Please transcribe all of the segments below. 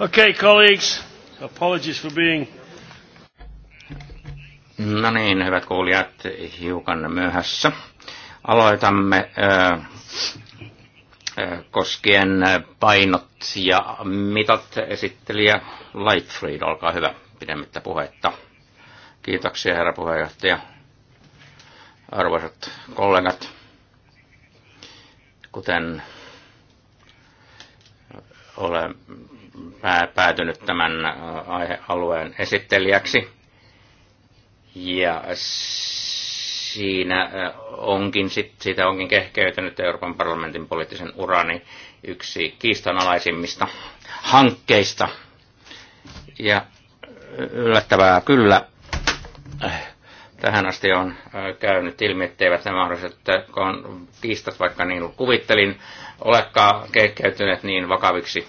Okay, colleagues, apologies for being... No niin, hyvät kuulijat, hiukan myöhässä. Aloitamme äh, koskien painot ja mitat esittelijä Lightfried, olkaa hyvä, pidemmittä puhetta. Kiitoksia herra puheenjohtaja. Arvoisat kollegat, kuten olen päätynyt tämän aihealueen esittelijäksi. Ja siinä onkin, siitä onkin kehkeytynyt Euroopan parlamentin poliittisen urani yksi kiistanalaisimmista hankkeista. Ja yllättävää kyllä äh, tähän asti on käynyt ilmi, etteivät nämä mahdolliset kiistat, vaikka niin kuvittelin, olekaan kehkeytyneet niin vakaviksi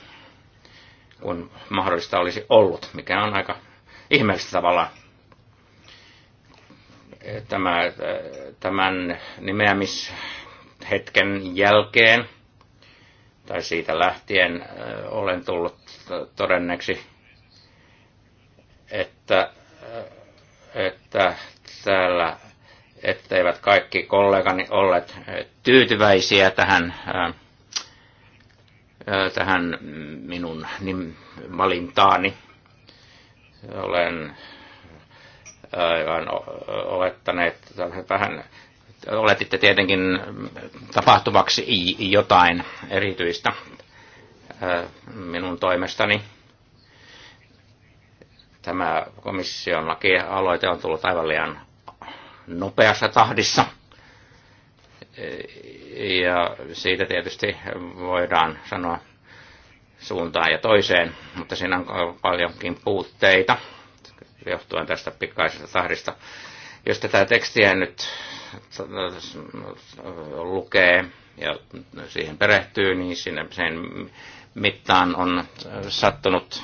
kun mahdollista olisi ollut, mikä on aika ihmeellistä tavalla Tämä, tämän nimeämishetken jälkeen tai siitä lähtien olen tullut todenneksi, että, että täällä etteivät kaikki kollegani olleet tyytyväisiä tähän tähän minun valintaani. Olen aivan olettaneet vähän oletitte tietenkin tapahtuvaksi jotain erityistä minun toimestani. Tämä komission lakialoite on tullut aivan liian nopeassa tahdissa – ja siitä tietysti voidaan sanoa suuntaan ja toiseen, mutta siinä on paljonkin puutteita johtuen tästä pikaisesta tahdista. Jos tätä tekstiä nyt lukee ja siihen perehtyy, niin sinne sen mittaan on sattunut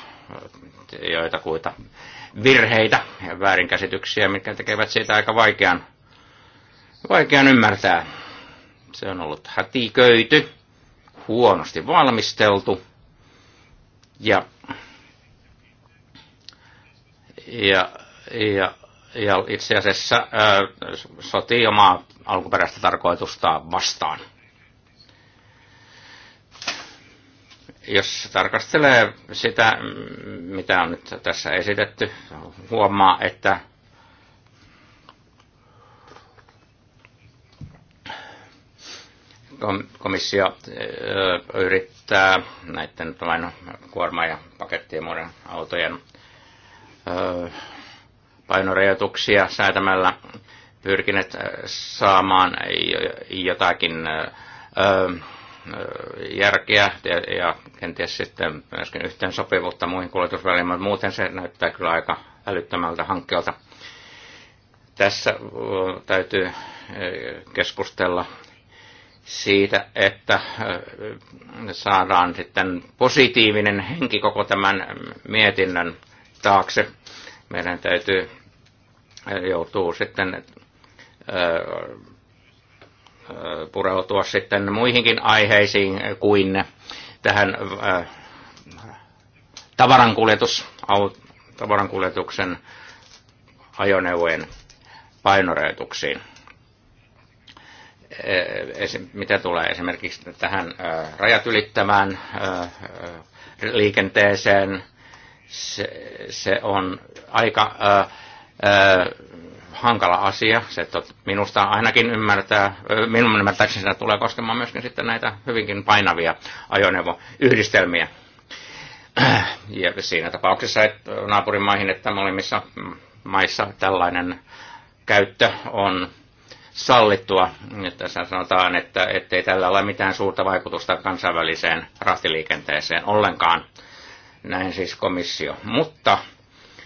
joitakuita virheitä ja väärinkäsityksiä, mitkä tekevät siitä aika vaikean, vaikean ymmärtää se on ollut hätiköity, huonosti valmisteltu ja, ja, ja, ja itse asiassa ää, sotii omaa alkuperäistä tarkoitusta vastaan. jos tarkastelee sitä, mitä on nyt tässä esitetty, huomaa, että komissio yrittää näiden tämän kuorma- ja pakettien muiden autojen painorajoituksia säätämällä pyrkineet saamaan jotakin järkeä ja, ja kenties sitten myöskin yhteen sopivuutta muihin kuljetusväliin, mutta muuten se näyttää kyllä aika älyttömältä hankkeelta. Tässä täytyy keskustella siitä, että äh, saadaan sitten positiivinen henki koko tämän mietinnön taakse. Meidän täytyy äh, joutua sitten äh, pureutua sitten muihinkin aiheisiin kuin tähän tavarankuljetus, tavarankuljetuksen ajoneuvojen painorajoituksiin. Eh, mitä tulee esimerkiksi tähän eh, rajat ylittämään eh, liikenteeseen, se, se on aika hankala asia. Se tot, minusta ainakin ymmärtää, minun ymmärtääkseni se tulee koskemaan myöskin sitten näitä hyvinkin painavia ajoneuvoyhdistelmiä. Ja siinä tapauksessa, että naapurimaihin, että molemmissa maissa tällainen käyttö on sallittua. Tässä sanotaan, että ettei tällä ole mitään suurta vaikutusta kansainväliseen rahtiliikenteeseen ollenkaan. Näin siis komissio. Mutta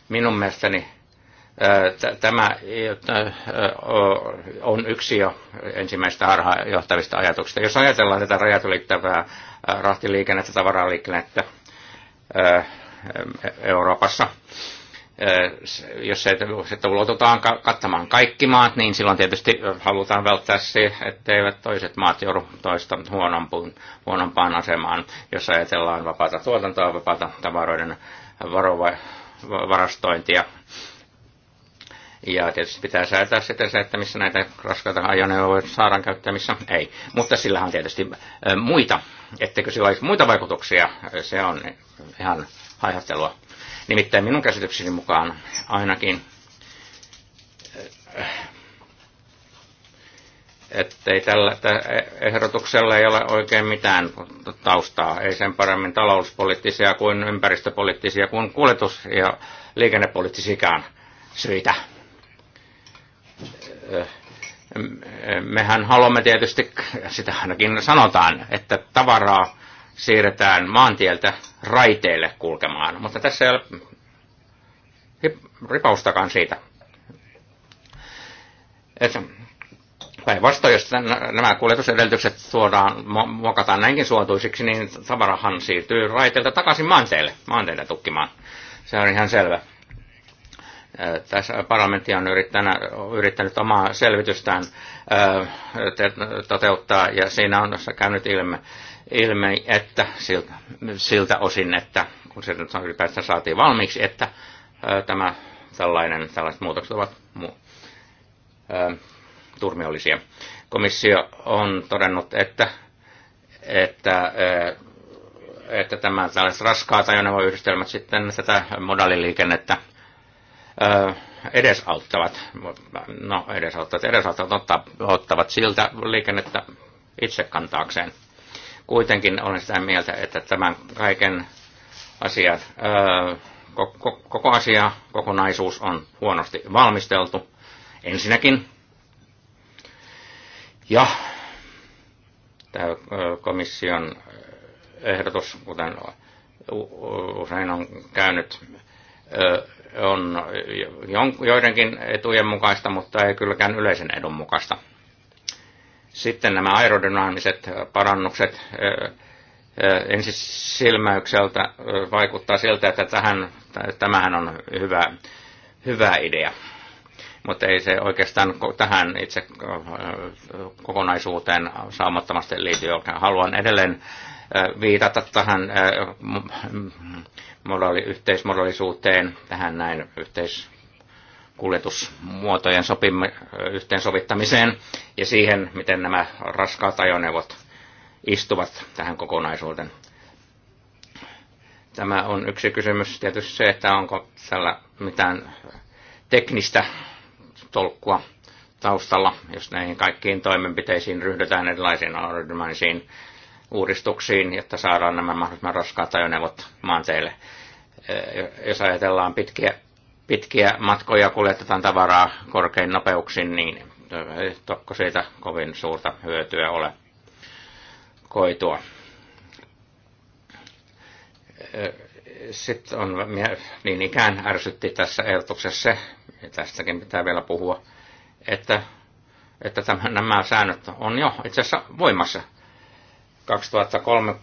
minun mielestäni tämä on yksi jo ensimmäistä johtavista ajatuksista. Jos ajatellaan tätä rajat ylittävää rahtiliikennettä, tavaraliikennettä Euroopassa, jos se, että ulotetaan kattamaan kaikki maat, niin silloin tietysti halutaan välttää se, etteivät toiset maat joudu toista huonompaan, asemaan, jos ajatellaan vapaata tuotantoa, vapaata tavaroiden varastointia. Ja tietysti pitää säätää sitten se, että missä näitä raskaita ajoneuvoja saadaan käyttää, missä ei. Mutta sillä on tietysti muita, etteikö sillä olisi muita vaikutuksia, se on ihan haihattelua. Nimittäin minun käsitykseni mukaan ainakin, eh, ettei tällä ehdotuksella ei ole oikein mitään taustaa, ei sen paremmin talouspoliittisia kuin ympäristöpoliittisia kuin kuljetus- ja liikennepoliittisikaan syitä eh, eh, mehän haluamme tietysti, sitä ainakin sanotaan, että tavaraa siirretään maantieltä raiteelle kulkemaan, mutta tässä ei ole ripaustakaan siitä. Että Päinvastoin, jos nämä kuljetusedellytykset suodaan, muokataan näinkin suotuisiksi, niin tavarahan siirtyy raiteilta takaisin maanteille, maanteille tukkimaan. Se on ihan selvä. Tässä parlamentti on yrittänyt, yrittänyt omaa selvitystään toteuttaa, ja siinä on käynyt ilme, ilmei että siltä, siltä osin, että kun se nyt ylipäätään saatiin valmiiksi, että ää, tämä tällainen, tällaiset muutokset ovat mu- ää, turmiollisia. Komissio on todennut, että, että, ää, että tämä, tällaiset raskaat ajoneuvoyhdistelmät sitten tätä modaliliikennettä ää, edesauttavat, no edesauttavat, edesauttavat ottavat siltä liikennettä itse kantaakseen. Kuitenkin olen sitä mieltä, että tämän kaiken asiat, koko, asia, kokonaisuus on huonosti valmisteltu ensinnäkin. Ja tämä komission ehdotus, kuten usein on käynyt, on joidenkin etujen mukaista, mutta ei kylläkään yleisen edun mukaista. Sitten nämä aerodynaamiset parannukset ensisilmäykseltä vaikuttaa siltä, että tähän, tämähän on hyvä, hyvä idea. Mutta ei se oikeastaan tähän itse kokonaisuuteen saamattomasti liity. Haluan edelleen viitata tähän modaali, tähän näin yhteis, kuljetusmuotojen sopim- yhteensovittamiseen ja siihen, miten nämä raskaat ajoneuvot istuvat tähän kokonaisuuteen. Tämä on yksi kysymys. Tietysti se, että onko tällä mitään teknistä tolkkua taustalla, jos näihin kaikkiin toimenpiteisiin ryhdytään erilaisiin aerodynamisiin uudistuksiin, jotta saadaan nämä mahdollisimman raskaat ajoneuvot maanteille. Jos ajatellaan pitkiä pitkiä matkoja kuljetetaan tavaraa korkein nopeuksin, niin eh, tokko siitä kovin suurta hyötyä ole koitua. Eh, Sitten on, niin ikään ärsytti tässä ehdotuksessa se, ja tästäkin pitää vielä puhua, että, että tämän, nämä säännöt on jo itse asiassa voimassa. 2003,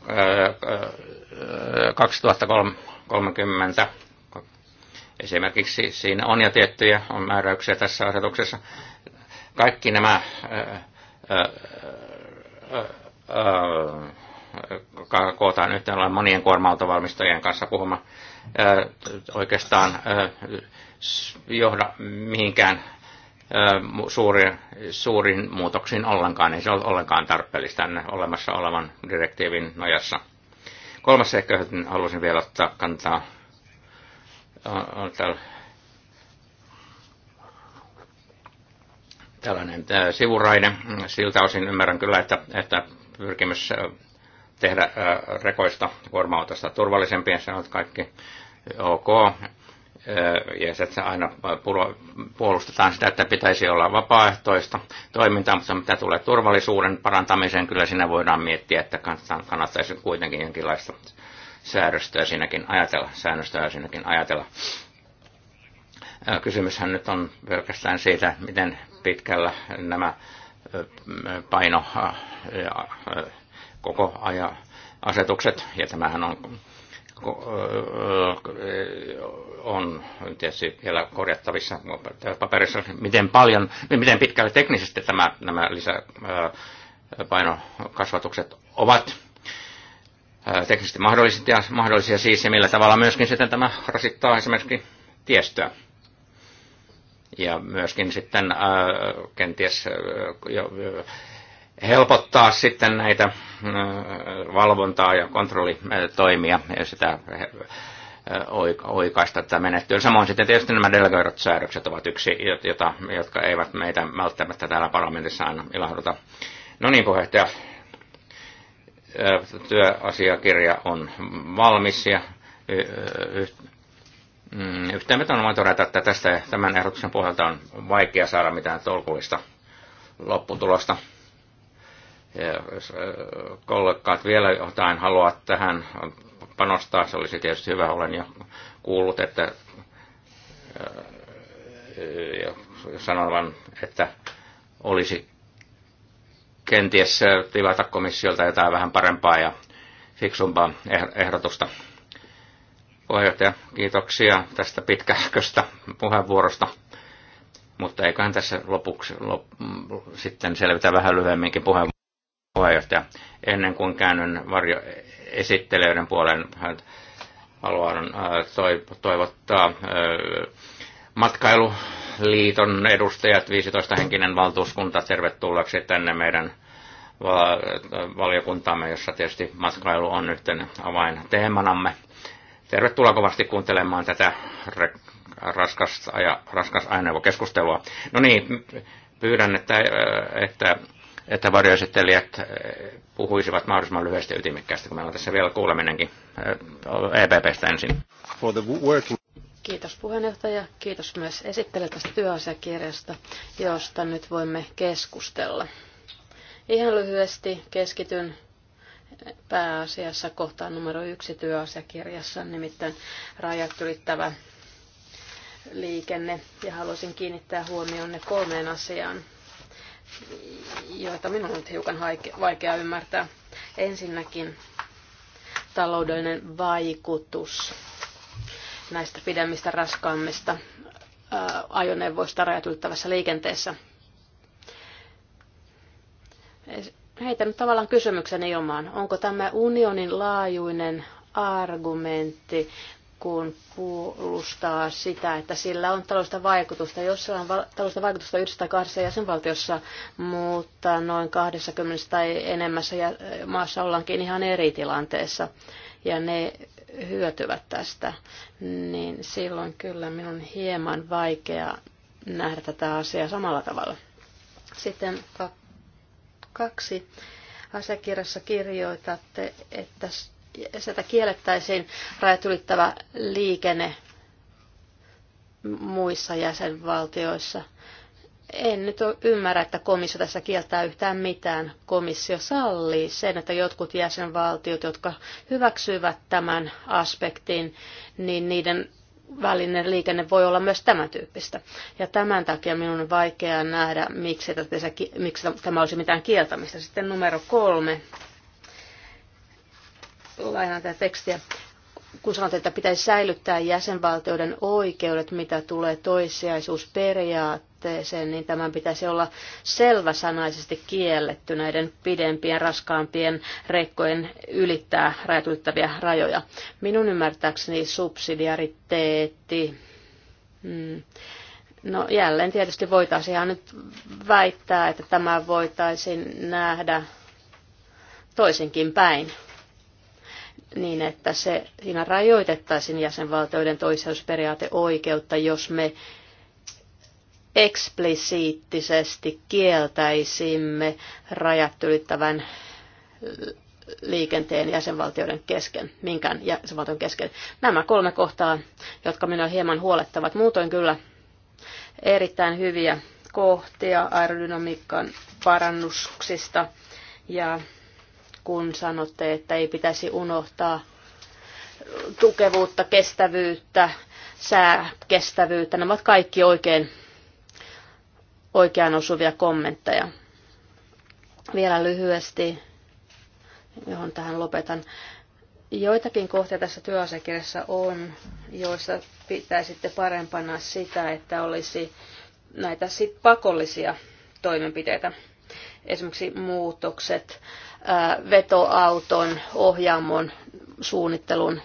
2030 eh, Esimerkiksi siinä on ja tiettyjä on määräyksiä tässä asetuksessa. Kaikki nämä ää, ää, ää, kootaan nyt olen monien kuorma-autovalmistajien kanssa puhumaan oikeastaan johda mihinkään suuriin suurin muutoksiin ollenkaan. Ei se ole ollenkaan tarpeellista tänne olemassa olevan direktiivin nojassa. Kolmas ehkä, halusin vielä ottaa kantaa on tällainen äh, sivuraide. Mm, siltä osin ymmärrän kyllä, että, että pyrkimys äh, tehdä äh, rekoista kuorma turvallisempia, se on kaikki ok. Ja se aina puolustetaan sitä, että pitäisi olla vapaaehtoista toimintaa, mutta mitä tulee turvallisuuden parantamiseen, kyllä siinä voidaan miettiä, että kannattaisi kuitenkin jonkinlaista säädöstöä siinäkin ajatella. Säännöstöä siinäkin ajatella. Kysymyshän nyt on pelkästään siitä, miten pitkällä nämä paino ja koko ajan asetukset, ja tämähän on, on tietysti vielä korjattavissa paperissa, miten paljon, miten pitkälle teknisesti tämä, nämä lisäpainokasvatukset ovat teknisesti mahdollisia, mahdollisia siis, ja millä tavalla myöskin sitten tämä rasittaa esimerkiksi tiestöä. Ja myöskin sitten kenties helpottaa sitten näitä valvontaa ja kontrollitoimia ja sitä oikaista tätä menettelyä. Samoin sitten tietysti nämä delegoidut säädökset ovat yksi, jota, jotka eivät meitä välttämättä täällä parlamentissa aina ilahduta. No niin, puheenjohtaja, työasiakirja on valmis ja mm, yhteenvetona voin todeta, että tästä tämän ehdotuksen pohjalta on vaikea saada mitään tolkullista lopputulosta. Ja jos kollegat vielä jotain haluaa tähän panostaa, se olisi tietysti hyvä. Olen jo kuullut, että sanovan, että olisi kenties äh, tilata komissiolta jotain vähän parempaa ja fiksumpaa eh-, ehdotusta. Puheenjohtaja, kiitoksia tästä pitkäköstä puheenvuorosta. Mutta eiköhän tässä lopuksi lop, sitten selvitä vähän lyhyemminkin puheenjohtaja. Ennen kuin käännyn esittelijöiden puolen, haluan äh, toivottaa äh, matkailu liiton edustajat, 15 henkinen valtuuskunta, tervetulleeksi tänne meidän valiokuntaamme, jossa tietysti matkailu on avain teemanamme. Tervetuloa kovasti kuuntelemaan tätä raskas, ja raskas keskustelua. No niin, pyydän, että, että, että varjoesittelijät puhuisivat mahdollisimman lyhyesti ytimekkäästi, kun meillä on tässä vielä kuuleminenkin EPPstä ensin. For the working Kiitos puheenjohtaja. Kiitos myös esittelijä tästä työasiakirjasta, josta nyt voimme keskustella. Ihan lyhyesti keskityn pääasiassa kohtaan numero yksi työasiakirjassa, nimittäin rajat ylittävä liikenne. Ja haluaisin kiinnittää huomionne kolmeen asiaan, joita minun on nyt hiukan vaikea ymmärtää. Ensinnäkin taloudellinen vaikutus näistä pidemmistä raskaammista ajoneuvoista rajat ylittävässä liikenteessä. Heitä nyt tavallaan kysymykseni ilmaan. Onko tämä unionin laajuinen argumentti, kun puolustaa sitä, että sillä on taloudellista vaikutusta, sillä on taloudellista vaikutusta 102 jäsenvaltiossa, mutta noin 20 tai enemmässä maassa ollaankin ihan eri tilanteessa ja ne hyötyvät tästä, niin silloin kyllä minun on hieman vaikea nähdä tätä asiaa samalla tavalla. Sitten kaksi. Asiakirjassa kirjoitatte, että sitä kiellettäisiin rajat ylittävä liikenne muissa jäsenvaltioissa – en nyt ymmärrä, että komissio tässä kieltää yhtään mitään. Komissio sallii sen, että jotkut jäsenvaltiot, jotka hyväksyvät tämän aspektin, niin niiden välinen liikenne voi olla myös tämän tyyppistä. Ja tämän takia minun on vaikea nähdä, miksi, tässä, miksi tämä olisi mitään kieltämistä. Sitten numero kolme. Lainaan tätä tekstiä kun sanotaan, että pitäisi säilyttää jäsenvaltioiden oikeudet, mitä tulee toissijaisuusperiaatteeseen, otteeseen, niin tämän pitäisi olla selväsanaisesti kielletty näiden pidempien, raskaampien rekkojen ylittää rajat rajoja. Minun ymmärtääkseni subsidiariteetti. Hmm. No jälleen tietysti voitaisiin nyt väittää, että tämä voitaisiin nähdä toisinkin päin niin, että se, siinä rajoitettaisiin jäsenvaltioiden toiseusperiaateoikeutta, jos me eksplisiittisesti kieltäisimme rajat ylittävän liikenteen jäsenvaltioiden kesken, minkään jäsenvaltion kesken. Nämä kolme kohtaa, jotka minua hieman huolettavat. Muutoin kyllä erittäin hyviä kohtia aerodynamiikan parannuksista ja kun sanotte, että ei pitäisi unohtaa tukevuutta, kestävyyttä, sääkestävyyttä, nämä ovat kaikki oikein oikeaan osuvia kommentteja. Vielä lyhyesti, johon tähän lopetan. Joitakin kohtia tässä työasiakirjassa on, joissa pitäisitte parempana sitä, että olisi näitä sit pakollisia toimenpiteitä. Esimerkiksi muutokset vetoauton, ohjaamon, suunnittelun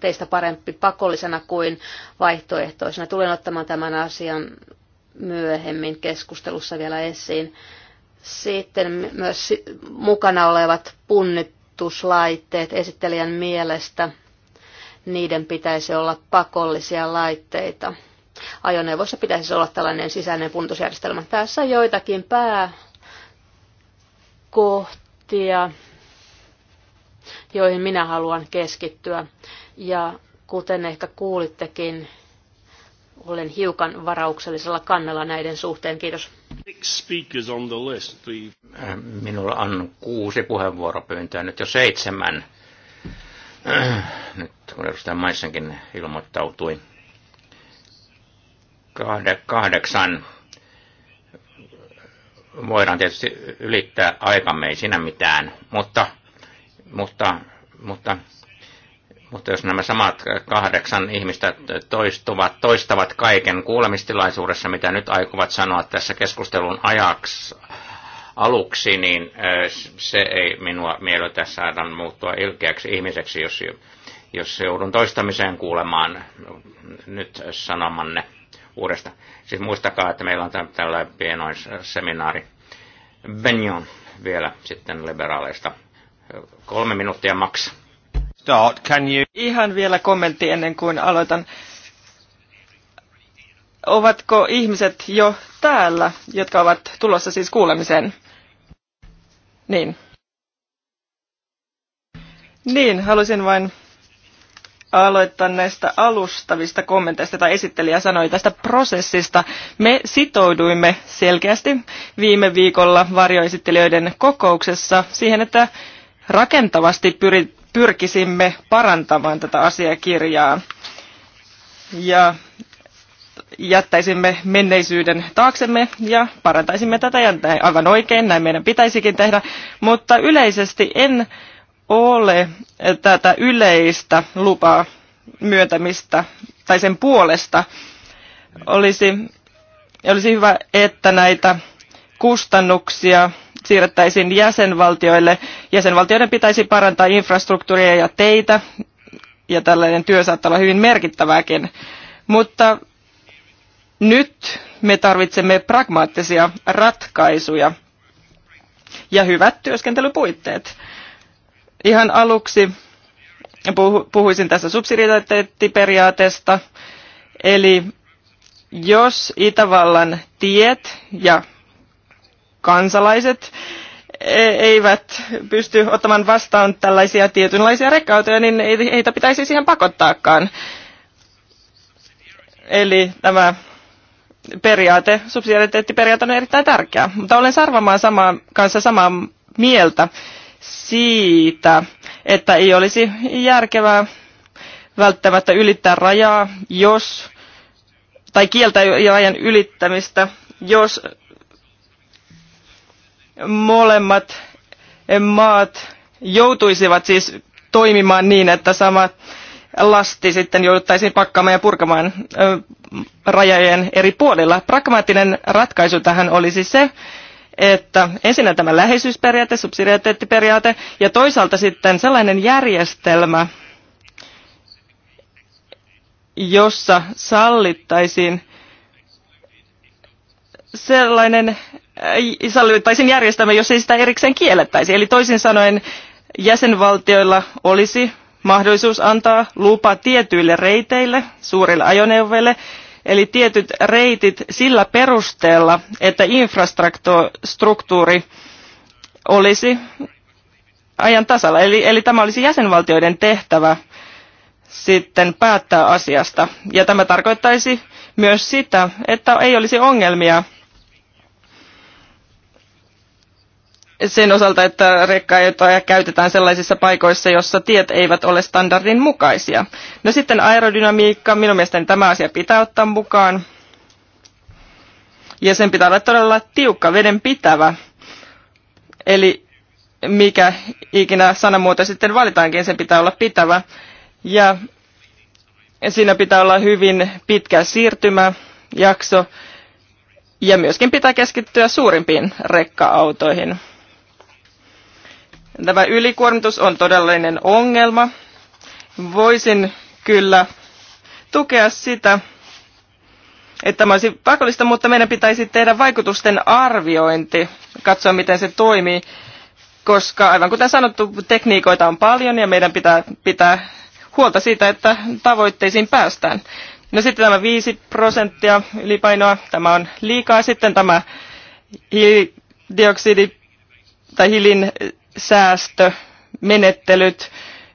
teistä parempi pakollisena kuin vaihtoehtoisena. Tulen ottamaan tämän asian myöhemmin keskustelussa vielä esiin. Sitten myös mukana olevat punnituslaitteet esittelijän mielestä, niiden pitäisi olla pakollisia laitteita. Ajoneuvossa pitäisi olla tällainen sisäinen puntusjärjestelmä, Tässä joitakin pääkohtia, joihin minä haluan keskittyä. Ja kuten ehkä kuulittekin, olen hiukan varauksellisella kannalla näiden suhteen. Kiitos. Minulla on kuusi puheenvuoropyyntöä, nyt jo seitsemän. Nyt kun edustaja Maissankin ilmoittautui. Kahde, kahdeksan. Voidaan tietysti ylittää aikamme, ei siinä mitään, mutta, mutta, mutta mutta jos nämä samat kahdeksan ihmistä toistuvat, toistavat kaiken kuulemistilaisuudessa, mitä nyt aikovat sanoa tässä keskustelun ajaksi, aluksi, niin se ei minua miellytä saada muuttua ilkeäksi ihmiseksi, jos, jos joudun toistamiseen kuulemaan nyt sanomanne uudesta. Siis muistakaa, että meillä on tällainen pienoin seminaari Benjon vielä sitten liberaaleista. Kolme minuuttia maksaa start, can you... Ihan vielä kommentti ennen kuin aloitan. Ovatko ihmiset jo täällä, jotka ovat tulossa siis kuulemiseen? Niin. Niin, halusin vain aloittaa näistä alustavista kommenteista, tai esittelijä sanoi tästä prosessista. Me sitouduimme selkeästi viime viikolla varjoesittelijöiden kokouksessa siihen, että rakentavasti pyrit, pyrkisimme parantamaan tätä asiakirjaa ja jättäisimme menneisyyden taaksemme ja parantaisimme tätä ja näin aivan oikein, näin meidän pitäisikin tehdä, mutta yleisesti en ole tätä yleistä lupaa myöntämistä tai sen puolesta. Olisi, olisi hyvä, että näitä kustannuksia siirrettäisiin jäsenvaltioille. Jäsenvaltioiden pitäisi parantaa infrastruktuuria ja teitä, ja tällainen työ saattaa olla hyvin merkittävääkin. Mutta nyt me tarvitsemme pragmaattisia ratkaisuja ja hyvät työskentelypuitteet. Ihan aluksi puhuisin tässä subsidiariteettiperiaatesta. eli jos Itävallan tiet ja kansalaiset e- eivät pysty ottamaan vastaan tällaisia tietynlaisia rekkautoja, niin ei heitä pitäisi siihen pakottaakaan. Eli tämä periaate, subsidiariteettiperiaate on erittäin tärkeä. Mutta olen Sarvamaan sama kanssa samaa mieltä siitä, että ei olisi järkevää välttämättä ylittää rajaa, jos, tai kieltää rajan ylittämistä, jos molemmat eh, maat joutuisivat siis toimimaan niin, että sama lasti sitten jouduttaisiin pakkaamaan ja purkamaan eh, rajojen eri puolilla. Pragmaattinen ratkaisu tähän olisi se, että ensinnä tämä läheisyysperiaate, subsidiariteettiperiaate ja toisaalta sitten sellainen järjestelmä, jossa sallittaisiin sellainen sallittaisiin järjestämään, jos ei sitä erikseen kiellettäisi. Eli toisin sanoen jäsenvaltioilla olisi mahdollisuus antaa lupa tietyille reiteille, suurille ajoneuvoille, eli tietyt reitit sillä perusteella, että infrastruktuuri olisi ajan tasalla. Eli, eli tämä olisi jäsenvaltioiden tehtävä sitten päättää asiasta. Ja tämä tarkoittaisi myös sitä, että ei olisi ongelmia sen osalta, että rekkaajatoja käytetään sellaisissa paikoissa, jossa tiet eivät ole standardin mukaisia. No sitten aerodynamiikka, minun mielestäni tämä asia pitää ottaa mukaan. Ja sen pitää olla todella tiukka, veden pitävä. Eli mikä ikinä sanamuoto sitten valitaankin, sen pitää olla pitävä. Ja siinä pitää olla hyvin pitkä siirtymäjakso. Ja myöskin pitää keskittyä suurimpiin rekka-autoihin. Tämä ylikuormitus on todellinen ongelma. Voisin kyllä tukea sitä, että tämä olisi pakollista, mutta meidän pitäisi tehdä vaikutusten arviointi, katsoa miten se toimii, koska aivan kuten sanottu, tekniikoita on paljon ja meidän pitää pitää huolta siitä, että tavoitteisiin päästään. No sitten tämä 5 prosenttia ylipainoa, tämä on liikaa. Sitten tämä hiilidioksidi tai hiilin säästömenettelyt,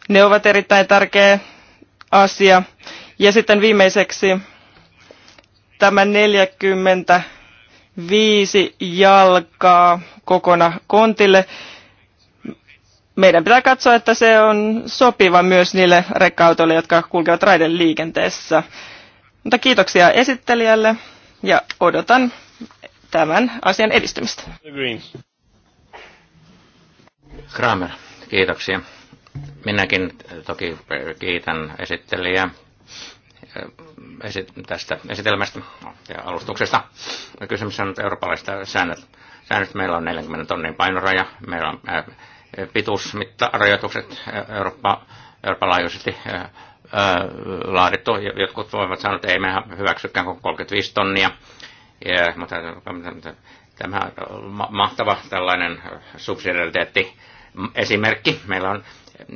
ne ovat erittäin tärkeä asia. Ja sitten viimeiseksi tämä 45 jalkaa kokona kontille. Meidän pitää katsoa, että se on sopiva myös niille rekkautoille, jotka kulkevat raiden liikenteessä. Mutta kiitoksia esittelijälle ja odotan tämän asian edistymistä. Kramer, kiitoksia. Minäkin toki kiitän esittelijää eh, tästä esitelmästä ja alustuksesta. Kysymys on eurooppalaisista säännöt. Säännöt meillä on 40 tonnin painoraja, meillä on eh, pituusmittarajoitukset eh, Eurooppa, Euroopan laajuisesti laadittu. Jotkut voivat sanoa, että ei me hyväksykään kuin 35 tonnia. Ja, mutta tämä on mahtava tällainen subsidiariteetti esimerkki. Meillä on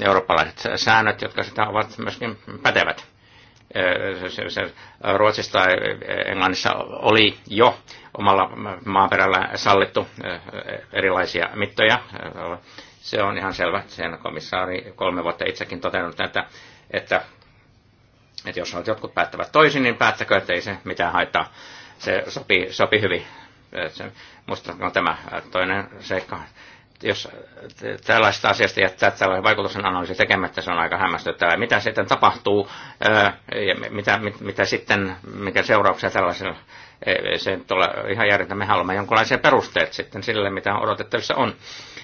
eurooppalaiset säännöt, jotka sitä ovat myöskin pätevät. Ruotsissa tai Englannissa oli jo omalla maaperällä sallittu erilaisia mittoja. Se on ihan selvä. Sen komissaari kolme vuotta itsekin totenut, että, että, että jos jotkut päättävät toisin, niin päättäkö, että ei se mitään haittaa. Se sopii, sopii hyvin. Musta on tämä toinen seikka jos tällaista asiasta jättää tällaisen vaikutuksen analyysi tekemättä, se on aika hämmästyttävää. Mitä sitten tapahtuu ja mitä, mit, mitä sitten, mikä seurauksia tällaisella, e, e, se ole ihan järjettä. Me haluamme jonkinlaisia perusteet sitten sille, mitä on odotettavissa on.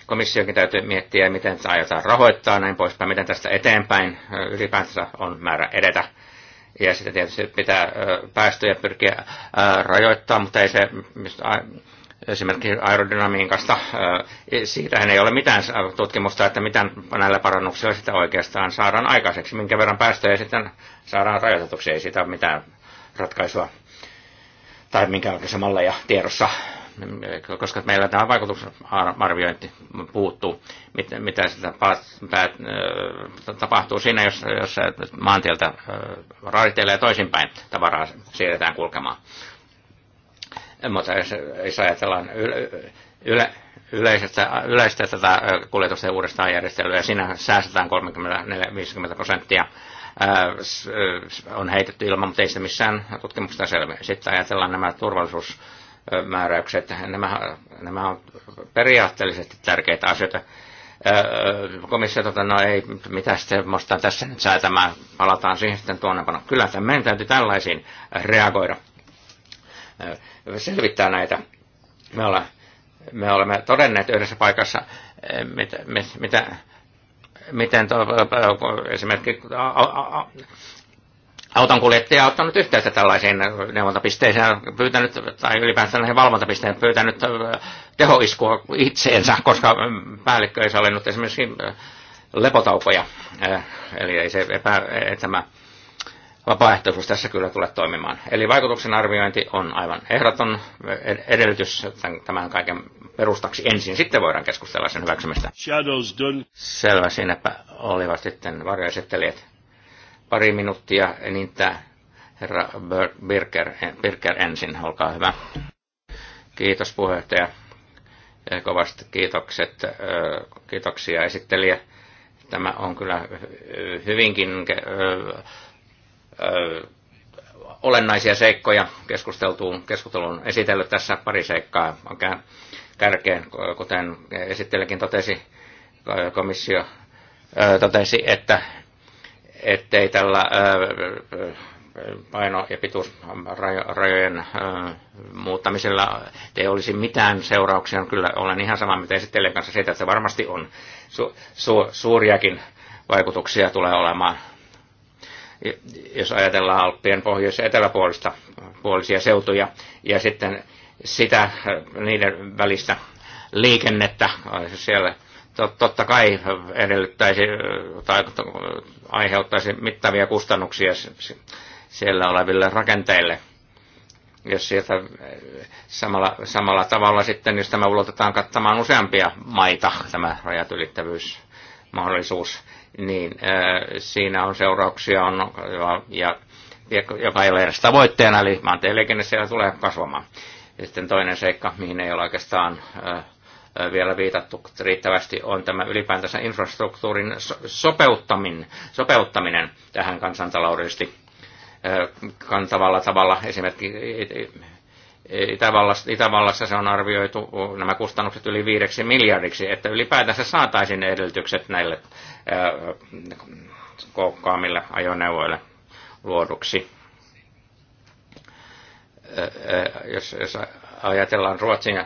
Komissiokin täytyy miettiä, miten se aiotaan rahoittaa, näin poispäin, miten tästä eteenpäin ylipäänsä on määrä edetä. Ja sitten tietysti pitää päästöjä pyrkiä rajoittamaan, mutta ei se esimerkiksi aerodynamiikasta. Äh, e- siitähän ei ole mitään tutkimusta, että mitä näillä parannuksilla sitä oikeastaan saadaan aikaiseksi, minkä verran päästöjä sitten saadaan rajoitetuksi. Ei sitä ole mitään ratkaisua tai minkäänlaisia malleja tiedossa, koska meillä tämä vaikutusarviointi puuttuu. Mitä sitä äh, tapahtuu siinä, jos, jos maantieltä äh, raiteille ja toisinpäin tavaraa siirretään kulkemaan mutta jos ajatellaan yle, yle, yleisestä, yleistä tätä kuljetusten uudestaan järjestelyä, siinä säästetään 30-50 prosenttia on heitetty ilman, mutta ei sitä missään tutkimuksesta selviä. Sitten ajatellaan nämä määräykset. Nämä, nämä on periaatteellisesti tärkeitä asioita. Komissio tota, no ei, mitä sitten tässä nyt säätämään, palataan siihen sitten tuonnepana. Kyllä meidän täytyy tällaisiin reagoida selvittää näitä. Me ollaan me olemme todenneet yhdessä paikassa, eh, mitä, mitä, miten to, eh, esimerkiksi autonkuljettaja on ottanut yhteyttä tällaisiin neuvontapisteisiin, pyytänyt, tai ylipäätään näihin valvontapisteisiin pyytänyt eh, tehoiskua itseensä, koska päällikkö ei sallinut esimerkiksi lepotaukoja. Eli ei se epä, tämä vapaaehtoisuus tässä kyllä tulee toimimaan. Eli vaikutuksen arviointi on aivan ehdoton edellytys tämän kaiken perustaksi ensin. Sitten voidaan keskustella sen hyväksymistä. Shadows done. Selvä, siinäpä olivat sitten varjoesittelijät. Pari minuuttia enintään. Herra Birker, Birker ensin, olkaa hyvä. Kiitos puheenjohtaja. Kovasti kiitokset, kiitoksia esittelijä. Tämä on kyllä hyvinkin olennaisia seikkoja keskusteltuun keskustelun esitellyt tässä pari seikkaa kärkeen, kuten esittelijäkin totesi, komissio totesi, että ettei tällä paino- ja pituusrajojen muuttamisella ei olisi mitään seurauksia. Kyllä olen ihan sama mitä esittelijän kanssa siitä, että se varmasti on su- su- suuriakin vaikutuksia tulee olemaan jos ajatellaan Alppien pohjois- ja eteläpuolista puolisia seutuja, ja sitten sitä niiden välistä liikennettä siellä totta kai edellyttäisi tai aiheuttaisi mittavia kustannuksia siellä oleville rakenteille. Jos sieltä samalla, samalla tavalla sitten, jos tämä ulotetaan kattamaan useampia maita, tämä rajat ylittävyys mahdollisuus, niin siinä on seurauksia on, ja, joka ei ole edes tavoitteena, eli maantieliikenne siellä tulee kasvamaan. Ja sitten toinen seikka, mihin ei ole oikeastaan vielä viitattu riittävästi, on tämä ylipäätänsä infrastruktuurin sopeuttaminen, sopeuttaminen tähän kansantaloudellisesti kantavalla tavalla. Esimerkiksi Itävallassa, Itävallassa se on arvioitu nämä kustannukset yli viideksi miljardiksi, että ylipäätänsä saataisiin edellytykset näille koukkaamille ajoneuvoille luoduksi. Jos, jos ajatellaan Ruotsin ja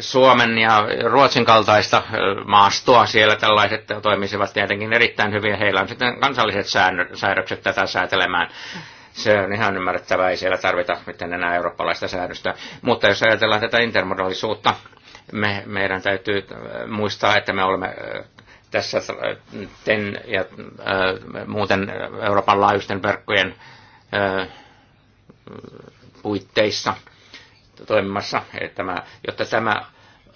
Suomen ja Ruotsin kaltaista maastoa siellä tällaiset toimisivat tietenkin erittäin hyvin. Heillä on sitten kansalliset säädökset tätä säätelemään. Mm se on ihan ymmärrettävää, ei siellä tarvita mitään enää eurooppalaista säädöstä. Mutta jos ajatellaan tätä intermodallisuutta, me, meidän täytyy äh, muistaa, että me olemme äh, tässä äh, TEN ja äh, muuten Euroopan laajuisten verkkojen äh, puitteissa toimimassa, että tämä, jotta tämä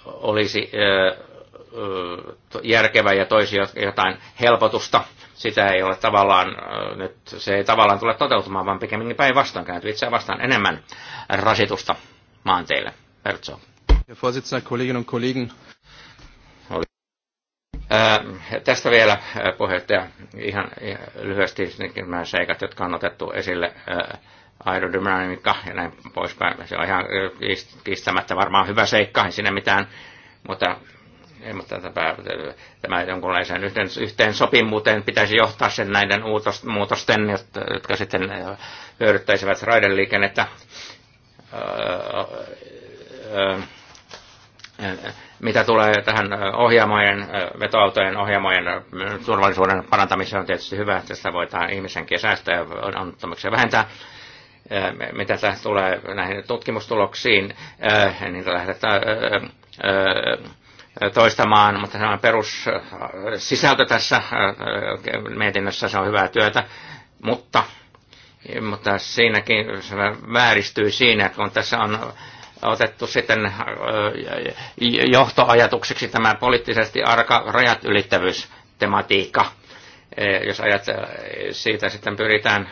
olisi äh, järkevä ja toisi jotain helpotusta sitä ei ole tavallaan, nyt se ei tavallaan tule toteutumaan, vaan pikemminkin päinvastoin kääntyy itseään vastaan enemmän rasitusta maanteille. Herzog. Herr Vorsitzender, Kolleginnen und Kollegen. Oli. Äh, tästä vielä puheenjohtaja ihan, ihan lyhyesti nämä seikat, jotka on otettu esille. Äh, aerodynamiikka ja näin poispäin. Se on ihan kiistämättä varmaan hyvä seikka, ei siinä mitään, mutta mutta tämä jonkunlaisen yhteen, yhteen sopimuuteen pitäisi johtaa sen näiden muutosten, jotka sitten hyödyttäisivät raideliikennettä. Mitä tulee tähän ohjaamojen, vetoautojen ohjaamojen turvallisuuden parantamiseen, on tietysti hyvä, että sitä voidaan ihmisenkin ja onnettomuuksia vähentää mitä tulee näihin tutkimustuloksiin, niin lähdetään toistamaan, mutta se on perussisältö tässä mietinnössä, se on hyvää työtä, mutta, mutta siinäkin se vääristyy siinä, kun tässä on otettu sitten johtoajatukseksi tämä poliittisesti arka rajat ylittävyys tematiikka. E, jos ajat, siitä sitten pyritään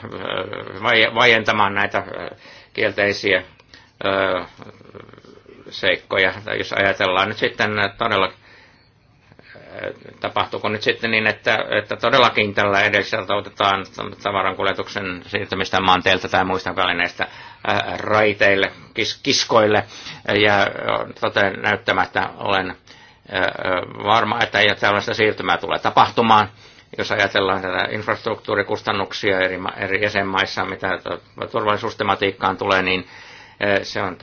vaientamaan näitä kielteisiä seikkoja. Jos ajatellaan nyt sitten todella, äh, tapahtuuko nyt sitten niin, että, että todellakin tällä edellisellä otetaan tavarankuljetuksen siirtämistä maanteilta tai muista välineistä äh, raiteille, kis, kiskoille, ja äh, toteen näyttämättä olen varma, että ei tällaista siirtymää tulee tapahtumaan jos ajatellaan tätä infrastruktuurikustannuksia eri, eri jäsenmaissa, mitä turvallisuustematiikkaan tulee, niin se on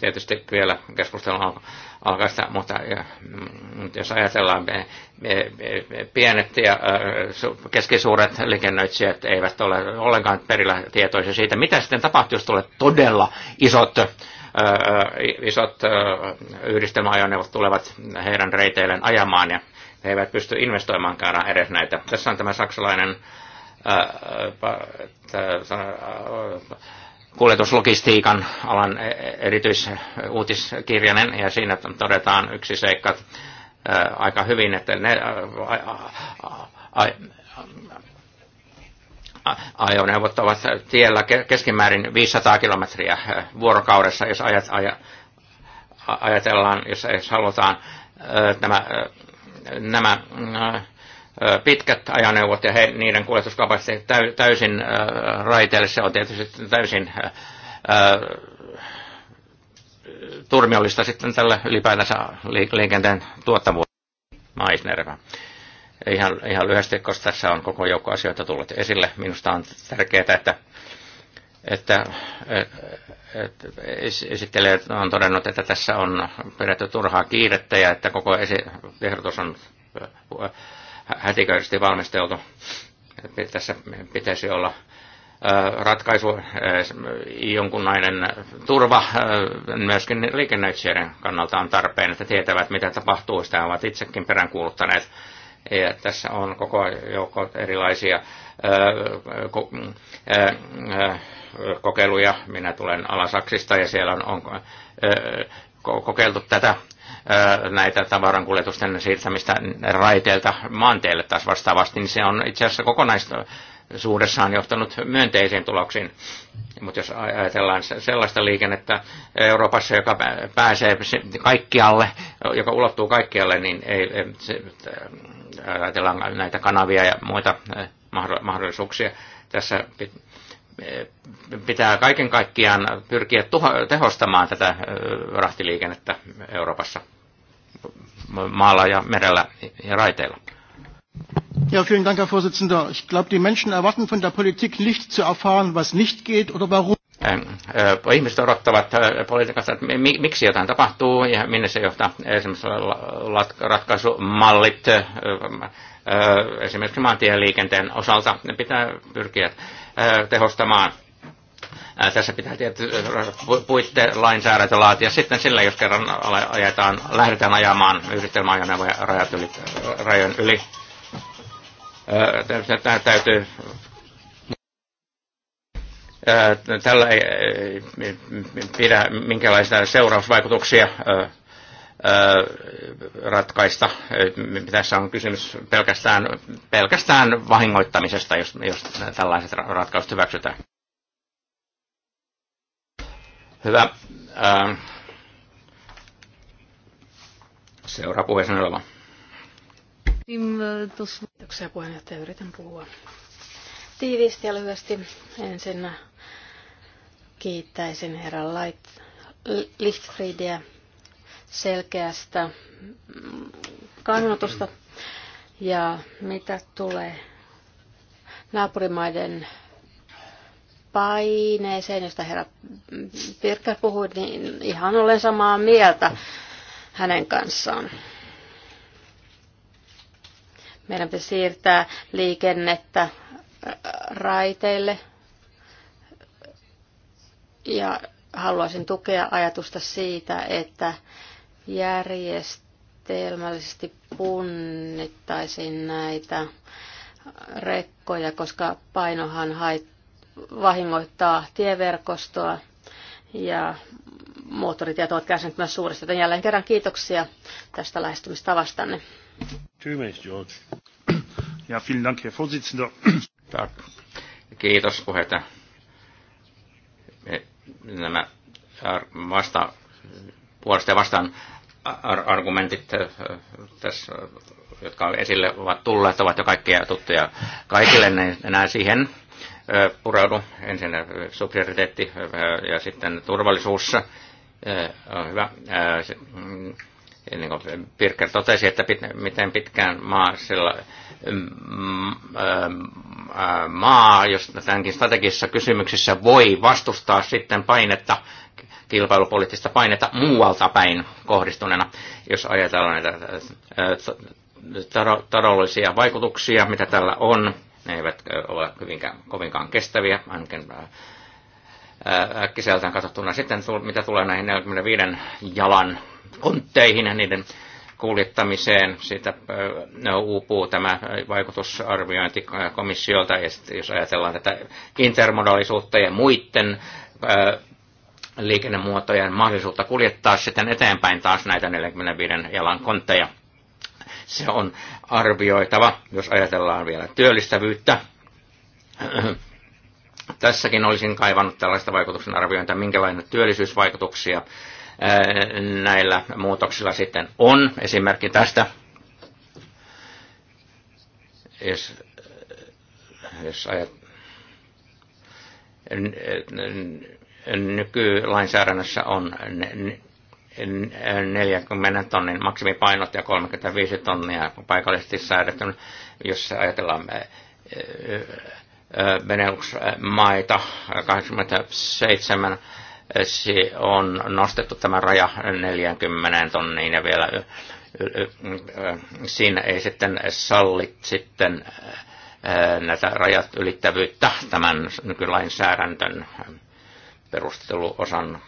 tietysti vielä keskustelun alkaista, mutta mm, jos ajatellaan, me, me, me pienet ja keskisuuret liikennöitsijät eivät ole ollenkaan perillä tietoisia siitä, mitä sitten tapahtuu, jos tulee todella isot isot yhdistelmäajoneuvot tulevat heidän reiteilleen ajamaan ja he eivät pysty investoimaankaan edes näitä. Tässä on tämä saksalainen kuljetuslogistiikan alan e- e- erityisuutiskirjainen, ja siinä todetaan yksi seikka aika hyvin, että ne ajoneuvot ovat tiellä keskimäärin 500 kilometriä vuorokaudessa, jos ajat, ajatellaan, jos, jos halutaan nämä, nämä pitkät ajoneuvot ja he, niiden kuljetuskapasiteetti täy, täysin raiteille. Se on tietysti täysin turmiollista sitten tällä ylipäätänsä liikenteen tuottavuudelle. Maisnerva. Ihan, ihan lyhyesti, koska tässä on koko joukko asioita tullut esille. Minusta on tärkeää, että, että, että esittelijä on todennut, että tässä on pidetty turhaa kiirettä ja että koko esi- ehdotus on hätiköisesti valmisteltu. Tässä pitäisi olla ratkaisu, jonkunlainen turva myöskin liikennöitsijöiden kannalta on tarpeen, että tietävät mitä tapahtuu, sitä ovat itsekin peräänkuuluttaneet. Ja tässä on koko joukko erilaisia kokeiluja. Minä tulen Alasaksista ja siellä on, on kokeiltu tätä näitä tavarankuljetusten siirtämistä raiteilta maanteille taas vastaavasti, niin se on itse asiassa kokonaisuudessaan johtanut myönteisiin tuloksiin. Mutta jos ajatellaan sellaista liikennettä Euroopassa, joka pääsee kaikkialle, joka ulottuu kaikkialle, niin ei, se, ajatellaan näitä kanavia ja muita mahdollisuuksia tässä pitää kaiken kaikkiaan pyrkiä tuho, tehostamaan tätä rahtiliikennettä Euroopassa maalla ja merellä ja raiteilla. Ja, vielen Dank, Herr Vorsitzender. Ich glaube, die Menschen erwarten von der Politik nicht zu erfahren, was nicht geht oder warum. Ähm, äh, ihmiset odottavat äh, politiikasta, että miksi jotain tapahtuu ja minne se johtaa. Esimerkiksi ratkaisumallit äh, esimerkiksi maantieliikenteen osalta ne pitää pyrkiä tehostamaan tässä pitää tietty puitteen lainsäädäntö laatia sitten sillä, jos kerran ajetaan, lähdetään ajamaan yhdistelmäajoneuvoja rajat yli, rajojen yli. Tämä täytyy Tällä ei pidä minkälaisia seurausvaikutuksia ratkaista. Tässä on kysymys pelkästään, pelkästään vahingoittamisesta, jos, jos tällaiset ratkaisut hyväksytään. Hyvä. Ähm, Seuraa puheen oleva. Kiitoksia puheenjohtaja. Yritän puhua tiiviisti ja lyhyesti. Ensin kiittäisin herra Lichtfriedia selkeästä kannatusta. Ja mitä tulee naapurimaiden paineeseen, josta herra Pirkkä puhui, niin ihan olen samaa mieltä hänen kanssaan. Meidän pitäisi siirtää liikennettä äh, raiteille ja haluaisin tukea ajatusta siitä, että järjestelmällisesti punnittaisiin näitä rekkoja, koska painohan haittaa vahingoittaa tieverkostoa ja moottoritiet ovat kärsineet myös suuresti. Joten jälleen kerran kiitoksia tästä lähestymistavastanne. Tyymeis, George. Ja vielen Dank, Herr Vorsitzender. Kiitos puheita. Nämä vasta, puolesta ja vastaan argumentit äh, tässä, jotka esille ovat tulleet, ovat jo kaikkia tuttuja kaikille, niin enää siihen puraudu. Ensin subsidiariteetti ja sitten turvallisuus. Hyvä. Mm, niin kuin Pirker totesi, että pit, miten pitkään maa, sillä, mm, maa, jos tämänkin strategisissa kysymyksissä voi vastustaa sitten painetta, kilpailupoliittista painetta muualta päin kohdistuneena, jos ajatellaan näitä taloudellisia vaikutuksia, mitä tällä on, ne eivät ole hyvinkään, kovinkaan kestäviä, ainakin äkkiseltään katsottuna. Sitten mitä tulee näihin 45 jalan kontteihin ja niiden kuljettamiseen. Siitä uupuu tämä vaikutusarviointi komissiolta, ja jos ajatellaan tätä intermodaalisuutta ja muiden liikennemuotojen mahdollisuutta kuljettaa sitten eteenpäin taas näitä 45 jalan kontteja se on arvioitava, jos ajatellaan vielä työllistävyyttä. Tässäkin olisin kaivannut tällaista vaikutuksen arviointia, minkälainen työllisyysvaikutuksia näillä muutoksilla sitten on. Esimerkki tästä, jos, jos ajat, nykylainsäädännössä on 40 tonnin maksimipainot ja 35 tonnia paikallisesti säädetty, jos ajatellaan eh, eh, Benelux-maita, 87 eh, on nostettu tämä raja 40 tonniin ja vielä siinä ei sitten sallit sitten näitä rajat ylittävyyttä tämän nykylainsäädäntön perusteluosan,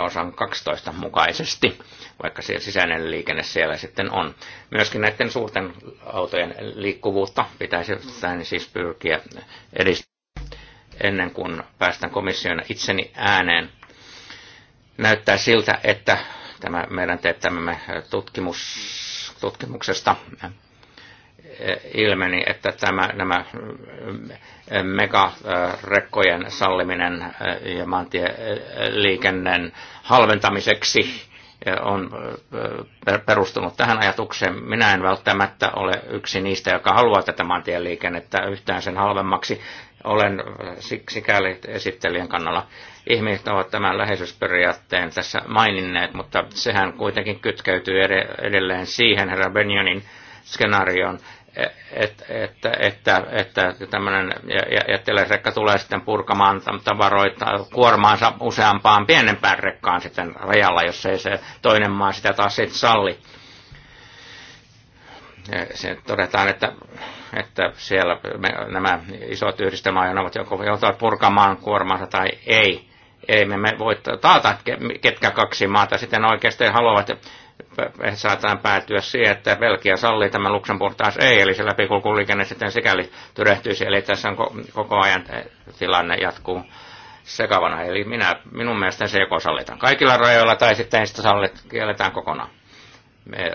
osan 12 mukaisesti, vaikka siellä sisäinen liikenne siellä sitten on. Myöskin näiden suurten autojen liikkuvuutta pitäisi tämän siis pyrkiä edistämään ennen kuin päästään komissiona itseni ääneen. Näyttää siltä, että tämä meidän teettämämme tutkimus, tutkimuksesta ilmeni, että tämä, nämä mm, megarekkojen salliminen mm, ja maantieliikenneen halventamiseksi mm, on perustunut tähän ajatukseen. Minä en välttämättä ole yksi niistä, joka haluaa tätä maantieliikennettä yhtään sen halvemmaksi. Olen sikäli esittelijän kannalla. Ihmiset ovat tämän läheisyysperiaatteen tässä maininneet, mutta sehän kuitenkin kytkeytyy edelleen siihen herra Benjonin skenaarioon, että, että, että, että tämmöinen jättiläisrekka tulee sitten purkamaan tavaroita kuormaansa useampaan pienempään rekkaan sitten rajalla, jos ei se toinen maa sitä taas sitten salli. Se todetaan, että, että siellä me, nämä isot yhdistelmäajoneuvot joko joutuvat purkamaan kuormansa tai ei. Ei me, me voi taata, ketkä kaksi maata sitten oikeasti haluavat saataan päätyä siihen, että Belgia sallii tämän Luxemburg taas ei, eli se läpikulkuliikenne sitten sikäli tyrehtyisi, eli tässä on koko ajan eh, tilanne jatkuu sekavana. Eli minä, minun mielestäni se joko sallitaan kaikilla rajoilla tai sitten sitä sallit, kielletään kokonaan. Me,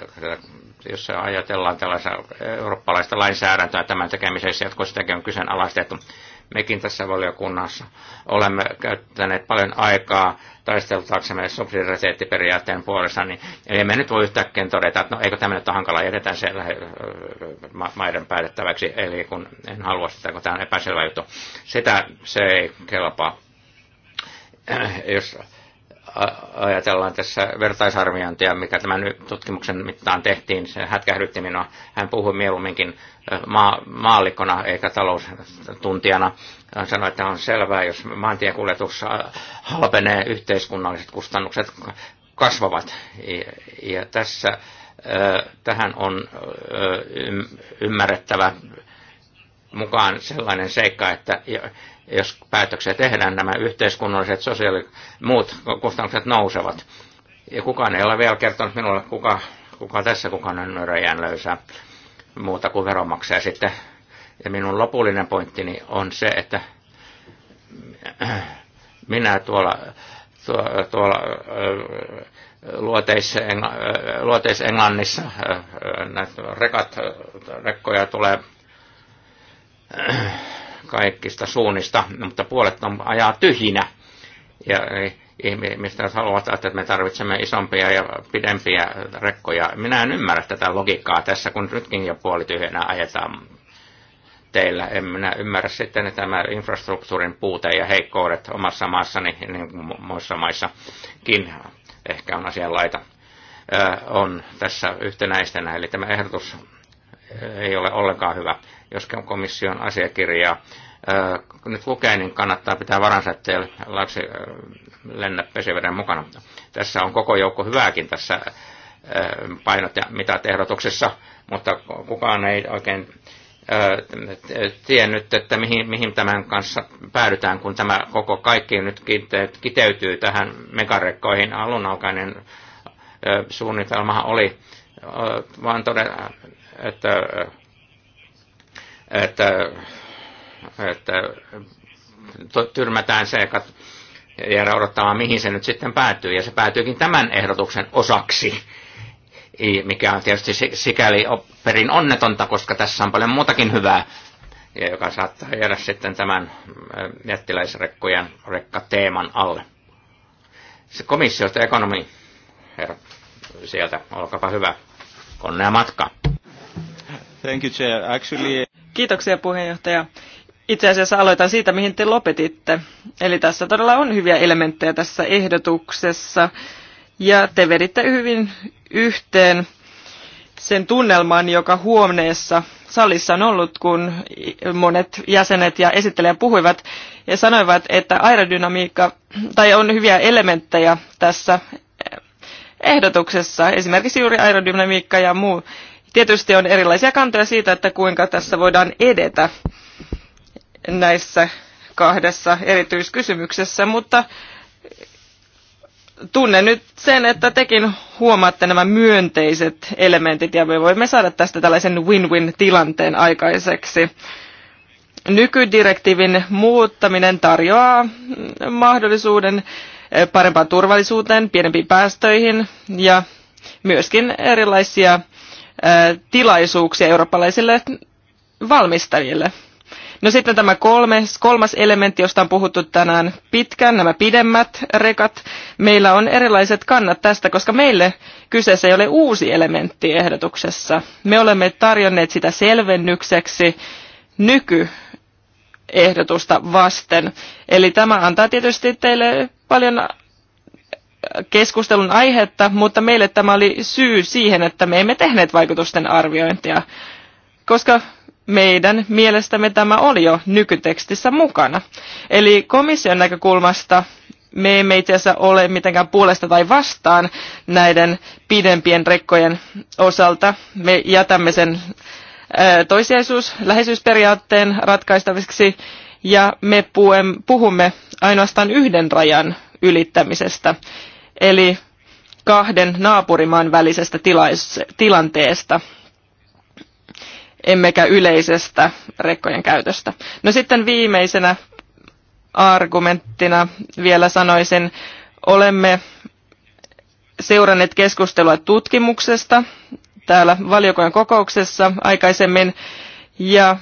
jos ajatellaan tällaista eurooppalaista lainsäädäntöä tämän tekemisessä, jatkossa sitäkin on kyseenalaistettu, mekin tässä valiokunnassa olemme käyttäneet paljon aikaa taisteltaaksemme sofrireseettiperiaatteen puolesta, niin eli emme nyt voi yhtäkkiä todeta, että no eikö tämä nyt ole hankala, jätetään se maiden päätettäväksi, eli kun en halua sitä, kun tämä on epäselvä juttu. Sitä se ei kelpaa. Jos ajatellaan tässä vertaisarviointia, mikä tämän tutkimuksen mittaan tehtiin, se hätkähdytti minua. Hän puhui mieluumminkin maa, maallikkona eikä taloustuntijana. Hän sanoi, että on selvää, jos maantiekuljetus halpenee, yhteiskunnalliset kustannukset kasvavat. Ja, ja tässä tähän on ymmärrettävä mukaan sellainen seikka, että jos päätöksiä tehdään, nämä yhteiskunnalliset, sosiaali- muut kustannukset nousevat. Ja kukaan ei ole vielä kertonut minulle, kuka, kuka tässä kukaan on nöyräjään löysää muuta kuin veronmaksaja sitten. Ja minun lopullinen pointtini on se, että minä tuolla, tuolla, tuolla äh, luoteis-Englannissa äh, äh, näitä rekat, rekkoja tulee kaikista suunnista, mutta puolet on ajaa tyhjinä. Ja eh, ihmiset haluavat, että me tarvitsemme isompia ja pidempiä rekkoja. Minä en ymmärrä tätä logiikkaa tässä, kun nytkin jo puoli tyhjänä ajetaan teillä. En minä ymmärrä sitten että tämä infrastruktuurin puute ja heikkoudet omassa maassani, niin kuin muissa maissakin ehkä on asianlaita, eh, on tässä yhtenäistenä. Eli tämä ehdotus eh, ei ole ollenkaan hyvä, jos komission asiakirjaa nyt lukee, niin kannattaa pitää varansa, ettei lapsi lennä pesiveden mukana. Tässä on koko joukko hyvääkin tässä painot ja mitat ehdotuksessa, mutta kukaan ei oikein tiennyt, että mihin, mihin tämän kanssa päädytään, kun tämä koko kaikki nyt kiteytyy tähän megarekkoihin. Alun alkainen suunnitelma oli vaan todella, että, että että tyrmätään se ja odottamaan, mihin se nyt sitten päätyy. Ja se päätyykin tämän ehdotuksen osaksi, mikä on tietysti sikäli perin onnetonta, koska tässä on paljon muutakin hyvää, joka saattaa jäädä sitten tämän jättiläisrekkojen rekkateeman alle. Se komissiosta ekonomi, herra, sieltä, olkaapa hyvä. Onnea matka. Thank you, Chair. Actually... Kiitoksia puheenjohtaja itse asiassa aloitan siitä, mihin te lopetitte. Eli tässä todella on hyviä elementtejä tässä ehdotuksessa. Ja te veditte hyvin yhteen sen tunnelman, joka huoneessa salissa on ollut, kun monet jäsenet ja esittelijä puhuivat ja sanoivat, että aerodynamiikka tai on hyviä elementtejä tässä ehdotuksessa, esimerkiksi juuri aerodynamiikka ja muu. Tietysti on erilaisia kantoja siitä, että kuinka tässä voidaan edetä näissä kahdessa erityiskysymyksessä, mutta tunnen nyt sen, että tekin huomaatte nämä myönteiset elementit ja me voimme saada tästä tällaisen win-win-tilanteen aikaiseksi. Nykydirektiivin muuttaminen tarjoaa mahdollisuuden parempaan turvallisuuteen, pienempiin päästöihin ja myöskin erilaisia tilaisuuksia eurooppalaisille valmistajille. No sitten tämä kolmes, kolmas elementti, josta on puhuttu tänään pitkään, nämä pidemmät rekat. Meillä on erilaiset kannat tästä, koska meille kyseessä ei ole uusi elementti ehdotuksessa. Me olemme tarjonneet sitä selvennykseksi nyky ehdotusta vasten. Eli tämä antaa tietysti teille paljon keskustelun aihetta, mutta meille tämä oli syy siihen, että me emme tehneet vaikutusten arviointia, koska meidän mielestämme tämä oli jo nykytekstissä mukana. Eli komission näkökulmasta me emme itse asiassa ole mitenkään puolesta tai vastaan näiden pidempien rekkojen osalta. Me jätämme sen toisiaisuus, läheisyysperiaatteen ratkaistaviksi ja me puhumme ainoastaan yhden rajan ylittämisestä, eli kahden naapurimaan välisestä tilanteesta emmekä yleisestä rekkojen käytöstä. No sitten viimeisenä argumenttina vielä sanoisin, olemme seuranneet keskustelua tutkimuksesta täällä valiokunnan kokouksessa aikaisemmin ja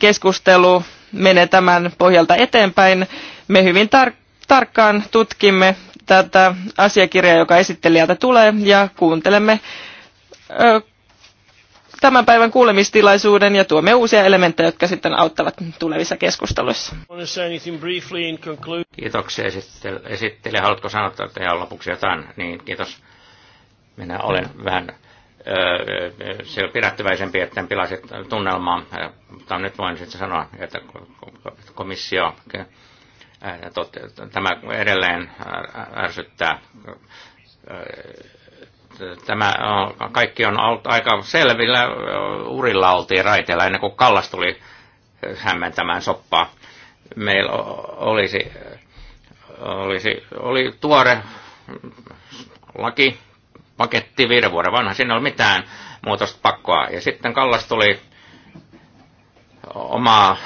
keskustelu menee tämän pohjalta eteenpäin. Me hyvin tar- tarkkaan tutkimme tätä asiakirjaa, joka esittelijältä tulee ja kuuntelemme ö, tämän päivän kuulemistilaisuuden ja tuomme uusia elementtejä, jotka sitten auttavat tulevissa keskusteluissa. Kiitoksia esittele Haluatko sanoa tehdä lopuksi jotain? Niin, kiitos. Minä olen vähän se on pidättyväisempi, että en pilaisi tunnelmaa. Mutta nyt voin sitten sanoa, että komissio tämä edelleen ärsyttää tämä kaikki on ollut aika selvillä. Urilla oltiin raiteella ennen kuin Kallas tuli hämmentämään soppaa. Meillä olisi, olisi, oli tuore laki, paketti viiden vuoden vanha, siinä ei ollut mitään muutosta pakkoa. Ja sitten Kallas tuli omaa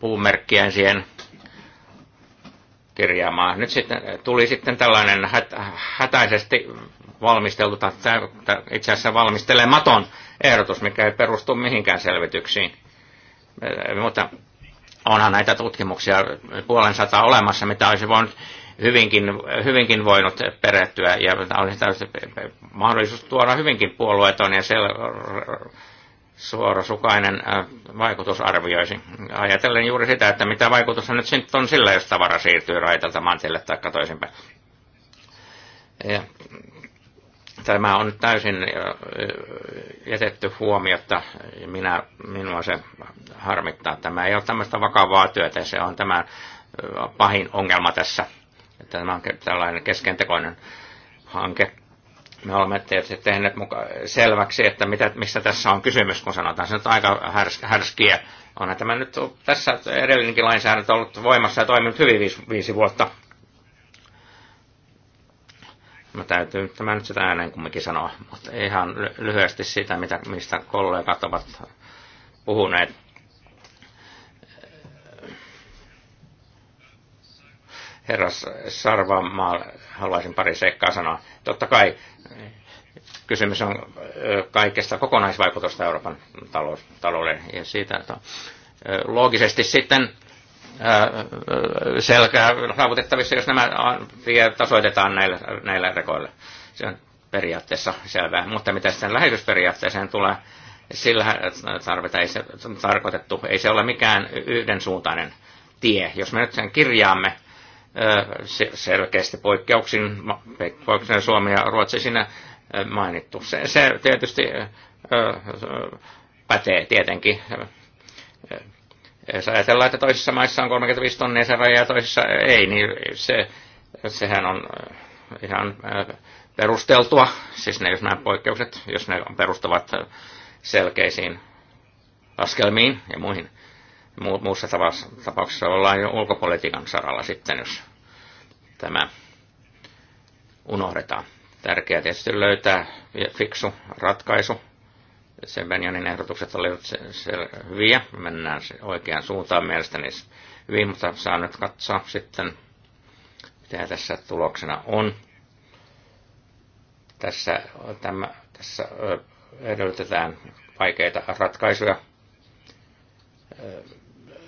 puumerkkiään siihen kirjaamaan. Nyt sitten tuli sitten tällainen hätäisesti valmisteltu tai itse asiassa valmistelematon ehdotus, mikä ei perustu mihinkään selvityksiin. Mutta onhan näitä tutkimuksia puolen sata olemassa, mitä olisi voinut hyvinkin, hyvinkin voinut perehtyä ja olisi mahdollisuus tuoda hyvinkin puolueeton ja sel- suorasukainen vaikutusarvioisi. Ajatellen juuri sitä, että mitä vaikutus on nyt on sillä, jos tavara siirtyy raitelta mantille tai toisinpäin tämä on nyt täysin jätetty huomiota. Minä, minua se harmittaa. Tämä ei ole tämmöistä vakavaa työtä. Se on tämä pahin ongelma tässä. Tämä on tällainen keskentekoinen hanke. Me olemme tietysti tehneet muka selväksi, että mitä, mistä tässä on kysymys, kun sanotaan se on aika härs, härskiä. Onhan tämä nyt tässä edellinenkin lainsäädäntö ollut voimassa ja toiminut hyvin viisi, viisi vuotta Mä täytyy tämä nyt sitä ääneen kumminkin sanoa, mutta ihan lyhyesti sitä, mitä, mistä kollegat ovat puhuneet. herras mä haluaisin pari seikkaa sanoa. Totta kai kysymys on kaikesta kokonaisvaikutusta Euroopan talouden ja siitä, että loogisesti sitten Äh, äh, selkää saavutettavissa, jos nämä tasoitetaan näillä, näillä rekoilla. Se on periaatteessa selvää. Mutta mitä sitten lähetysperiaatteeseen tulee, sillä tarvita, ei se tarkoitettu, ei se ole mikään yhdensuuntainen tie. Jos me nyt sen kirjaamme äh, selkeästi poikkeuksin, poikkeuksin Suomi ja Ruotsi siinä mainittu, se, se tietysti pätee tietenkin jos ajatellaan, että toisissa maissa on 35 tonnia se raja ja toisissa ei, niin se, sehän on äh, ihan äh, perusteltua. Siis ne, jos nämä poikkeukset, jos ne on perustuvat äh, selkeisiin askelmiin ja muihin. Muussa tapauksessa ollaan jo ulkopolitiikan saralla sitten, jos tämä unohdetaan. Tärkeää tietysti löytää fiksu ratkaisu se Benjaminin ehdotukset olivat hyviä, mennään oikeaan suuntaan mielestäni hyvin, mutta saa nyt katsoa sitten, mitä tässä tuloksena on. Tässä, tämä, tässä edellytetään vaikeita ratkaisuja.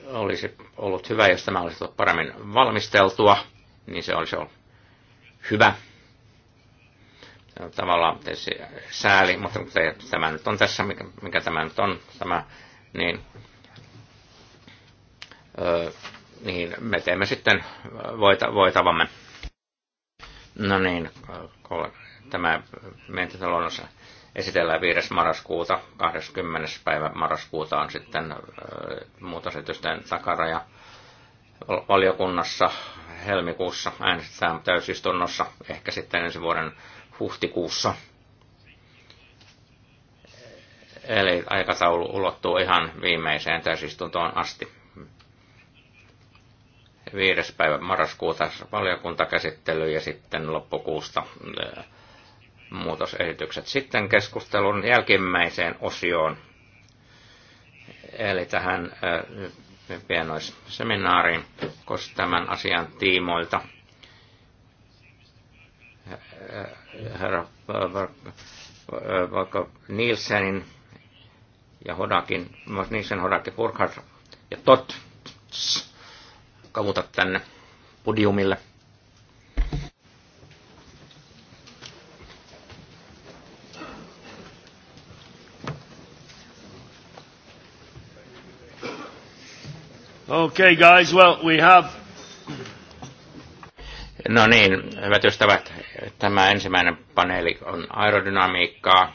Olisi ollut hyvä, jos tämä olisi ollut paremmin valmisteltua, niin se olisi ollut hyvä tavallaan tietysti sääli, mutta tämä nyt on tässä, mikä, mikä tämä nyt on, tämä, niin, ö, niin me teemme sitten voita, voitavamme. No niin, tämä mietintöluonnos esitellään 5. marraskuuta, 20. päivä marraskuuta on sitten muutosetysten takaraja valiokunnassa helmikuussa äänestetään täysistunnossa, ehkä sitten ensi vuoden huhtikuussa. Eli aikataulu ulottuu ihan viimeiseen täysistuntoon asti. viides päivä marraskuuta valiokuntakäsittely ja sitten loppukuusta eh, muutosesitykset. Sitten keskustelun jälkimmäiseen osioon, eli tähän eh, pienoisseminaariin, koska tämän asian tiimoilta – herra vaikka Nielsenin ja Hodakin, myös Nielsen, Hodak ja Burkhardt ja Tot kavuta tänne podiumille. Okay, guys, well, we have No niin, hyvät ystävät, tämä ensimmäinen paneeli on aerodynamiikkaa.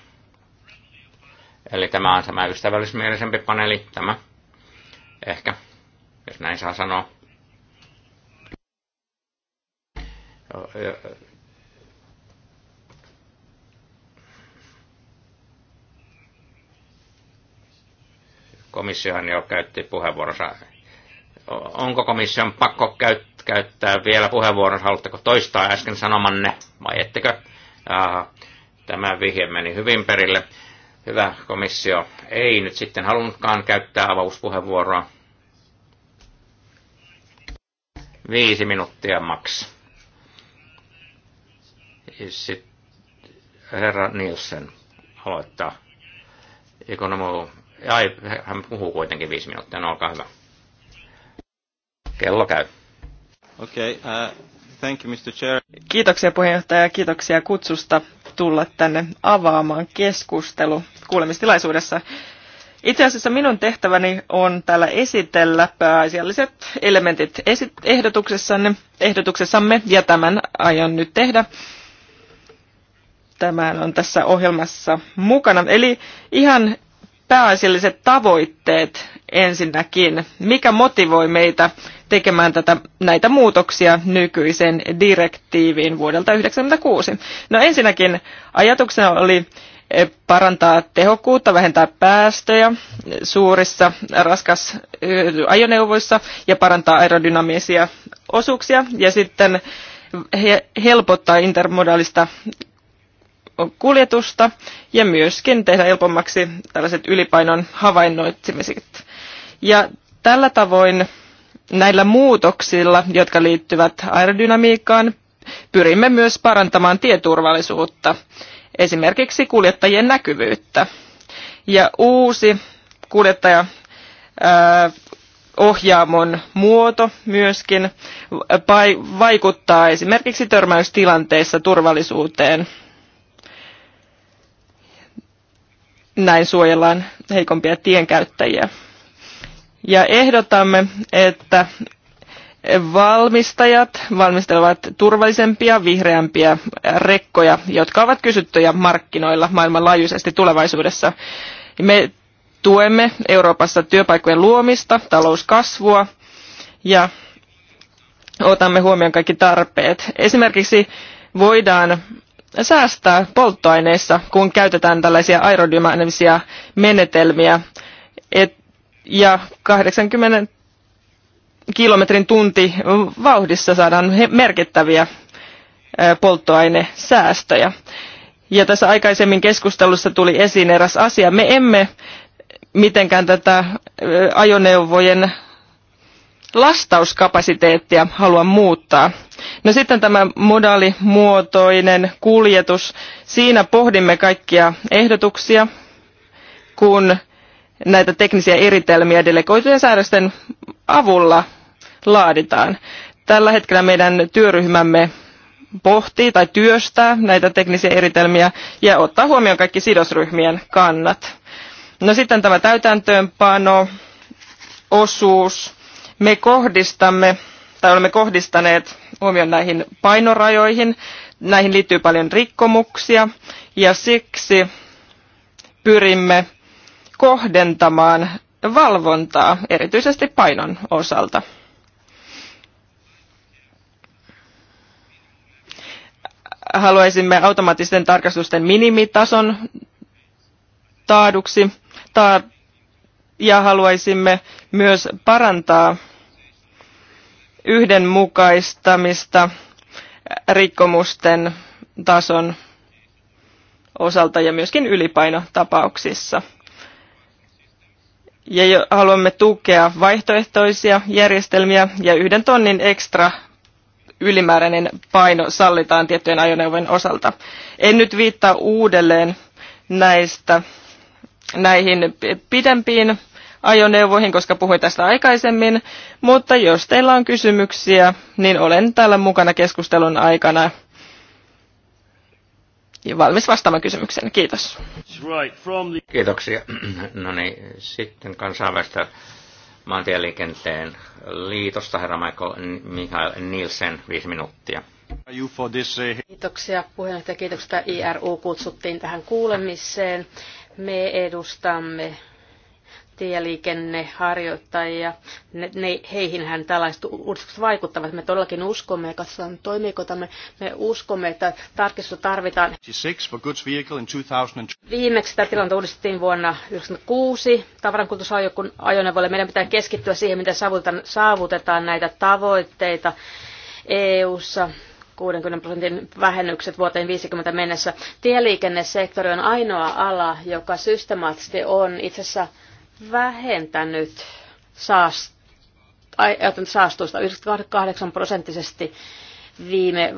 Eli tämä on tämä ystävällismielisempi paneeli, tämä. Ehkä, jos näin saa sanoa. Komissiohan jo käytti puheenvuoronsa. Onko komission pakko käyttää? käyttää vielä puheenvuoron. Haluatteko toistaa äsken sanomanne vai ettekö? Äh, tämä vihje meni hyvin perille. Hyvä komissio. Ei nyt sitten halunnutkaan käyttää avauspuheenvuoroa. Viisi minuuttia maks. Sitten herra Nielsen aloittaa. Ekonomo, ai, hän puhuu kuitenkin viisi minuuttia, no olkaa hyvä. Kello käy. Okay, uh, thank you, Mr. Chair. Kiitoksia puheenjohtaja ja kiitoksia kutsusta tulla tänne avaamaan keskustelu kuulemistilaisuudessa. Itse asiassa minun tehtäväni on täällä esitellä pääasialliset elementit ehdotuksessanne, ehdotuksessamme, ja tämän aion nyt tehdä. tämä on tässä ohjelmassa mukana. Eli ihan pääasialliset tavoitteet ensinnäkin. Mikä motivoi meitä tekemään tätä, näitä muutoksia nykyisen direktiiviin vuodelta 1996. No ensinnäkin ajatuksena oli eh, parantaa tehokkuutta, vähentää päästöjä eh, suurissa raskas eh, ajoneuvoissa ja parantaa aerodynamisia osuuksia ja sitten helpottaa intermodaalista kuljetusta ja myöskin tehdä helpommaksi tällaiset ylipainon havainnoitsemiset. Ja tällä tavoin näillä muutoksilla, jotka liittyvät aerodynamiikkaan, pyrimme myös parantamaan tieturvallisuutta, esimerkiksi kuljettajien näkyvyyttä. Ja uusi kuljettaja ohjaamon muoto myöskin vaikuttaa esimerkiksi törmäystilanteissa turvallisuuteen. Näin suojellaan heikompia tienkäyttäjiä. Ja ehdotamme, että valmistajat valmistelevat turvallisempia, vihreämpiä rekkoja, jotka ovat kysyttyjä markkinoilla maailmanlaajuisesti tulevaisuudessa. Me tuemme Euroopassa työpaikkojen luomista, talouskasvua ja otamme huomioon kaikki tarpeet. Esimerkiksi voidaan säästää polttoaineissa, kun käytetään tällaisia aerodynaamisia menetelmiä, että ja 80 kilometrin tunti vauhdissa saadaan merkittäviä polttoainesäästöjä. Ja tässä aikaisemmin keskustelussa tuli esiin eräs asia. Me emme mitenkään tätä ajoneuvojen lastauskapasiteettia halua muuttaa. No sitten tämä modaalimuotoinen kuljetus. Siinä pohdimme kaikkia ehdotuksia, kun näitä teknisiä eritelmiä delegoitujen säädösten avulla laaditaan. Tällä hetkellä meidän työryhmämme pohtii tai työstää näitä teknisiä eritelmiä ja ottaa huomioon kaikki sidosryhmien kannat. No sitten tämä täytäntöönpano, osuus. Me kohdistamme tai olemme kohdistaneet huomioon näihin painorajoihin. Näihin liittyy paljon rikkomuksia ja siksi pyrimme kohdentamaan valvontaa, erityisesti painon osalta. Haluaisimme automaattisten tarkastusten minimitason taaduksi ta- ja haluaisimme myös parantaa yhdenmukaistamista rikkomusten tason osalta ja myöskin ylipainotapauksissa ja haluamme tukea vaihtoehtoisia järjestelmiä ja yhden tonnin ekstra ylimääräinen paino sallitaan tiettyjen ajoneuvojen osalta. En nyt viittaa uudelleen näistä näihin pidempiin ajoneuvoihin, koska puhuin tästä aikaisemmin, mutta jos teillä on kysymyksiä, niin olen täällä mukana keskustelun aikana ja valmis vastaamaan kysymykseen. Kiitos. Kiitoksia. No niin, sitten kansainvälistä maantieliikenteen liitosta, herra Michael, Michael Nielsen, viisi minuuttia. Kiitoksia puheenjohtaja, kiitoksia, että IRU kutsuttiin tähän kuulemiseen. Me edustamme tieliikenneharjoittajia. Ne, ne, heihinhän tällaiset uudistukset vaikuttavat. Me todellakin uskomme ja katsotaan, toimiiko tämä. Me uskomme, että tarkistusta tarvitaan. Viimeksi tämä tilanne uudistettiin vuonna 1996 tavarankuljetusajoneuvoille. Meidän pitää keskittyä siihen, miten saavutetaan näitä tavoitteita EU-ssa 60 prosentin vähennykset vuoteen 50 mennessä. Tieliikennesektori on ainoa ala, joka systemaattisesti on itse asiassa vähentänyt saast, saastuista 98 prosenttisesti viime...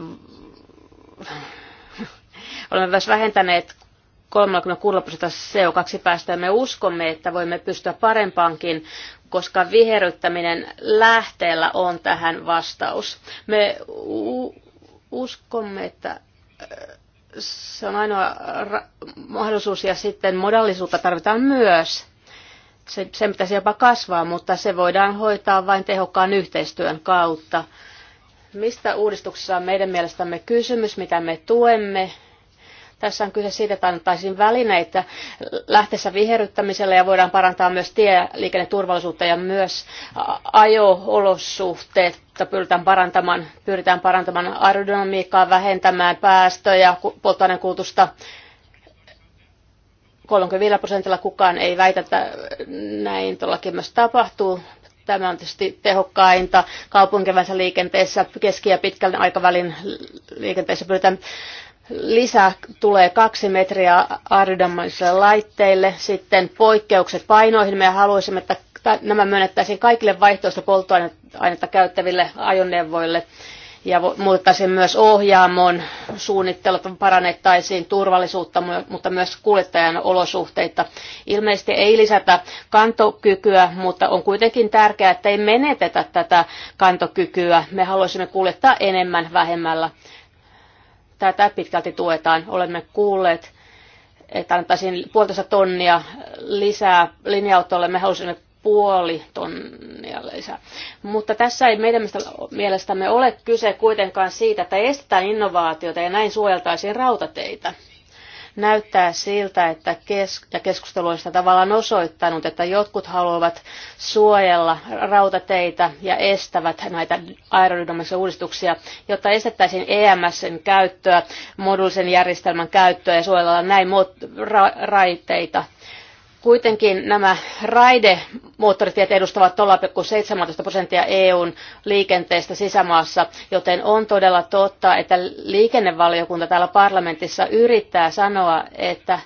Olemme myös vähentäneet 36 prosenttia CO2-päästöjä. Me uskomme, että voimme pystyä parempaankin, koska viheryttäminen lähteellä on tähän vastaus. Me uskomme, että äh, se on ainoa mahdollisuus ja sitten modallisuutta tarvitaan myös se, sen pitäisi jopa kasvaa, mutta se voidaan hoitaa vain tehokkaan yhteistyön kautta. Mistä uudistuksessa on meidän mielestämme kysymys, mitä me tuemme? Tässä on kyse siitä, että annettaisiin välineitä lähteessä viherryttämiselle ja voidaan parantaa myös tieliikenneturvallisuutta ja myös ajo-olosuhteet pyritään parantamaan, pyritään parantamaan aerodynamiikkaa, vähentämään päästöjä, polttoaineen kulutusta 35 prosentilla kukaan ei väitä, että näin tuollakin myös tapahtuu. Tämä on tietysti tehokkainta kaupunkivänsä liikenteessä, keski- ja pitkän aikavälin liikenteessä pyritään lisää tulee kaksi metriä aerodynamisille laitteille, sitten poikkeukset painoihin. Me haluaisimme, että nämä myönnettäisiin kaikille vaihtoista polttoainetta käyttäville ajoneuvoille ja muuttaisin myös ohjaamon suunnittelut, parannettaisiin turvallisuutta, mutta myös kuljettajan olosuhteita. Ilmeisesti ei lisätä kantokykyä, mutta on kuitenkin tärkeää, että ei menetetä tätä kantokykyä. Me haluaisimme kuljettaa enemmän vähemmällä. Tätä pitkälti tuetaan. Olemme kuulleet että annettaisiin puolitoista tonnia lisää linja-autolle. Me halusimme puoli tonnia lisää. Mutta tässä ei meidän mielestämme ole kyse kuitenkaan siitä, että estetään innovaatiota ja näin suojeltaisiin rautateitä. Näyttää siltä, että kes- ja keskustelu on sitä tavallaan osoittanut, että jotkut haluavat suojella rautateitä ja estävät näitä aerodynamisia uudistuksia, jotta estettäisiin EMSn käyttöä, modulisen järjestelmän käyttöä ja suojella näin raiteita. Kuitenkin nämä raidemoottoritiet edustavat 0,17 prosenttia EUn liikenteestä sisämaassa, joten on todella totta, että liikennevaliokunta täällä parlamentissa yrittää sanoa, että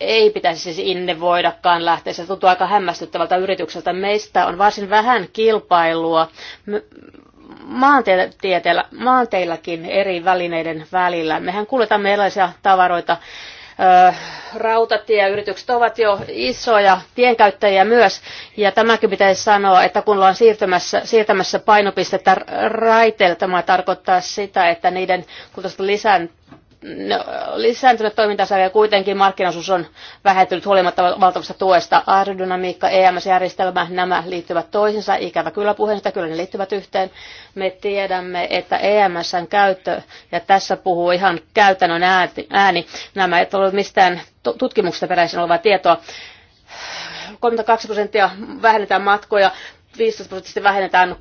ei pitäisi siis inne voidakaan lähteä. Se tuntuu aika hämmästyttävältä yritykseltä. Meistä on varsin vähän kilpailua maanteillä, maanteilläkin eri välineiden välillä. Mehän kuljetamme erilaisia tavaroita rautatieyritykset ovat jo isoja tienkäyttäjiä myös, ja tämäkin pitäisi sanoa, että kun ollaan siirtämässä, siirtämässä painopistettä raiteilta, tämä tarkoittaa sitä, että niiden kulutusta lisään, ne no, lisääntyvät toimintansa ja kuitenkin markkinaosuus on vähentynyt huolimatta valtavasta tuesta. Aerodynamiikka, EMS-järjestelmä, nämä liittyvät toisiinsa. Ikävä kyllä puheenjohtaja, kyllä ne liittyvät yhteen. Me tiedämme, että EMSn käyttö, ja tässä puhuu ihan käytännön ääni, nämä ei ole mistään tutkimuksesta peräisin olevaa tietoa, 32 prosenttia vähennetään matkoja 15 prosenttisesti vähennetään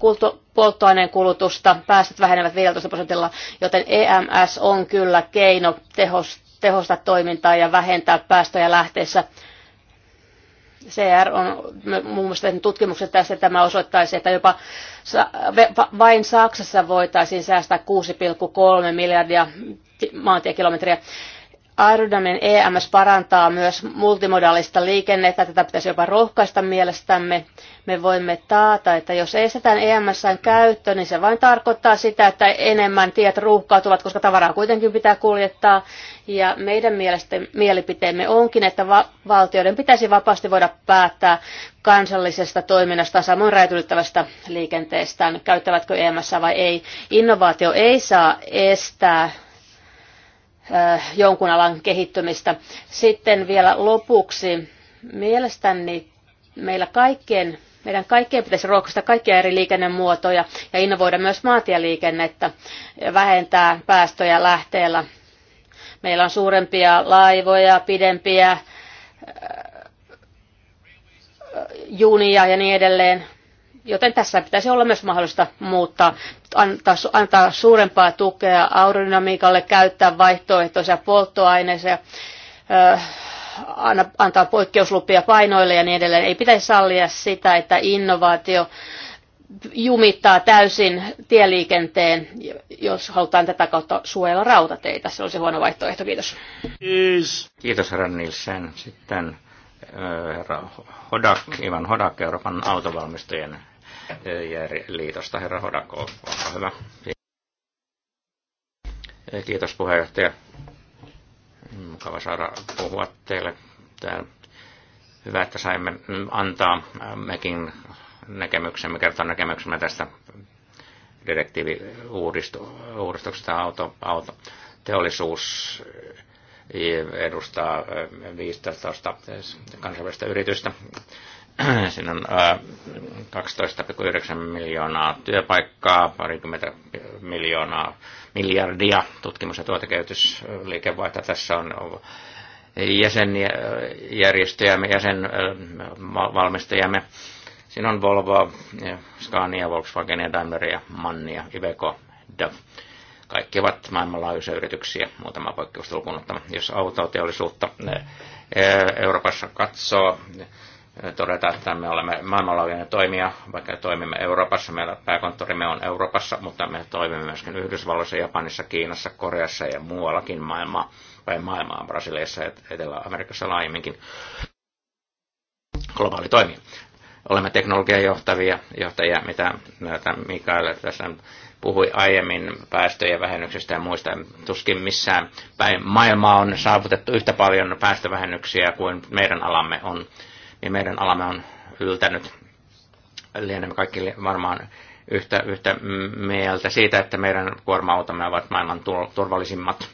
polttoaineen kulutusta, päästöt vähenevät 15 prosentilla, joten EMS on kyllä keino tehostaa toimintaa ja vähentää päästöjä lähteessä. CR on muun muassa tehnyt tutkimukset tässä, että tämä osoittaisi, että jopa vain Saksassa voitaisiin säästää 6,3 miljardia maantiekilometriä. Aerodynamin EMS parantaa myös multimodaalista liikennettä, tätä pitäisi jopa rohkaista mielestämme. Me voimme taata, että jos estetään EMSn käyttö, niin se vain tarkoittaa sitä, että enemmän tiet ruuhkautuvat, koska tavaraa kuitenkin pitää kuljettaa. Ja meidän mielestä, mielipiteemme onkin, että va- valtioiden pitäisi vapaasti voida päättää kansallisesta toiminnasta, samoin räätylyttävästä liikenteestään, käyttävätkö EMS vai ei. Innovaatio ei saa estää jonkun alan kehittymistä. Sitten vielä lopuksi. Mielestäni meillä kaikkien, meidän kaikkien pitäisi ruokasta kaikkia eri liikennemuotoja ja innovoida myös maatieliikennettä ja vähentää päästöjä lähteellä. Meillä on suurempia laivoja, pidempiä junia ja niin edelleen, joten tässä pitäisi olla myös mahdollista muuttaa antaa, antaa suurempaa tukea aerodynamiikalle, käyttää vaihtoehtoisia polttoaineisia, antaa poikkeuslupia painoille ja niin edelleen. Ei pitäisi sallia sitä, että innovaatio jumittaa täysin tieliikenteen, jos halutaan tätä kautta suojella rautateitä. Se olisi huono vaihtoehto. Kiitos. Kiitos, Kiitos herra Nilsen. Sitten herra Hodak, Ivan Hodak, Euroopan autovalmistajien liitosta. Herra Hodako, olkaa hyvä. Kiitos puheenjohtaja. Mukava saada puhua teille Tää. Hyvä, että saimme antaa mekin näkemyksemme, kertoa näkemyksemme tästä direktiiviuudistuksesta auto, auto. Teollisuus edustaa 15 kansainvälistä yritystä Siinä on 12,9 äh, miljoonaa työpaikkaa, parikymmentä miljoonaa miljardia tutkimus- ja tuotekehitysliikevaihto tässä on jäsenjärjestöjämme, jäsenvalmistajamme. Äh, Siinä on Volvo, Scania, Volkswagen, Daimler, Mannia, Iveco, Dav. Kaikki ovat maailmanlaajuisia yrityksiä, muutama poikkeusta lukuun ottamatta. Jos autoteollisuutta äh, Euroopassa katsoo, todeta, että me olemme maailmanlaajuinen toimija, vaikka toimimme Euroopassa, meillä pääkonttorimme on Euroopassa, mutta me toimimme myöskin Yhdysvalloissa, Japanissa, Kiinassa, Koreassa ja muuallakin maailmaa, tai maailmaa Brasiliassa ja Etelä-Amerikassa laajemminkin. Globaali toimija. Olemme teknologian johtavia, johtajia, mitä Mikael tässä puhui aiemmin päästöjen vähennyksistä ja muista. Tuskin missään päin maailmaa on saavutettu yhtä paljon päästövähennyksiä kuin meidän alamme on niin meidän alamme on yltänyt. Lienemme kaikki varmaan yhtä, yhtä mieltä siitä, että meidän kuorma-automme ovat maailman turvallisimmat.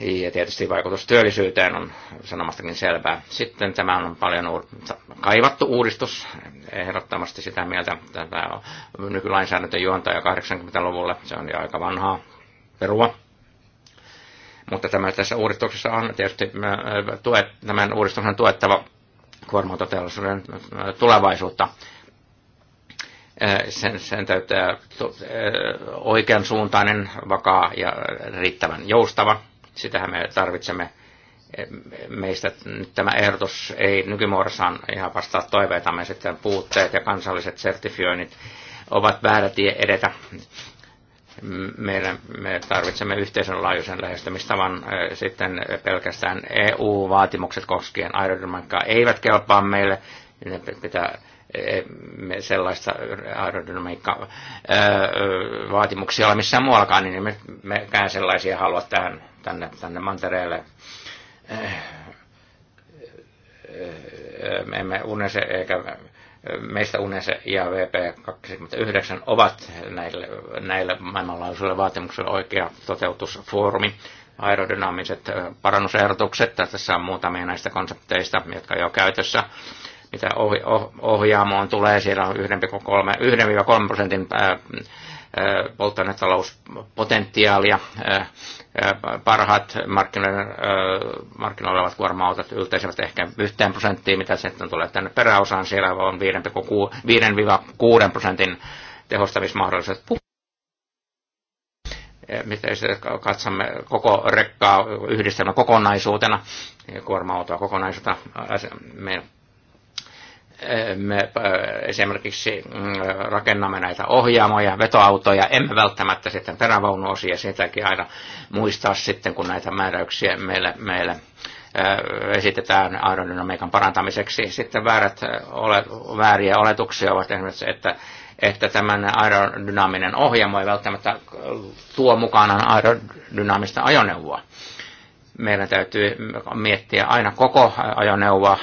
Ja tietysti vaikutus työllisyyteen on sanomastakin selvää. Sitten tämä on paljon uur- kaivattu uudistus, ehdottomasti sitä mieltä. tämä on juontaa jo 80-luvulle, se on jo aika vanhaa perua mutta tämä, tässä uudistuksessa on tietysti äh, tuet, tämän uudistuksen tuettava kuorma äh, tulevaisuutta. Äh, sen, sen täytyy oikean suuntainen, vakaa ja riittävän joustava. Sitähän me tarvitsemme meistä nyt tämä ehdotus ei nykymuodossaan ihan vastaa toiveitamme sitten puutteet ja kansalliset sertifioinnit ovat väärä tie edetä meillä, me tarvitsemme yhteisön laajuisen lähestymistavan sitten pelkästään EU-vaatimukset koskien aerodynamiikkaa eivät kelpaa meille. Ne pitää e, me sellaista aerodynamiikkaa vaatimuksia olla missään muuallakaan, niin me, mekään sellaisia halua tähän, tänne, tänne mantereelle. Äh, äh, me emme unese eikä meistä unese ja VP29 ovat näille, näille maailmanlaajuisille vaatimuksille oikea toteutusfoorumi. Aerodynaamiset parannusehdotukset, tässä on muutamia näistä konsepteista, jotka jo käytössä. Mitä ohjaamoon tulee, siellä on 1,3 prosentin polttoainetalouspotentiaalia. Parhaat markkinoilla olevat kuorma-autot yltäisivät ehkä yhteen prosenttiin, mitä sitten tulee tänne peräosaan. Siellä on 5-6 prosentin tehostamismahdollisuudet Mitä katsomme koko rekkaa yhdistelmä kokonaisuutena, kuorma-autoa kokonaisuutena, me äh, esimerkiksi mm, rakennamme näitä ohjaamoja, vetoautoja, emme välttämättä sitten perävaunuosia, sitäkin aina muistaa sitten, kun näitä määräyksiä meille, meille äh, esitetään aerodynamiikan parantamiseksi. Sitten väärät, äh, ole, vääriä oletuksia ovat esimerkiksi, että, että tämän aerodynaaminen ohjaamo ei välttämättä tuo mukanaan aerodynaamista ajoneuvoa meillä täytyy miettiä aina koko ajoneuvoa,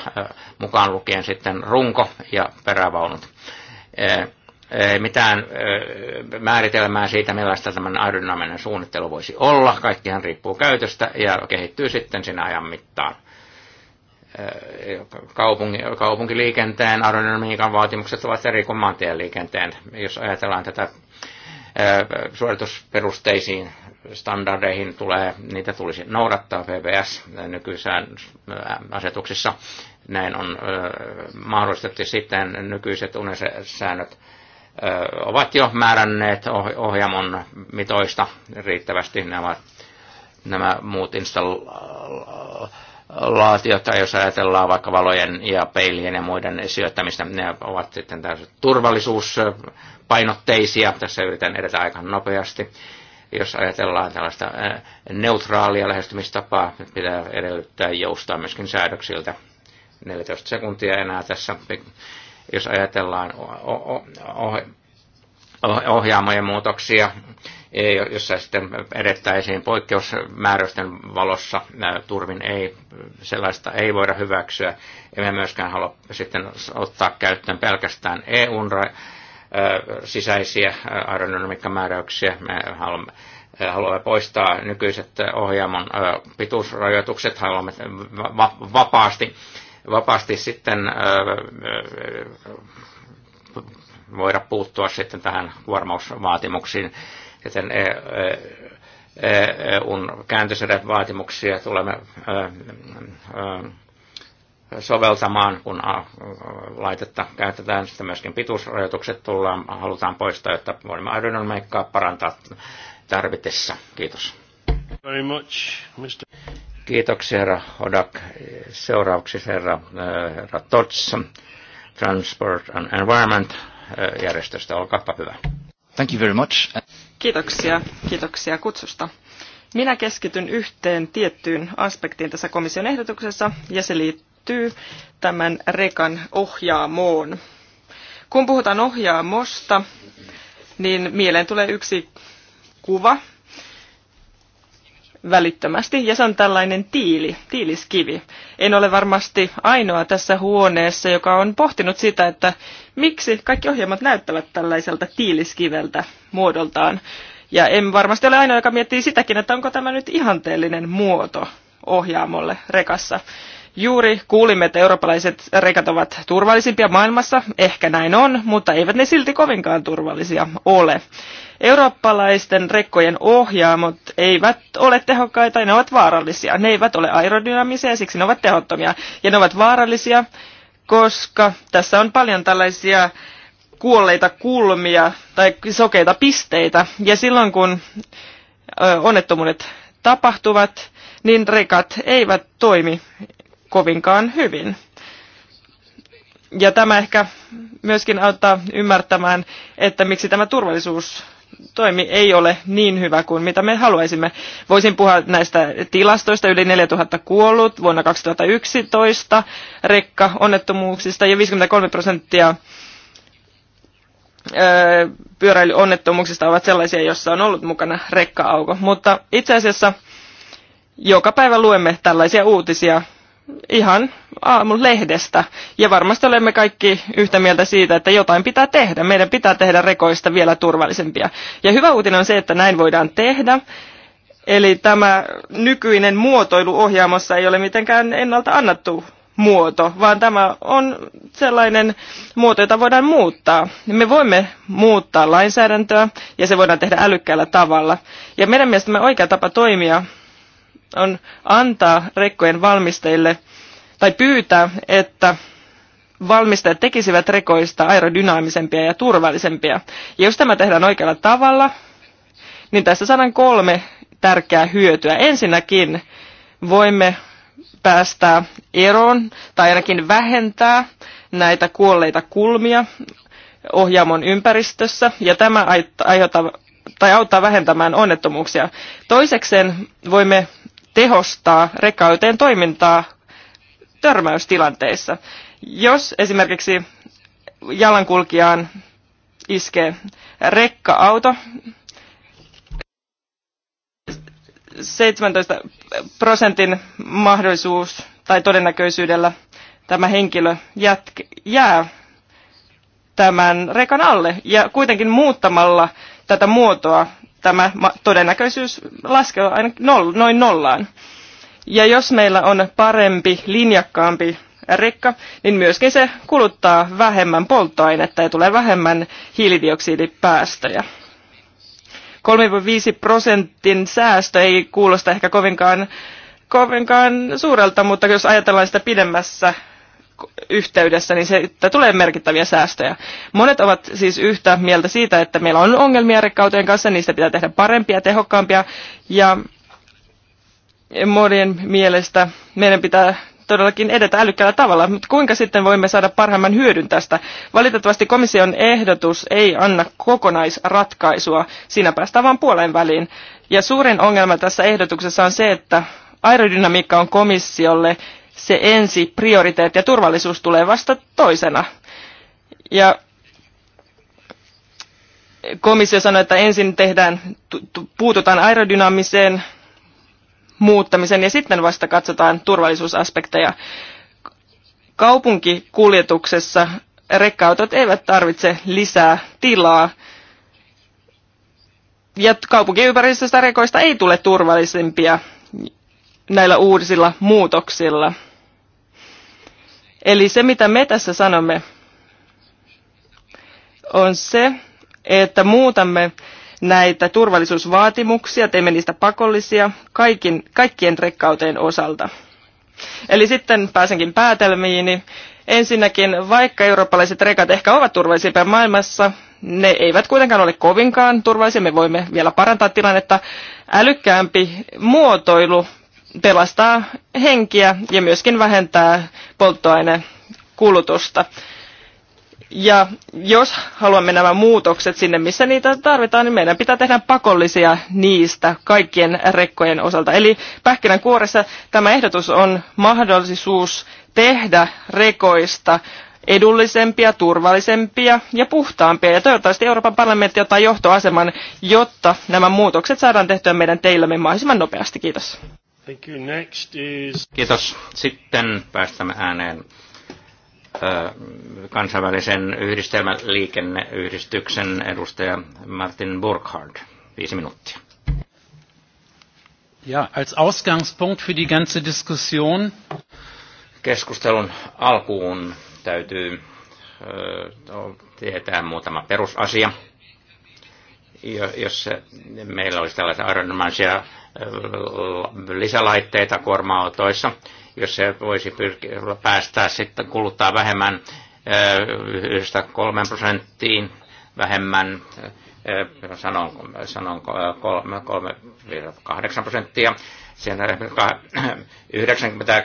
mukaan lukien sitten runko ja perävaunut. Ei mitään määritelmää siitä, millaista tämän aerodynaaminen suunnittelu voisi olla. Kaikkihan riippuu käytöstä ja kehittyy sitten sinä ajan mittaan. Kaupunki, kaupunkiliikenteen aerodynamiikan vaatimukset ovat eri kuin maantieliikenteen. Jos ajatellaan tätä suoritusperusteisiin standardeihin tulee, niitä tulisi noudattaa VVS nykyisään asetuksissa. Näin on mahdollistettu sitten nykyiset UNESE-säännöt ovat jo määränneet ohjaamon mitoista riittävästi nämä, nämä muut installaatiot, tai jos ajatellaan vaikka valojen ja peilien ja muiden syöttämistä, ne ovat sitten turvallisuus painotteisia. Tässä yritän edetä aika nopeasti. Jos ajatellaan tällaista neutraalia lähestymistapaa, pitää edellyttää joustaa myöskin säädöksiltä. 14 sekuntia enää tässä. Jos ajatellaan ohjaamojen muutoksia, e, jossa sitten edettäisiin poikkeusmääräysten valossa turvin ei, sellaista ei voida hyväksyä. Emme myöskään halua sitten ottaa käyttöön pelkästään EUn sisäisiä aerodynamiikkamääräyksiä. Me haluamme haluamme poistaa nykyiset ohjaamon pituusrajoitukset, haluamme vapaasti, vapaasti sitten voida puuttua sitten tähän kuormausvaatimuksiin. Joten EUn vaatimuksia tulemme soveltamaan, kun laitetta käytetään. Sitten myöskin pituusrajoitukset tullaan, halutaan poistaa, jotta voimme aerodynamiikkaa parantaa tarvitessa. Kiitos. Very much, Mr. Kiitoksia, herra Odak. Seuraavaksi herra, herra Tots, Transport and Environment järjestöstä. Olkaapa hyvä. Thank you very much. Kiitoksia, kiitoksia kutsusta. Minä keskityn yhteen tiettyyn aspektiin tässä komission ehdotuksessa, ja se liittyy liittyy tämän rekan ohjaamoon. Kun puhutaan ohjaamosta, niin mieleen tulee yksi kuva välittömästi, ja se on tällainen tiili, tiiliskivi. En ole varmasti ainoa tässä huoneessa, joka on pohtinut sitä, että miksi kaikki ohjelmat näyttävät tällaiselta tiiliskiveltä muodoltaan. Ja en varmasti ole ainoa, joka miettii sitäkin, että onko tämä nyt ihanteellinen muoto ohjaamolle rekassa. Juuri kuulimme, että eurooppalaiset rekat ovat turvallisimpia maailmassa. Ehkä näin on, mutta eivät ne silti kovinkaan turvallisia ole. Eurooppalaisten rekkojen ohjaamot eivät ole tehokkaita ja ne ovat vaarallisia. Ne eivät ole aerodynaamisia ja siksi ne ovat tehottomia. Ja ne ovat vaarallisia, koska tässä on paljon tällaisia kuolleita kulmia tai sokeita pisteitä. Ja silloin kun onnettomuudet tapahtuvat, niin rekat eivät toimi kovinkaan hyvin. Ja tämä ehkä myöskin auttaa ymmärtämään, että miksi tämä turvallisuus toimi ei ole niin hyvä kuin mitä me haluaisimme. Voisin puhua näistä tilastoista, yli 4000 kuollut vuonna 2011 rekka onnettomuuksista ja 53 prosenttia pyöräilyonnettomuuksista ovat sellaisia, joissa on ollut mukana rekka-auko. Mutta itse asiassa joka päivä luemme tällaisia uutisia ihan aamun lehdestä. Ja varmasti olemme kaikki yhtä mieltä siitä, että jotain pitää tehdä. Meidän pitää tehdä rekoista vielä turvallisempia. Ja hyvä uutinen on se, että näin voidaan tehdä. Eli tämä nykyinen muotoilu ohjaamossa ei ole mitenkään ennalta annettu muoto, vaan tämä on sellainen muoto, jota voidaan muuttaa. Me voimme muuttaa lainsäädäntöä ja se voidaan tehdä älykkäällä tavalla. Ja meidän mielestämme oikea tapa toimia on antaa rekkojen valmistajille tai pyytää, että valmistajat tekisivät rekoista aerodynaamisempia ja turvallisempia. Ja jos tämä tehdään oikealla tavalla, niin tässä saadaan kolme tärkeää hyötyä. Ensinnäkin voimme päästä eroon tai ainakin vähentää näitä kuolleita kulmia ohjaamon ympäristössä ja tämä aiheuttaa tai auttaa vähentämään onnettomuuksia. Toisekseen voimme tehostaa rekkayteen toimintaa törmäystilanteissa. Jos esimerkiksi jalankulkijaan iskee rekka-auto, 17 prosentin mahdollisuus tai todennäköisyydellä tämä henkilö jätk- jää tämän rekan alle. Ja kuitenkin muuttamalla tätä muotoa tämä todennäköisyys laskee aina noll, noin nollaan. Ja jos meillä on parempi, linjakkaampi rikka, niin myöskin se kuluttaa vähemmän polttoainetta ja tulee vähemmän hiilidioksidipäästöjä. 3-5 prosentin säästö ei kuulosta ehkä kovinkaan, kovinkaan suurelta, mutta jos ajatellaan sitä pidemmässä yhteydessä, niin se, että tulee merkittäviä säästöjä. Monet ovat siis yhtä mieltä siitä, että meillä on ongelmia rikkauteen kanssa, niistä pitää tehdä parempia, tehokkaampia, ja monien mielestä meidän pitää todellakin edetä älykkäällä tavalla, mutta kuinka sitten voimme saada parhaimman hyödyn tästä? Valitettavasti komission ehdotus ei anna kokonaisratkaisua, siinä päästään vain puolen väliin. Ja suurin ongelma tässä ehdotuksessa on se, että aerodynamiikka on komissiolle se ensi prioriteetti ja turvallisuus tulee vasta toisena. Ja komissio sanoi, että ensin tehdään, puututaan aerodynaamiseen muuttamiseen ja sitten vasta katsotaan turvallisuusaspekteja. Kaupunkikuljetuksessa rekkautot eivät tarvitse lisää tilaa. Ja kaupunkiympäristöstä rekoista ei tule turvallisempia näillä uusilla muutoksilla. Eli se, mitä me tässä sanomme, on se, että muutamme näitä turvallisuusvaatimuksia, teemme niistä pakollisia kaikin, kaikkien rekkauteen osalta. Eli sitten pääsenkin päätelmiini. Ensinnäkin, vaikka eurooppalaiset rekat ehkä ovat turvallisimpia maailmassa, ne eivät kuitenkaan ole kovinkaan turvallisia. Me voimme vielä parantaa tilannetta. Älykkäämpi muotoilu pelastaa henkiä ja myöskin vähentää polttoainekulutusta. Ja jos haluamme nämä muutokset sinne, missä niitä tarvitaan, niin meidän pitää tehdä pakollisia niistä kaikkien rekkojen osalta. Eli pähkinänkuoressa tämä ehdotus on mahdollisuus tehdä rekoista edullisempia, turvallisempia ja puhtaampia. Ja toivottavasti Euroopan parlamentti ottaa johtoaseman, jotta nämä muutokset saadaan tehtyä meidän teillämme mahdollisimman nopeasti. Kiitos. Thank you. Next is... Kiitos. Sitten päästämme ääneen kansainvälisen yhdistelmäliikenneyhdistyksen edustaja Martin Burkhard. Viisi minuuttia. Ja, als Ausgangspunkt für die ganze Diskussion. Keskustelun alkuun täytyy ö, tietää muutama perusasia. Jos meillä olisi tällaisia arvonomaisia lisälaitteita kuorma-autoissa, jos se voisi pyrkiä, päästää sitten kuluttaa vähemmän eh, yhdestä kolmen prosenttiin vähemmän, eh, sanonko, sanonko eh, kolme, kolme, kahdeksan prosenttia, Siinä 90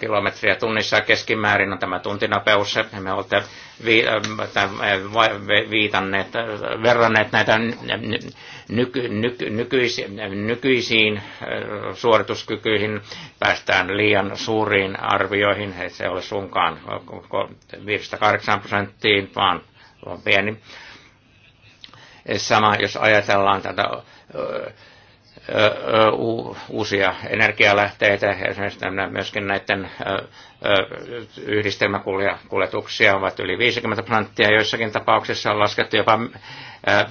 kilometriä tunnissa keskimäärin on tämä tuntinopeus. Me olette äh, äh, viitanneet, äh, verranneet näitä nyky, nyky, nykyis, nykyisiin suorituskykyihin. Päästään liian suuriin arvioihin, ei se ole sunkaan 5-8 prosenttiin, vaan on pieni. Sama, jos ajatellaan tätä uusia energialähteitä, esimerkiksi myöskin näiden yhdistelmäkuljetuksia ovat yli 50 prosenttia, joissakin tapauksissa on laskettu jopa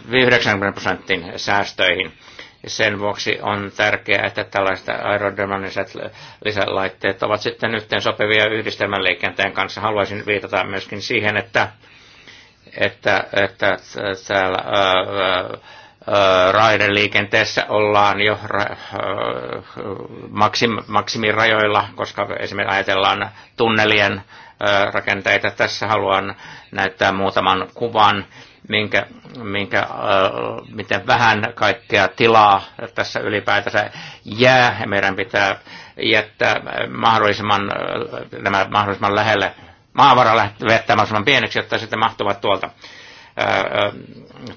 90 prosentin säästöihin. Sen vuoksi on tärkeää, että tällaiset aerodynamiset lisälaitteet ovat sitten yhteen sopivia yhdistelmän liikenteen kanssa. Haluaisin viitata myöskin siihen, että, että, että täällä ää, raideliikenteessä ollaan jo maksim, maksimirajoilla, koska esimerkiksi ajatellaan tunnelien rakenteita. Tässä haluan näyttää muutaman kuvan, minkä, minkä, miten vähän kaikkea tilaa tässä ylipäätänsä jää. Meidän pitää jättää mahdollisimman, nämä mahdollisimman lähelle maavara vettä mahdollisimman pieneksi, jotta sitten mahtuvat tuolta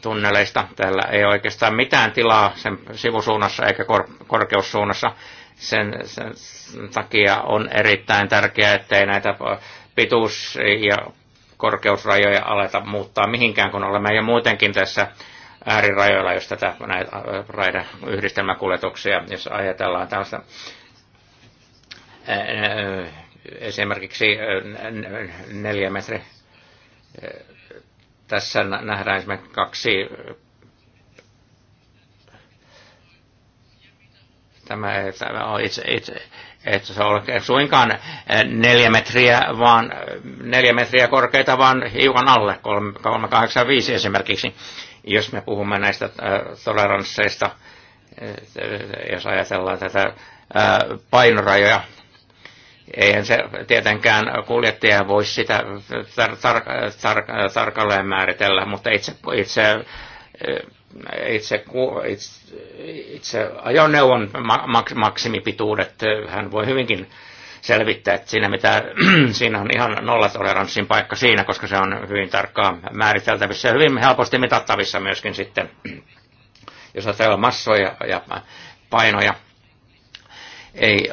tunneleista. Täällä ei oikeastaan mitään tilaa sen sivusuunnassa eikä kor- korkeussuunnassa. Sen, sen takia on erittäin tärkeää, ettei näitä pituus- ja korkeusrajoja aleta muuttaa mihinkään, kun olemme jo muutenkin tässä äärirajoilla, jos tätä näitä raiden yhdistelmäkuljetuksia, jos ajatellaan tällaista esimerkiksi neljä metri tässä nähdään esimerkiksi kaksi tämä, tämä on itse, itse että se ole suinkaan eh, neljä metriä, vaan eh, neljä metriä korkeita, vaan hiukan alle, 385 esimerkiksi, jos me puhumme näistä eh, toleransseista, jos ajatellaan tätä painorajoja Eihän se tietenkään kuljettaja voi sitä tar- tar- tar- tarkalleen määritellä, mutta itse, itse, itse, itse, itse ajoneuvon mak- maksimipituudet hän voi hyvinkin selvittää, että siinä, mitä, siinä on ihan nollatoleranssin paikka siinä, koska se on hyvin tarkkaan määriteltävissä ja hyvin helposti mitattavissa myöskin sitten, jos ajatellaan massoja ja painoja ei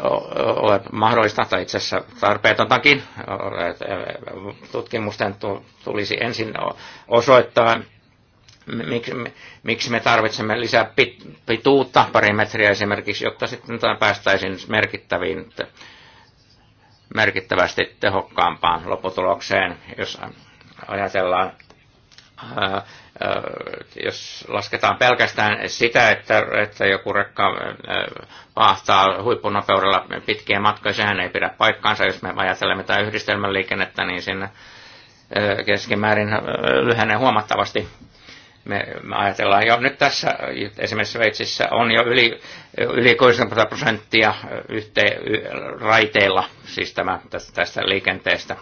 ole mahdollista, tai itse asiassa tarpeetontakin. E, tutkimusten tulisi ensin osoittaa, miksi me tarvitsemme lisää pituutta, pari metriä esimerkiksi, jotta sitten päästäisiin merkittäviin, merkittävästi tehokkaampaan lopputulokseen, jos ajatellaan jos lasketaan pelkästään sitä, että, että joku rekka vaahtaa huippunopeudella pitkiä matkoja, sehän ei pidä paikkaansa. Jos me ajatellaan mitään yhdistelmän liikennettä, niin sinne keskimäärin lyhenee huomattavasti. Me, me ajatellaan jo nyt tässä, esimerkiksi Sveitsissä on jo yli, yli 60 prosenttia yhte, raiteilla, siis tämä, tästä liikenteestä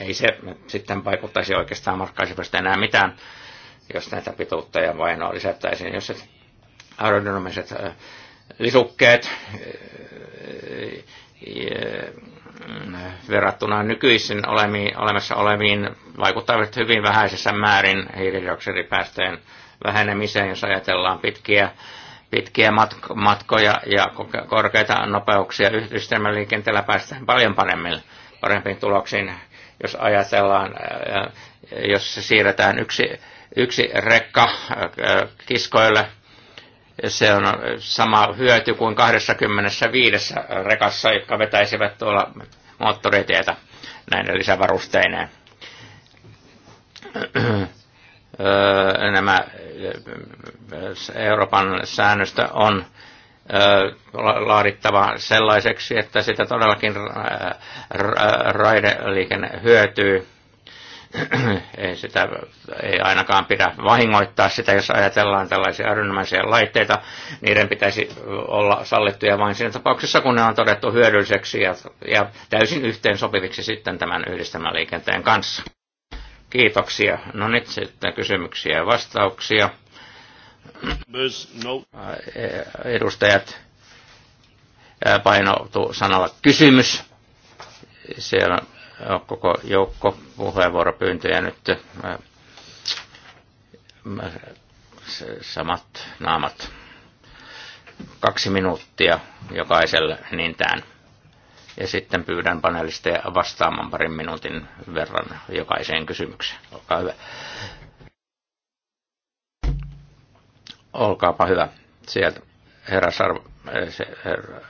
ei se sitten vaikuttaisi oikeastaan markkaisipasta enää mitään jos näitä pituutta ja vainoa lisättäisiin. Jos aerodynamiset lisukkeet verrattuna nykyisin olemassa oleviin vaikuttavat hyvin vähäisessä määrin hiilidioksidipäästöjen vähenemiseen, jos ajatellaan pitkiä, pitkiä matkoja ja korkeita nopeuksia. Yhdistelmäliikenteellä päästään paljon paremmin, parempiin tuloksiin, jos ajatellaan, jos siirretään yksi yksi rekka äh, äh, kiskoille. Se on sama hyöty kuin 25 rekassa, jotka vetäisivät tuolla moottoritietä näin lisävarusteineen. Äh, nämä Euroopan säännöstä on laadittava sellaiseksi, että sitä todellakin raideliikenne hyötyy ei sitä ei ainakaan pidä vahingoittaa sitä, jos ajatellaan tällaisia erinomaisia laitteita. Niiden pitäisi olla sallittuja vain siinä tapauksessa, kun ne on todettu hyödylliseksi ja, ja täysin yhteen sopiviksi sitten tämän yhdistelmäliikenteen kanssa. Kiitoksia. No nyt sitten kysymyksiä ja vastauksia. Edustajat painotu sanalla kysymys. Siellä koko joukko puheenvuoropyyntöjä nyt. Äh, samat naamat. Kaksi minuuttia jokaiselle niintään. Ja sitten pyydän panelisteja vastaamaan parin minuutin verran jokaiseen kysymykseen. Olkaa hyvä. Olkaapa hyvä. Sieltä herra Sarv... Äh, se, herra,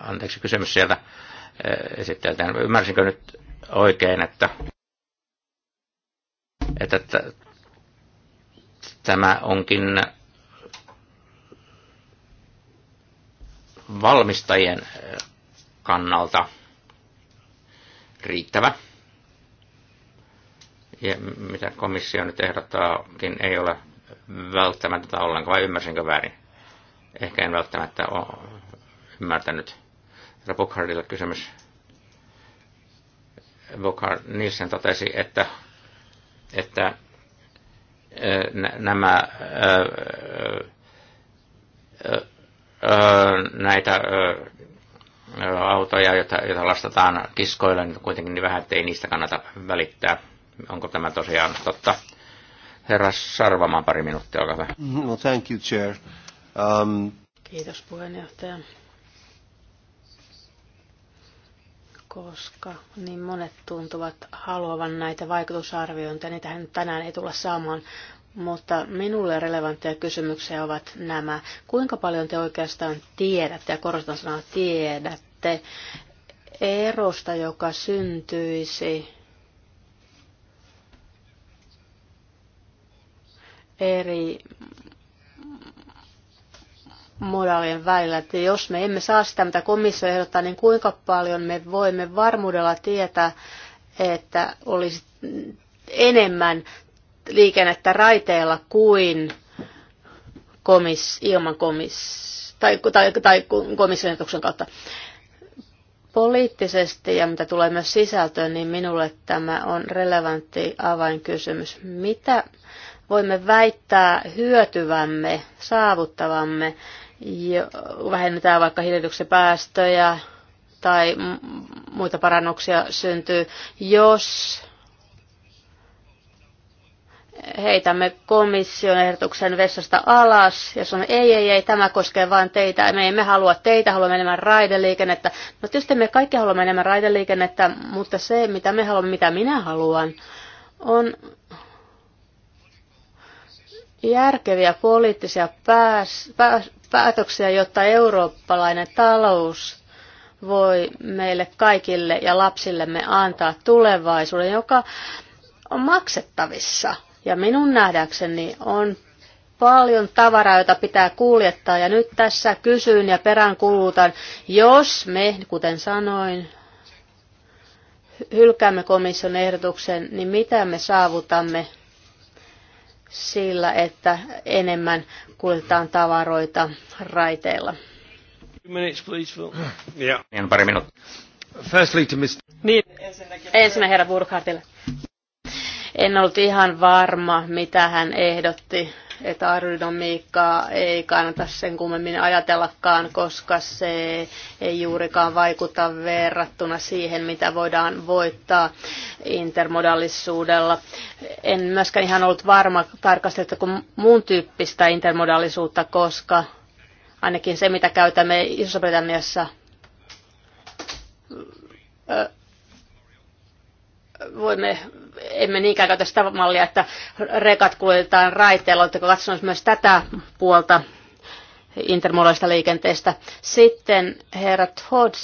anteeksi kysymys sieltä äh, esitteltään. Ymmärsinkö nyt oikein, että, että, että tämä onkin valmistajien eh, kannalta riittävä. Ja mitä komissio nyt ehdottaakin, ei ole välttämättä ollenkaan, vai ymmärsinkö väärin? Ehkä en välttämättä ole ymmärtänyt. Herra kysymys. Vokar Nielsen totesi, että, että nämä näitä autoja, joita, joita lastataan kiskoilla, niin kuitenkin niin vähän, ettei niistä kannata välittää. Onko tämä tosiaan totta? Herra Sarvamaan pari minuuttia, olkaa hyvä. No, thank you, Chair. Um... Kiitos puheenjohtaja. koska niin monet tuntuvat haluavan näitä vaikutusarviointeja. niitä hän tänään ei tulla saamaan, mutta minulle relevantteja kysymyksiä ovat nämä. Kuinka paljon te oikeastaan tiedätte, ja korostan sanaa tiedätte, erosta, joka syntyisi eri moraalien välillä, että jos me emme saa sitä, mitä komissio ehdottaa, niin kuinka paljon me voimme varmuudella tietää, että olisi enemmän liikennettä raiteella kuin komis, ilman komis, tai, tai, tai komission ehdotuksen kautta. Poliittisesti ja mitä tulee myös sisältöön, niin minulle tämä on relevantti avainkysymys. Mitä voimme väittää hyötyvämme, saavuttavamme jo, vähennetään vaikka hiljityksen päästöjä tai muita parannuksia syntyy, jos heitämme komission ehdotuksen vessasta alas, ja on ei, ei, ei, tämä koskee vain teitä, me emme halua teitä, haluamme enemmän raideliikennettä. No tietysti me kaikki haluamme enemmän raideliikennettä, mutta se, mitä me haluamme, mitä minä haluan, on järkeviä poliittisia pääs, pääs, päätöksiä, jotta eurooppalainen talous voi meille kaikille ja lapsillemme antaa tulevaisuuden, joka on maksettavissa. Ja minun nähdäkseni on paljon tavaraa, jota pitää kuljettaa. Ja nyt tässä kysyn ja peräänkuulutan, jos me, kuten sanoin, hylkäämme komission ehdotuksen, niin mitä me saavutamme sillä, että enemmän kuljetetaan tavaroita raiteilla. Minutes, please, Phil. Yeah. Niin, pari minuuttia. Firstly to Mr. Niin, ensinnäkin, ensinnä herra Burkhardille. En ollut ihan varma, mitä hän ehdotti, että aerodynamiikkaa ei kannata sen kummemmin ajatellakaan, koska se ei juurikaan vaikuta verrattuna siihen, mitä voidaan voittaa intermodallisuudella. En myöskään ihan ollut varma tarkasti, että kun muun tyyppistä intermodallisuutta, koska ainakin se, mitä käytämme Iso-Britanniassa, voimme, emme niinkään käytä sitä mallia, että rekat kuljetaan raiteilla. Oletteko katsonut myös tätä puolta intermodaalista liikenteestä? Sitten Herra Hodge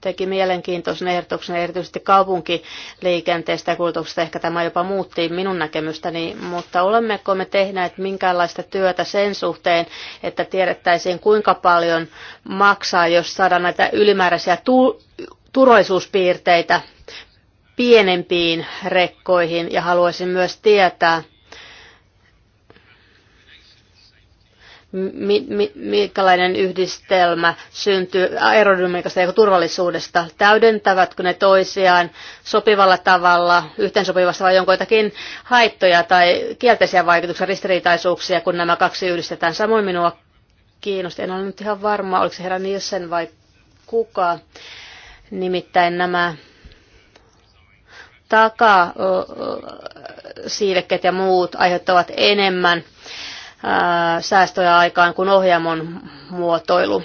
teki mielenkiintoisen ehdotuksen erityisesti kaupunkiliikenteestä ja kulutuksesta. Ehkä tämä jopa muutti minun näkemystäni, mutta olemmeko me tehneet minkäänlaista työtä sen suhteen, että tiedettäisiin kuinka paljon maksaa, jos saadaan näitä ylimääräisiä tu- turvallisuuspiirteitä pienempiin rekkoihin ja haluaisin myös tietää, mi, mi, minkälainen yhdistelmä syntyy aerodynamiikasta ja turvallisuudesta. Täydentävätkö ne toisiaan sopivalla tavalla, yhteensopivassa vai onko jotakin haittoja tai kielteisiä vaikutuksia, ristiriitaisuuksia, kun nämä kaksi yhdistetään. Samoin minua kiinnosti, en ole nyt ihan varma, oliko se herra Nielsen vai kuka. Nimittäin nämä takasiivekkeet ja muut aiheuttavat enemmän säästöjä aikaan kuin ohjaamon muotoilu.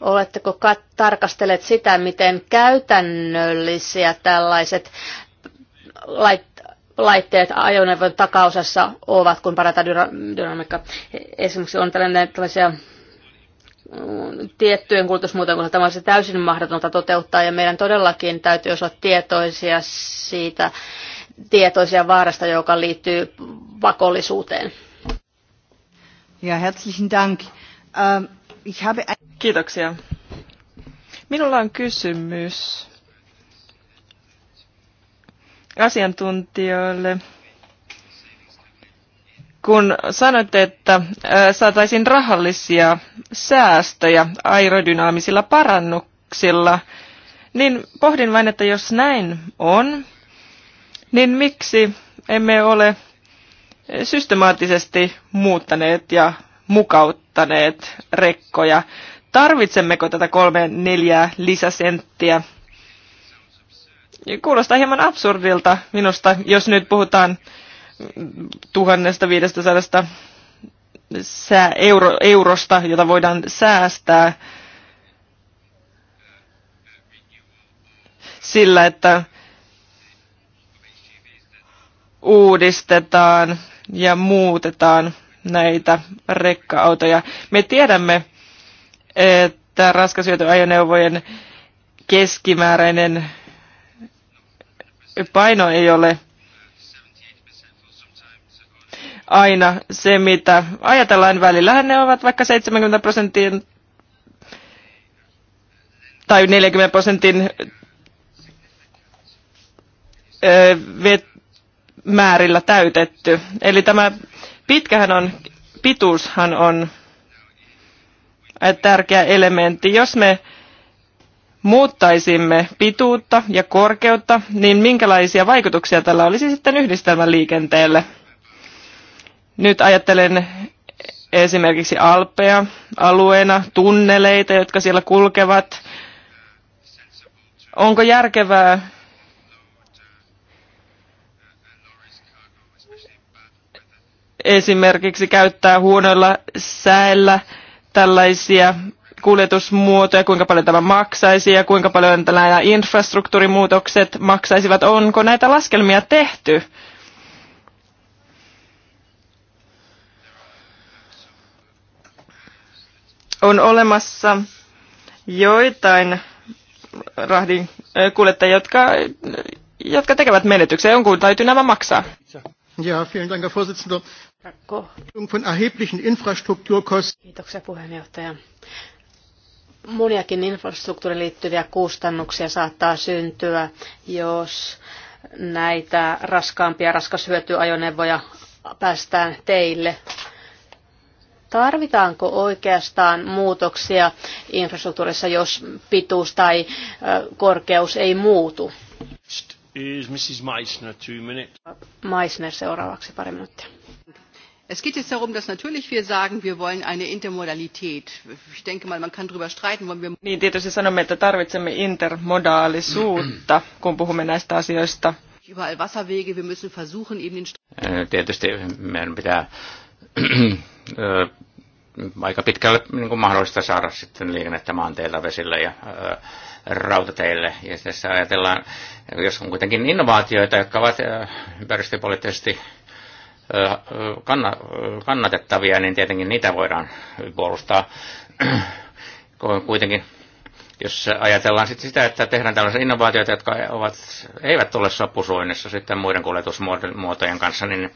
Oletteko kat- tarkastelleet sitä, miten käytännöllisiä tällaiset lait- laitteet ajoneuvon takaosassa ovat, kun parataan dynamiikkaa? Esimerkiksi on tällainen, tällaisia Mm, tiettyjen kulutusmuotojen kohdalla tämä olisi täysin mahdotonta toteuttaa ja meidän todellakin täytyy olla tietoisia siitä tietoisia vaarasta, joka liittyy pakollisuuteen. Ja herzlichen Dank. Ähm, ich habe... Kiitoksia. Minulla on kysymys asiantuntijoille kun sanoitte, että saataisiin rahallisia säästöjä aerodynaamisilla parannuksilla, niin pohdin vain, että jos näin on, niin miksi emme ole systemaattisesti muuttaneet ja mukauttaneet rekkoja? Tarvitsemmeko tätä kolme neljää lisäsenttiä? Kuulostaa hieman absurdilta minusta, jos nyt puhutaan 1500 euro, eurosta, jota voidaan säästää sillä, että uudistetaan ja muutetaan näitä rekka-autoja. Me tiedämme, että raskasyötyajoneuvojen keskimääräinen paino ei ole aina se, mitä ajatellaan välillä. Ne ovat vaikka 70 prosentin tai 40 prosentin määrillä täytetty. Eli tämä pitkähän on, pituushan on tärkeä elementti. Jos me muuttaisimme pituutta ja korkeutta, niin minkälaisia vaikutuksia tällä olisi sitten yhdistelmän liikenteelle? Nyt ajattelen esimerkiksi Alpea alueena, tunneleita, jotka siellä kulkevat. Onko järkevää esimerkiksi käyttää huonoilla säällä tällaisia kuljetusmuotoja, kuinka paljon tämä maksaisi ja kuinka paljon nämä infrastruktuurimuutokset maksaisivat. Onko näitä laskelmia tehty? on olemassa joitain rahdin kuljettajia, jotka, jotka tekevät menetyksiä. Jonkun täytyy nämä maksaa. Ja, vielen Dank, Herr Vorsitzender. Von erheblichen Infrastrukturkosten. Kiitoksia puheenjohtaja. Moniakin infrastruktuuriin liittyviä kustannuksia saattaa syntyä, jos näitä raskaampia raskashyötyajoneuvoja päästään teille Tarvitaanko oikeastaan muutoksia infrastruktuurissa, jos pituus tai korkeus ei muutu? Is Mrs. Meissner, two minutes. Meissner seuraavaksi pari minuuttia. Es geht jetzt darum, dass natürlich wir sagen, wir wollen eine Intermodalität. Ich denke mal, man kann darüber streiten, wollen wir... Niin, tietysti sanomme, että tarvitsemme intermodaalisuutta, kun puhumme näistä asioista. Überall Wasserwege, wir müssen versuchen, eben den... Äh, tietysti meidän pitää aika pitkälle niin kuin mahdollista saada sitten liikennettä maanteilla, vesillä ja ää, rautateille. Ja tässä ajatellaan, jos on kuitenkin innovaatioita, jotka ovat ää, ympäristöpoliittisesti ää, kanna, kannatettavia, niin tietenkin niitä voidaan puolustaa kuitenkin jos ajatellaan sitten sitä, että tehdään tällaisia innovaatioita, jotka ovat, eivät ole sopusuinnissa sitten muiden kuljetusmuotojen kanssa, niin,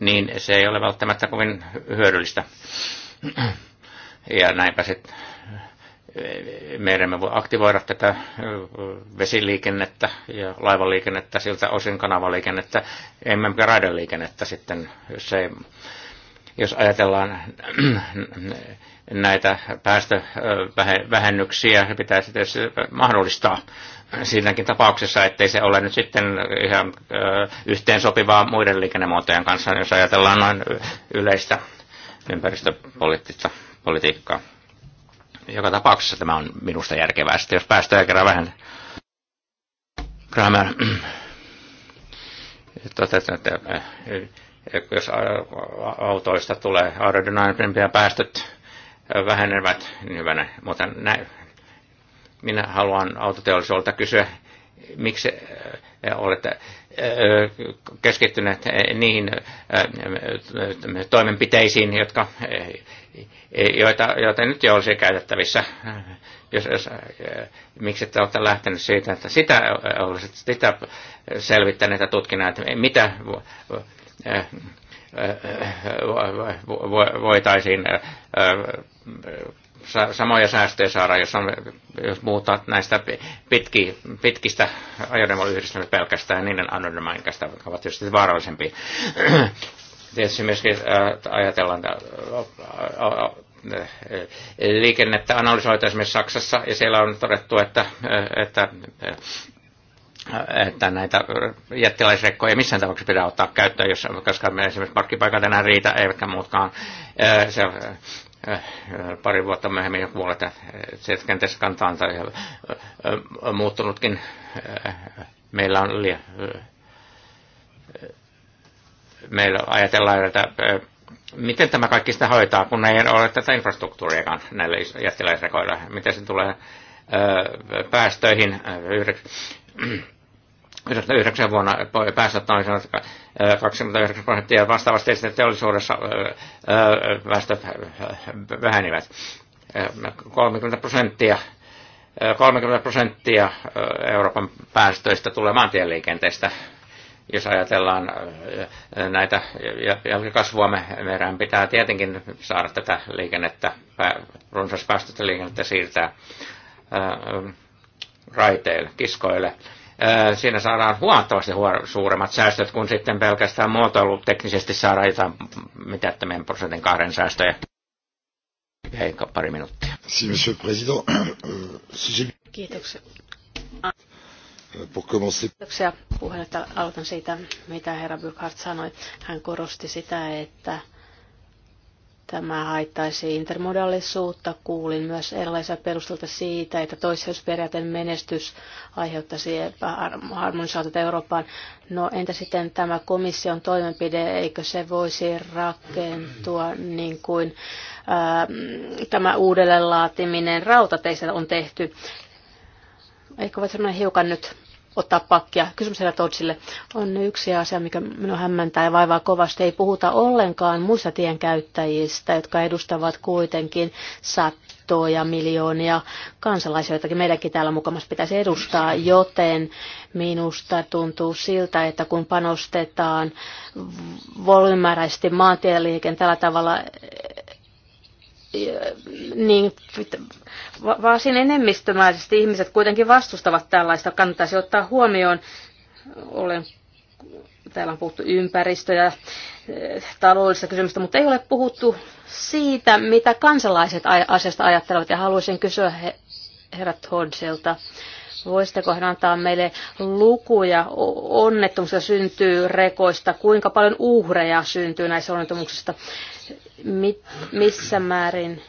niin se ei ole välttämättä kovin hyödyllistä. Ja näinpä sitten meidän me voi aktivoida tätä vesiliikennettä ja laivaliikennettä, siltä osin kanavaliikennettä, emme raideliikennettä sitten, jos, ei, jos ajatellaan näitä päästövähennyksiä pitäisi tietysti mahdollistaa siinäkin tapauksessa, ettei se ole nyt sitten ihan yhteensopivaa muiden liikennemuotojen kanssa, jos ajatellaan noin yleistä politiikkaa. Joka tapauksessa tämä on minusta järkevää, sitten jos päästöjä kerran vähän Kramer Totesin, että jos autoista tulee aerodynaamisempia päästöt, vähenevät niin hyvänä, mutta näin, minä haluan autoteollisuudelta kysyä, miksi äh, olette äh, keskittyneet äh, niihin toimenpiteisiin, jotka, joita, joita nyt jo olisi käytettävissä. Jos, jos, miksi ette olette lähteneet siitä, että sitä, olisitte sitä selvittäneet ja tutkineet, mitä voitaisiin samoja säästöjä saada, jos, on, jos muuttaa näistä pitki, pitkistä ajoneuvoyhdistelmistä pelkästään, niiden anonymaikasta, jotka ovat tietysti vaarallisempia. tietysti myöskin ajatellaan liikennettä analysoitu esimerkiksi Saksassa, ja siellä on todettu, että, että että näitä jättiläisrekkoja ei missään tapauksessa pidä ottaa käyttöön, jos, koska me esimerkiksi parkkipaikat enää riitä, eivätkä muutkaan. Se, pari vuotta myöhemmin joku vuodet, se kenties kantaa on muuttunutkin. Meillä on liian, meillä ajatellaan, että miten tämä kaikki sitä hoitaa, kun ei ole tätä infrastruktuuriakaan näille jättiläisrekoille. Miten se tulee päästöihin? 99 vuonna päästöt noin 29 prosenttia, vastaavasti teollisuudessa päästöt äh, äh, äh, vähenivät 30 prosenttia. 30 prosenttia Euroopan päästöistä tulee maantieliikenteestä. Jos ajatellaan näitä jälkikasvua, me, meidän pitää tietenkin saada tätä liikennettä, runsaspäästöistä liikennettä siirtää raiteille, kiskoille siinä saadaan huomattavasti suuremmat säästöt, kun sitten pelkästään teknisesti saadaan jotain mitättömien prosentin kahden säästöjä. Jäi pari minuuttia. monsieur le président. Euh, Kiitoksia. Euh, Kiitoksia puheenjohtaja. Aloitan siitä, mitä herra Burkhardt sanoi. Hän korosti sitä, että Tämä haittaisi intermodallisuutta. Kuulin myös erilaisia perusteluita siitä, että toissijaisuusperiaatteen menestys aiheuttaisi harmonisaatiota Eurooppaan. No entä sitten tämä komission toimenpide, eikö se voisi rakentua niin kuin ää, ähm, tämä uudelleenlaatiminen laatiminen rautateistä on tehty? Eikö ole hiukan nyt ottaa pakkia. Kysymys herra Todsille. On yksi asia, mikä minua hämmentää ja vaivaa kovasti. Ei puhuta ollenkaan muista tienkäyttäjistä, jotka edustavat kuitenkin satoja miljoonia kansalaisia, joitakin meidänkin täällä mukamassa pitäisi edustaa, joten minusta tuntuu siltä, että kun panostetaan volyymäräisesti maantieliikenteellä tällä tavalla niin varsin enemmistömäisesti ihmiset kuitenkin vastustavat tällaista. Kannattaisi ottaa huomioon. Olen, täällä on puhuttu ympäristö- ja eh, taloudellisista kysymyksistä, mutta ei ole puhuttu siitä, mitä kansalaiset asiasta ajattelevat. Ja haluaisin kysyä he, herra Todselta, Voisitteko hän antaa meille lukuja onnettomuuksista syntyy rekoista, kuinka paljon uhreja syntyy näissä onnettomuuksista, Mi- missä määrin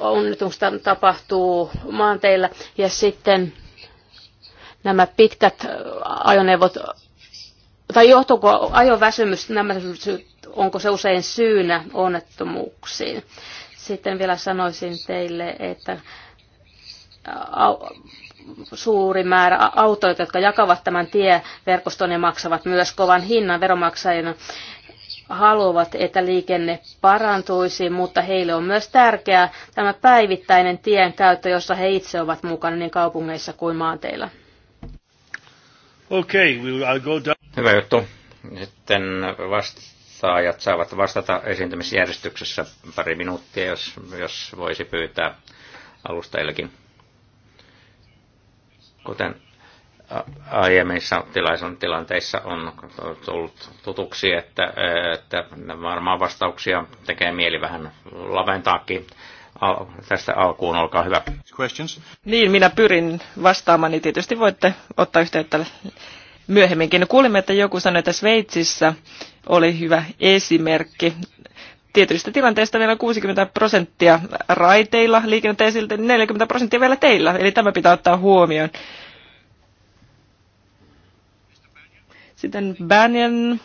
onnettomuuksista tapahtuu maanteillä ja sitten nämä pitkät ajoneuvot, tai johtuuko ajoväsymys, nämä, onko se usein syynä onnettomuuksiin? Sitten vielä sanoisin teille, että suuri määrä autoja, jotka jakavat tämän tieverkoston ja maksavat myös kovan hinnan veromaksajina, haluavat, että liikenne parantuisi, mutta heille on myös tärkeää tämä päivittäinen tien käyttö, jossa he itse ovat mukana niin kaupungeissa kuin maanteilla. Okay, we'll, I'll go down. Hyvä juttu. Sitten vasta saajat saavat vastata esiintymisjärjestyksessä pari minuuttia, jos, jos voisi pyytää alustajillekin. Kuten aiemmissa tilanteissa on tullut tutuksi, että, että varmaan vastauksia tekee mieli vähän laventaakin al- tästä alkuun, olkaa hyvä. Questions? Niin, minä pyrin vastaamaan, niin tietysti voitte ottaa yhteyttä myöhemminkin. No, kuulimme, että joku sanoi, että Sveitsissä oli hyvä esimerkki. Tietyistä tilanteista vielä 60 prosenttia raiteilla liikenteessä ja 40 prosenttia vielä teillä, eli tämä pitää ottaa huomioon. Sitten Banyan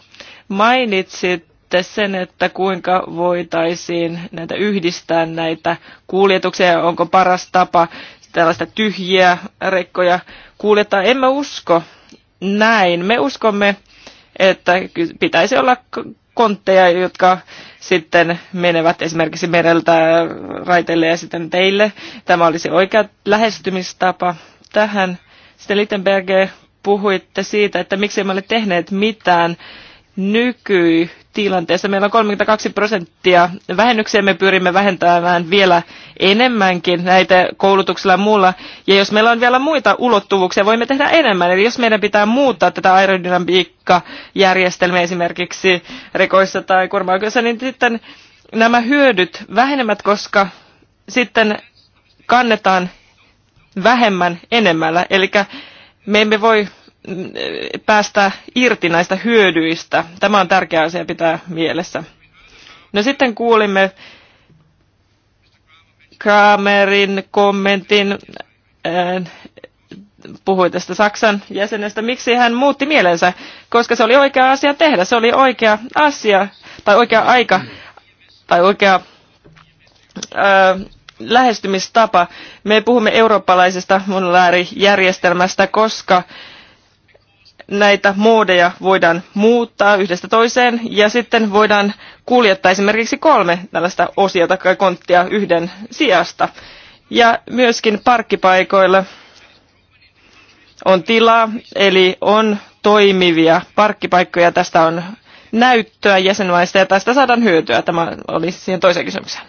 mainitsi sen, että kuinka voitaisiin näitä yhdistää näitä kuljetuksia, onko paras tapa tällaista tyhjiä rekkoja kuljettaa. Emme usko näin. Me uskomme että pitäisi olla kontteja, jotka sitten menevät esimerkiksi mereltä raiteille ja sitten teille. Tämä olisi oikea lähestymistapa tähän. Sitten Littenberg, puhuitte siitä, että miksi emme ole tehneet mitään nykytilanteessa. Meillä on 32 prosenttia vähennyksiä, me pyrimme vähentämään vielä enemmänkin näitä koulutuksella ja muulla. Ja jos meillä on vielä muita ulottuvuuksia, voimme tehdä enemmän. Eli jos meidän pitää muuttaa tätä aerodynamiikkajärjestelmää esimerkiksi rekoissa tai kuorma niin sitten nämä hyödyt vähenemät, koska sitten kannetaan vähemmän enemmällä. Eli me emme voi päästä irti näistä hyödyistä. Tämä on tärkeä asia pitää mielessä. No sitten kuulimme Kramerin kommentin, äh, puhui tästä Saksan jäsenestä, miksi hän muutti mielensä, koska se oli oikea asia tehdä, se oli oikea asia, tai oikea aika, tai oikea ää, äh, lähestymistapa. Me puhumme eurooppalaisesta monoläärijärjestelmästä, koska näitä moodeja voidaan muuttaa yhdestä toiseen ja sitten voidaan kuljettaa esimerkiksi kolme tällaista osiota tai konttia yhden sijasta. Ja myöskin parkkipaikoilla on tilaa, eli on toimivia parkkipaikkoja. Tästä on näyttöä jäsenmaista ja tästä saadaan hyötyä. Tämä oli siihen toiseen kysymykseen.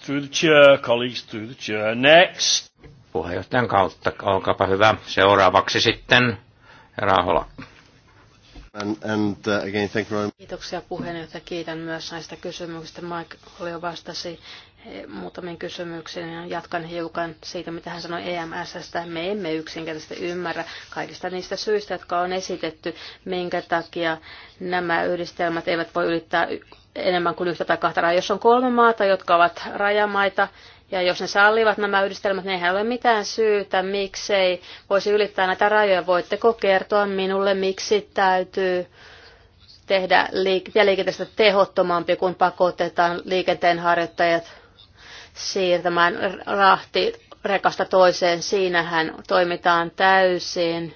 Through the chair, colleagues, through the chair. Next puheenjohtajan kautta. Olkaapa hyvä. Seuraavaksi sitten Raahola. And, and, uh, again, thank you Kiitoksia puheenjohtaja. Kiitän myös näistä kysymyksistä. Mike oli jo vastasi eh, muutamiin kysymyksiin ja jatkan hiukan siitä, mitä hän sanoi EMSstä. Me emme yksinkertaisesti ymmärrä kaikista niistä syistä, jotka on esitetty, minkä takia nämä yhdistelmät eivät voi ylittää enemmän kuin yhtä tai kahta rajaa. Jos on kolme maata, jotka ovat rajamaita, ja jos ne sallivat nämä yhdistelmät, niin eihän ole mitään syytä, miksei voisi ylittää näitä rajoja. Voitteko kertoa minulle, miksi täytyy tehdä liikenteestä tehottomampi, kun pakotetaan liikenteenharjoittajat siirtämään rahti rekasta toiseen. Siinähän toimitaan täysin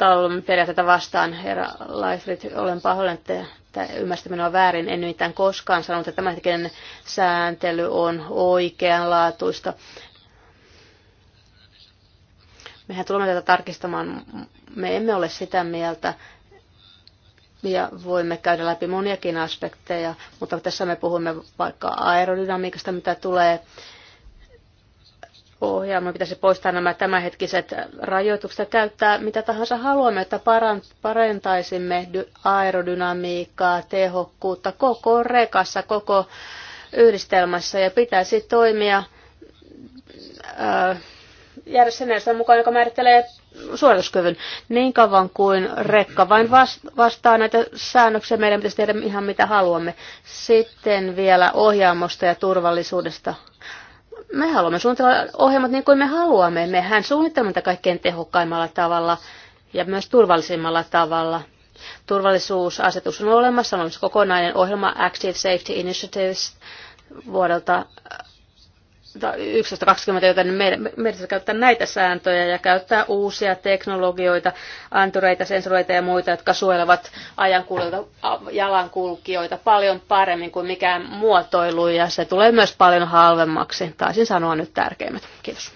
on periaatteita vastaan, herra Leifrit, olen pahoillani, että että ymmärsit minua väärin, en nimittäin koskaan sanonut, että tämänhetkinen sääntely on oikeanlaatuista. Mehän tulemme tätä tarkistamaan. Me emme ole sitä mieltä, ja voimme käydä läpi moniakin aspekteja, mutta tässä me puhumme vaikka aerodynamiikasta, mitä tulee ohjelma pitäisi poistaa nämä tämänhetkiset rajoitukset ja käyttää mitä tahansa haluamme, että parantaisimme aerodynamiikkaa, tehokkuutta koko rekassa, koko yhdistelmässä ja pitäisi toimia järjestelmässä mukaan, joka määrittelee suorituskyvyn niin kauan kuin rekka vain vastaa näitä säännöksiä. Meidän pitäisi tehdä ihan mitä haluamme. Sitten vielä ohjaamosta ja turvallisuudesta me haluamme suunnitella ohjelmat niin kuin me haluamme. Mehän suunnittelemme tätä kaikkein tehokkaimmalla tavalla ja myös turvallisimmalla tavalla. Turvallisuusasetus on olemassa, on olemassa kokonainen ohjelma Active Safety Initiatives vuodelta 11.20, joten meidän pitäisi käyttää näitä sääntöjä ja käyttää uusia teknologioita, antureita, sensoreita ja muita, jotka suojelevat ajankulkijoita, jalankulkijoita paljon paremmin kuin mikään muotoilu ja se tulee myös paljon halvemmaksi. Taisin sanoa nyt tärkeimmät. Kiitos.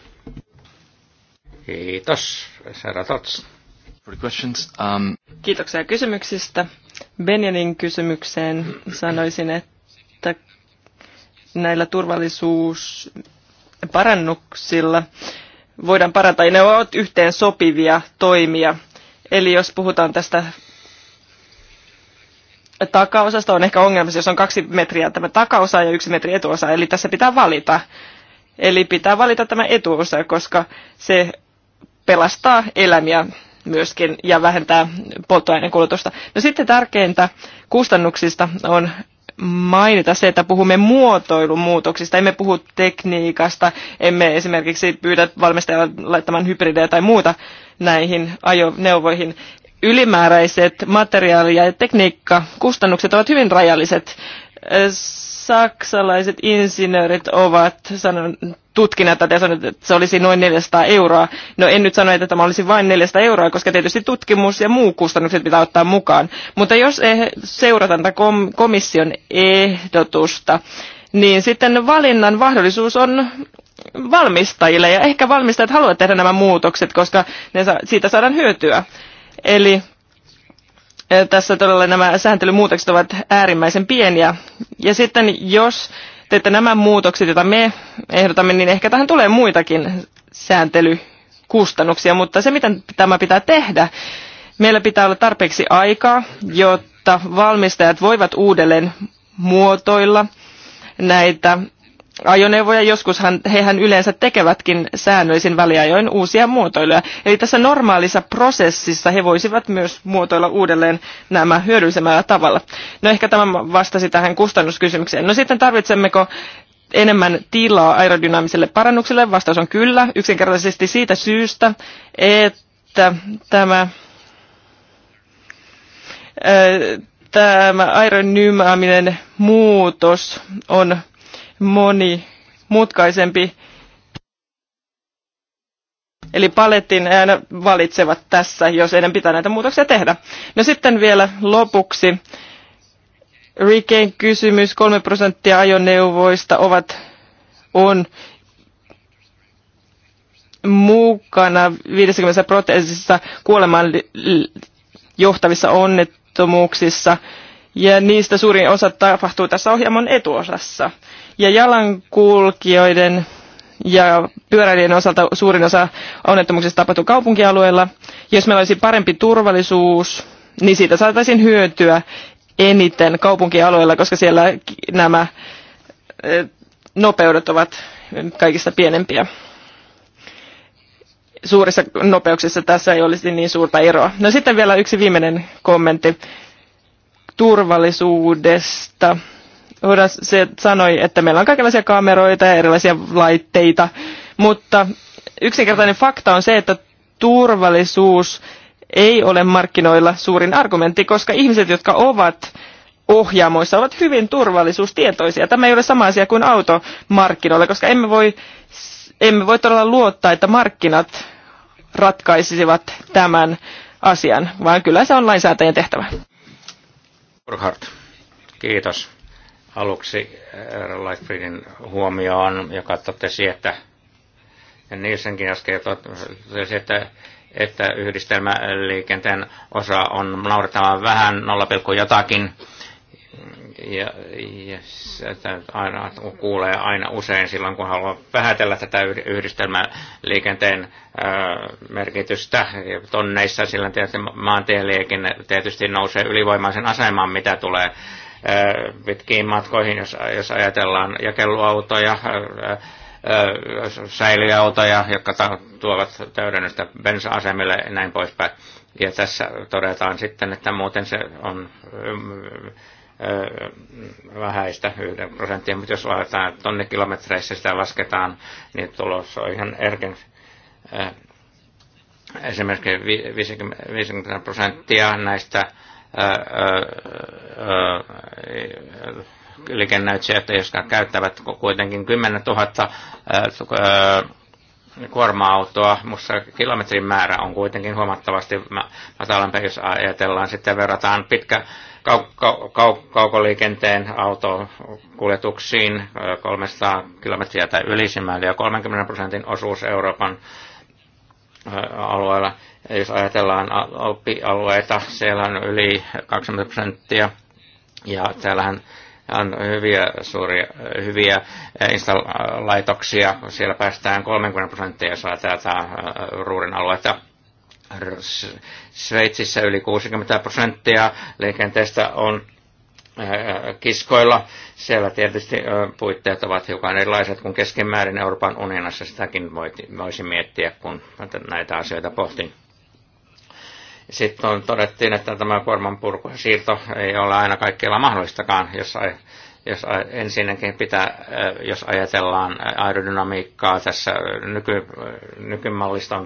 Kiitos, Sarah Tots. Um... Kiitoksia kysymyksistä. Benjamin kysymykseen sanoisin, että näillä turvallisuusparannuksilla voidaan parantaa, ja ne ovat yhteen sopivia toimia. Eli jos puhutaan tästä takaosasta, on ehkä ongelma, jos on kaksi metriä tämä takaosa ja yksi metri etuosa, eli tässä pitää valita. Eli pitää valita tämä etuosa, koska se pelastaa elämiä myöskin ja vähentää polttoaineen kulutusta. No sitten tärkeintä kustannuksista on mainita se, että puhumme muotoilumuutoksista, emme puhu tekniikasta, emme esimerkiksi pyydä valmistajaa laittamaan hybridejä tai muuta näihin ajoneuvoihin. Ylimääräiset materiaali- ja tekniikkakustannukset ovat hyvin rajalliset saksalaiset insinöörit ovat sanon, tutkineet tätä ja sanoneet, että se olisi noin 400 euroa. No en nyt sano, että tämä olisi vain 400 euroa, koska tietysti tutkimus ja muu kustannukset pitää ottaa mukaan. Mutta jos eh, seurataan tätä komission ehdotusta, niin sitten valinnan mahdollisuus on valmistajille ja ehkä valmistajat haluavat tehdä nämä muutokset, koska ne saa, siitä saadaan hyötyä. Eli tässä todella nämä sääntelymuutokset ovat äärimmäisen pieniä. Ja sitten jos teette nämä muutokset, joita me ehdotamme, niin ehkä tähän tulee muitakin sääntelykustannuksia, mutta se, miten tämä pitää tehdä, meillä pitää olla tarpeeksi aikaa, jotta valmistajat voivat uudelleen muotoilla näitä ajoneuvoja. Joskushan hehän yleensä tekevätkin säännöllisin väliajoin uusia muotoiluja. Eli tässä normaalissa prosessissa he voisivat myös muotoilla uudelleen nämä hyödyllisemmällä tavalla. No ehkä tämä vastasi tähän kustannuskysymykseen. No sitten tarvitsemmeko enemmän tilaa aerodynaamiselle parannukselle? Vastaus on kyllä, yksinkertaisesti siitä syystä, että tämä tämä aerodynaaminen muutos on monimutkaisempi. Eli palettiin ne valitsevat tässä, jos heidän pitää näitä muutoksia tehdä. No sitten vielä lopuksi. Rikein kysymys, 3 prosenttia ajoneuvoista ovat, on mukana 50 prosentissa kuolemaan johtavissa onnettomuuksissa ja niistä suurin osa tapahtuu tässä ohjelman etuosassa. Ja jalankulkijoiden ja pyöräilijän osalta suurin osa onnettomuuksista tapahtuu kaupunkialueella. Jos meillä olisi parempi turvallisuus, niin siitä saataisiin hyötyä eniten kaupunkialueilla, koska siellä nämä nopeudet ovat kaikista pienempiä. Suurissa nopeuksissa tässä ei olisi niin suurta eroa. No sitten vielä yksi viimeinen kommentti turvallisuudesta. Se sanoi, että meillä on kaikenlaisia kameroita ja erilaisia laitteita, mutta yksinkertainen fakta on se, että turvallisuus ei ole markkinoilla suurin argumentti, koska ihmiset, jotka ovat ohjaamoissa, ovat hyvin turvallisuustietoisia. Tämä ei ole sama asia kuin automarkkinoilla, koska emme voi, emme voi todella luottaa, että markkinat ratkaisisivat tämän asian, vaan kyllä se on lainsäätäjän tehtävä. Burkhardt. Kiitos. Aluksi eh, Lightfriedin huomioon, joka totesi, että ja Nielsenkin äsken totesi, että, että yhdistelmäliikenteen osa on naurettavan vähän, 0, jotakin ja, ja sitä aina, kuulee aina usein silloin, kun haluaa vähätellä tätä yhdistelmää liikenteen merkitystä tonneissa, sillä tietysti maantieliekin tietysti nousee ylivoimaisen asemaan, mitä tulee ää, pitkiin matkoihin, jos, jos ajatellaan jakeluautoja, ää, säiliöautoja, jotka tuovat täydennystä bensa-asemille ja näin poispäin. Ja tässä todetaan sitten, että muuten se on vähäistä yhden prosenttia, mutta jos laitetaan tonne kilometreissä sitä lasketaan, niin tulos on ihan erken esimerkiksi 50, prosenttia näistä liikennöitsijöitä, jotka käyttävät kuitenkin 10 000 kuorma-autoa, mutta kilometrin määrä on kuitenkin huomattavasti matalampi, jos ajatellaan sitten verrataan pitkä, kaukoliikenteen autokuljetuksiin 300 kilometriä tai ylisimmällä ja 30 prosentin osuus Euroopan alueella. Jos ajatellaan alppialueita, siellä on yli 20 prosenttia ja täällähän on hyviä, suuria, hyviä laitoksia. Siellä päästään 30 prosenttia, jos ajatellaan ruurin alueita Sveitsissä yli 60 prosenttia liikenteestä on äh, kiskoilla. Siellä tietysti äh, puitteet ovat hiukan erilaiset kuin keskimäärin Euroopan unionissa. Sitäkin voisi miettiä, kun näitä asioita pohtin. Sitten on, todettiin, että tämä kuorman purku ja siirto ei ole aina kaikkialla mahdollistakaan, jos, jos ensinnäkin pitää, äh, jos ajatellaan aerodynamiikkaa tässä nyky, nykymallista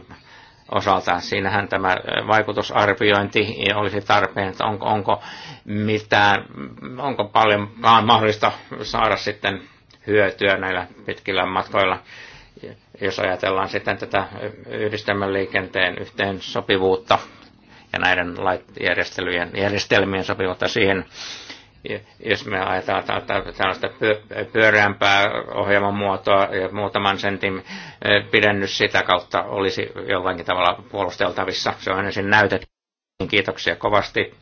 osalta. Siinähän tämä äh, vaikutusarviointi olisi tarpeen, että onko, onko, mitään, onko paljon mahdollista saada sitten hyötyä näillä pitkillä matkoilla. Jos ajatellaan sitten tätä yhdistelmäliikenteen yhteensopivuutta ja näiden järjestelmien sopivuutta siihen, jos me ajetaan tällaista pyöreämpää ohjelman muotoa ja muutaman sentin eh, pidennys sitä kautta olisi jollakin tavalla puolusteltavissa. Se on ensin näytetty. Kiitoksia kovasti. Eh,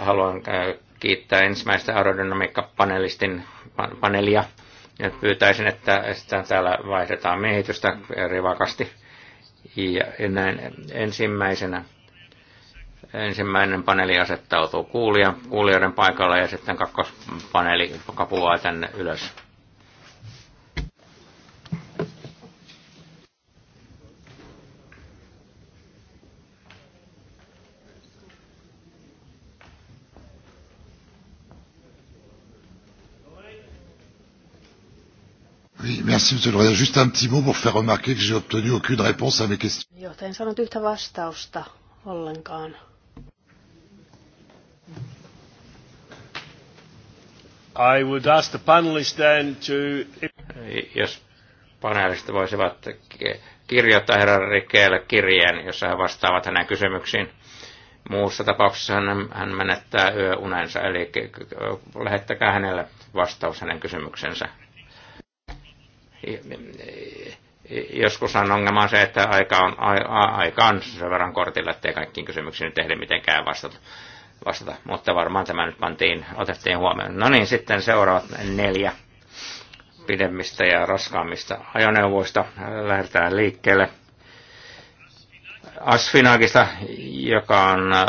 haluan eh, kiittää ensimmäistä aerodynamiikkapanelistin panelia. Pyytäisin, että, että täällä vaihdetaan miehitystä rivakasti. Ja näin ensimmäisenä Ensimmäinen paneeli asettautuu kuulija, kuulijoiden paikalla ja sitten kakkospaneeli kapuaa tänne ylös. Joo, en saanut yhtä vastausta ollenkaan. I would ask the panelists then to... Jos paneelistit voisivat kirjoittaa herra Rikeelle kirjeen, jossa he vastaavat hänen kysymyksiin. Muussa tapauksessa hän, hän menettää yöunensa, eli lähettäkää hänelle vastaus hänen kysymyksensä. Joskus on ongelma se, että aika on, a, a, aika on sen verran kortilla, ettei kaikkiin kysymyksiin tehdä mitenkään vastata vastata, mutta varmaan tämä nyt pantiin, otettiin huomioon. No niin, sitten seuraavat neljä pidemmistä ja raskaammista ajoneuvoista lähdetään liikkeelle. Asfinagista, joka on äh,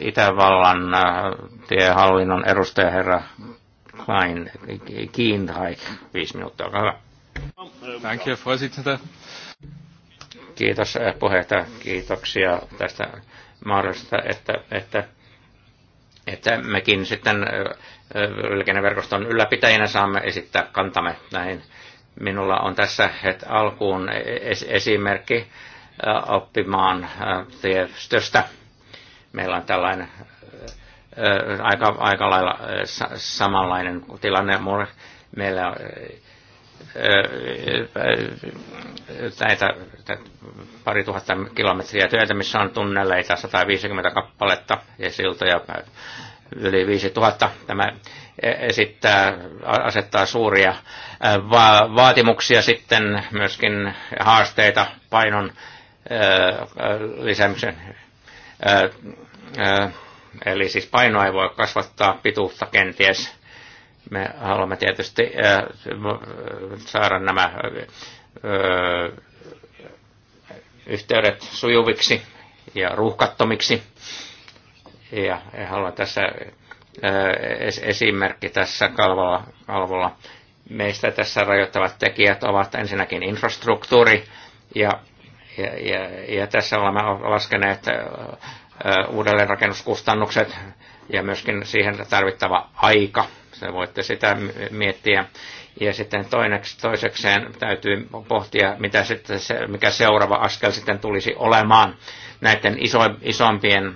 Itävallan äh, tiehallinnon edustaja herra Klein Kiinhaik. Viisi minuuttia, olkaa hyvä. Thank you, Kiitos äh, puheenjohtaja, kiitoksia tästä mahdollisesta, että, että että mekin sitten liikenneverkoston ylläpitäjinä saamme esittää kantamme näihin. Minulla on tässä heti alkuun e-, esimerkki oppimaan tiestöstä. Meillä on tällainen aika, aika lailla samanlainen tilanne. Meillä näitä pari tuhatta kilometriä työtä, missä on tunneleita 150 kappaletta ja siltoja yli 5000. Tämä e, esittää, asettaa suuria vaatimuksia sitten myöskin haasteita painon lisäämisen. Eli siis painoa ei voi kasvattaa pituutta kenties me haluamme tietysti saada nämä yhteydet sujuviksi ja ruuhkattomiksi. Ja haluan tässä esimerkki tässä kalvolla, kalvolla. Meistä tässä rajoittavat tekijät ovat ensinnäkin infrastruktuuri ja, ja, ja, ja tässä olemme laskeneet uudelleenrakennuskustannukset ja myöskin siihen tarvittava aika – voitte sitä miettiä. Ja sitten toineksi, toisekseen täytyy pohtia, mitä sitten se, mikä seuraava askel sitten tulisi olemaan näiden iso, isompien ö,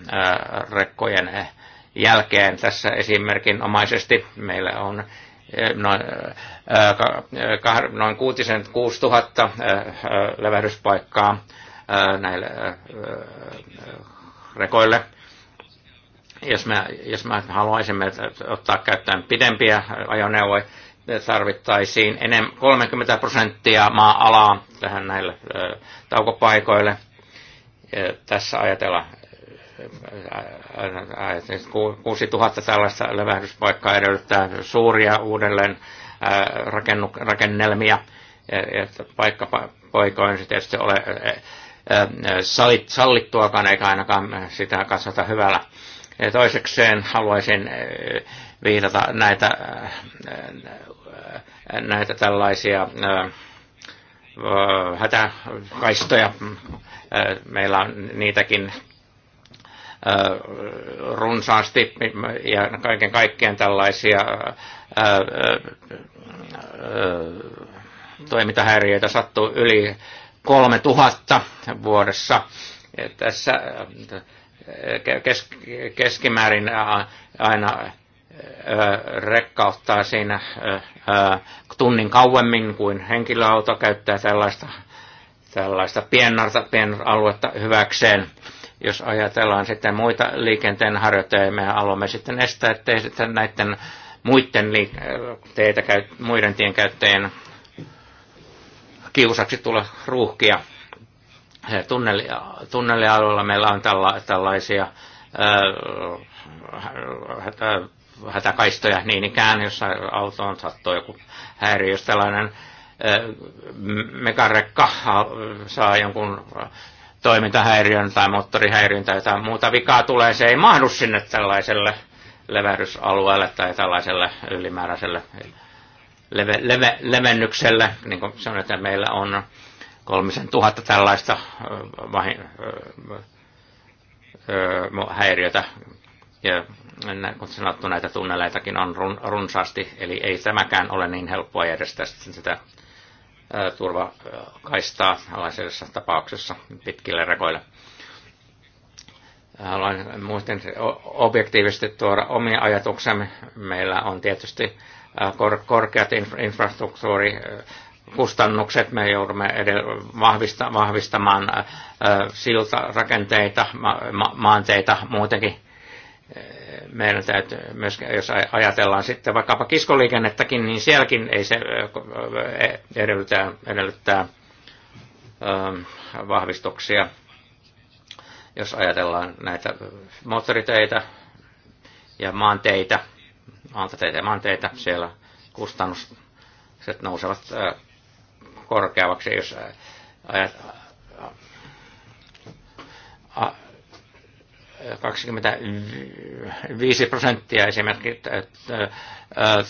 rekkojen eh, jälkeen. Tässä esimerkinomaisesti meillä on eh, noin, ää, noin kuutisen, kuusi tuhatta levähdyspaikkaa näille ää, rekoille – jos me, jos mä haluaisimme ottaa käyttöön pidempiä ajoneuvoja, tarvittaisiin enemmän 30 prosenttia maa-alaa tähän näille ö, taukopaikoille. Ja tässä ajatella 6000 tällaista levähdyspaikkaa edellyttää suuria uudelleen rakennu, rakennelmia. Että paikka paikoin se tietysti ole sallittuakaan, eikä ainakaan sitä katsota hyvällä Toisekseen haluaisin äh, viitata näitä, äh, äh, näitä tällaisia hätäkaistoja. Meillä on niitäkin runsaasti ja kaiken kaikkiaan tällaisia toimintahäiriöitä sattuu yli kolme tuhatta vuodessa. Ja tässä kes, keskimäärin aina rekkauttaa siinä tunnin kauemmin kuin henkilöauto käyttää tällaista, tällaista pienarta, pienaluetta hyväkseen. Jos ajatellaan sitten muita liikenteen harjoittajia, me haluamme sitten estää, ettei sitten näiden muiden teitä, muiden tienkäyttäjien kiusaksi tule ruuhkia Tunneli, tunnelialueella meillä on tälla, tällaisia hätä, hätäkaistoja niin ikään, jossa autoon sattuu joku häiriö, jos tällainen mekarekka saa jonkun toimintahäiriön tai moottorihäiriön tai jotain muuta vikaa tulee, se ei mahdu sinne tällaiselle levähdysalueelle tai tällaiselle ylimääräiselle leve, leve, levennykselle, niin kuin sanoin, että meillä on kolmisen tuhatta tällaista häiriötä. Ja kun sanottu, näitä tunneleitakin on run, runsaasti, eli ei tämäkään ole niin helppoa järjestää sitä turvakaistaa alaisessa tapauksessa pitkille rekoille. Haluan muuten objektiivisesti tuoda omia ajatuksemme. Meillä on tietysti korkeat infrastruktuuri kustannukset, me joudumme vahvista- vahvistamaan äh, siltarakenteita, ma- ma- maanteita muutenkin. Meidän täytyy myös, jos ajatellaan sitten vaikkapa kiskoliikennettäkin, niin sielläkin ei se e-, edellyttää, edellyttää vahvistuksia. Jos ajatellaan näitä moottoriteitä ja maanteitä, maantateitä ja maanteitä, siellä kustannukset nousevat korkeammaksi, jos äh, ajat, 25 prosenttia esimerkiksi äh,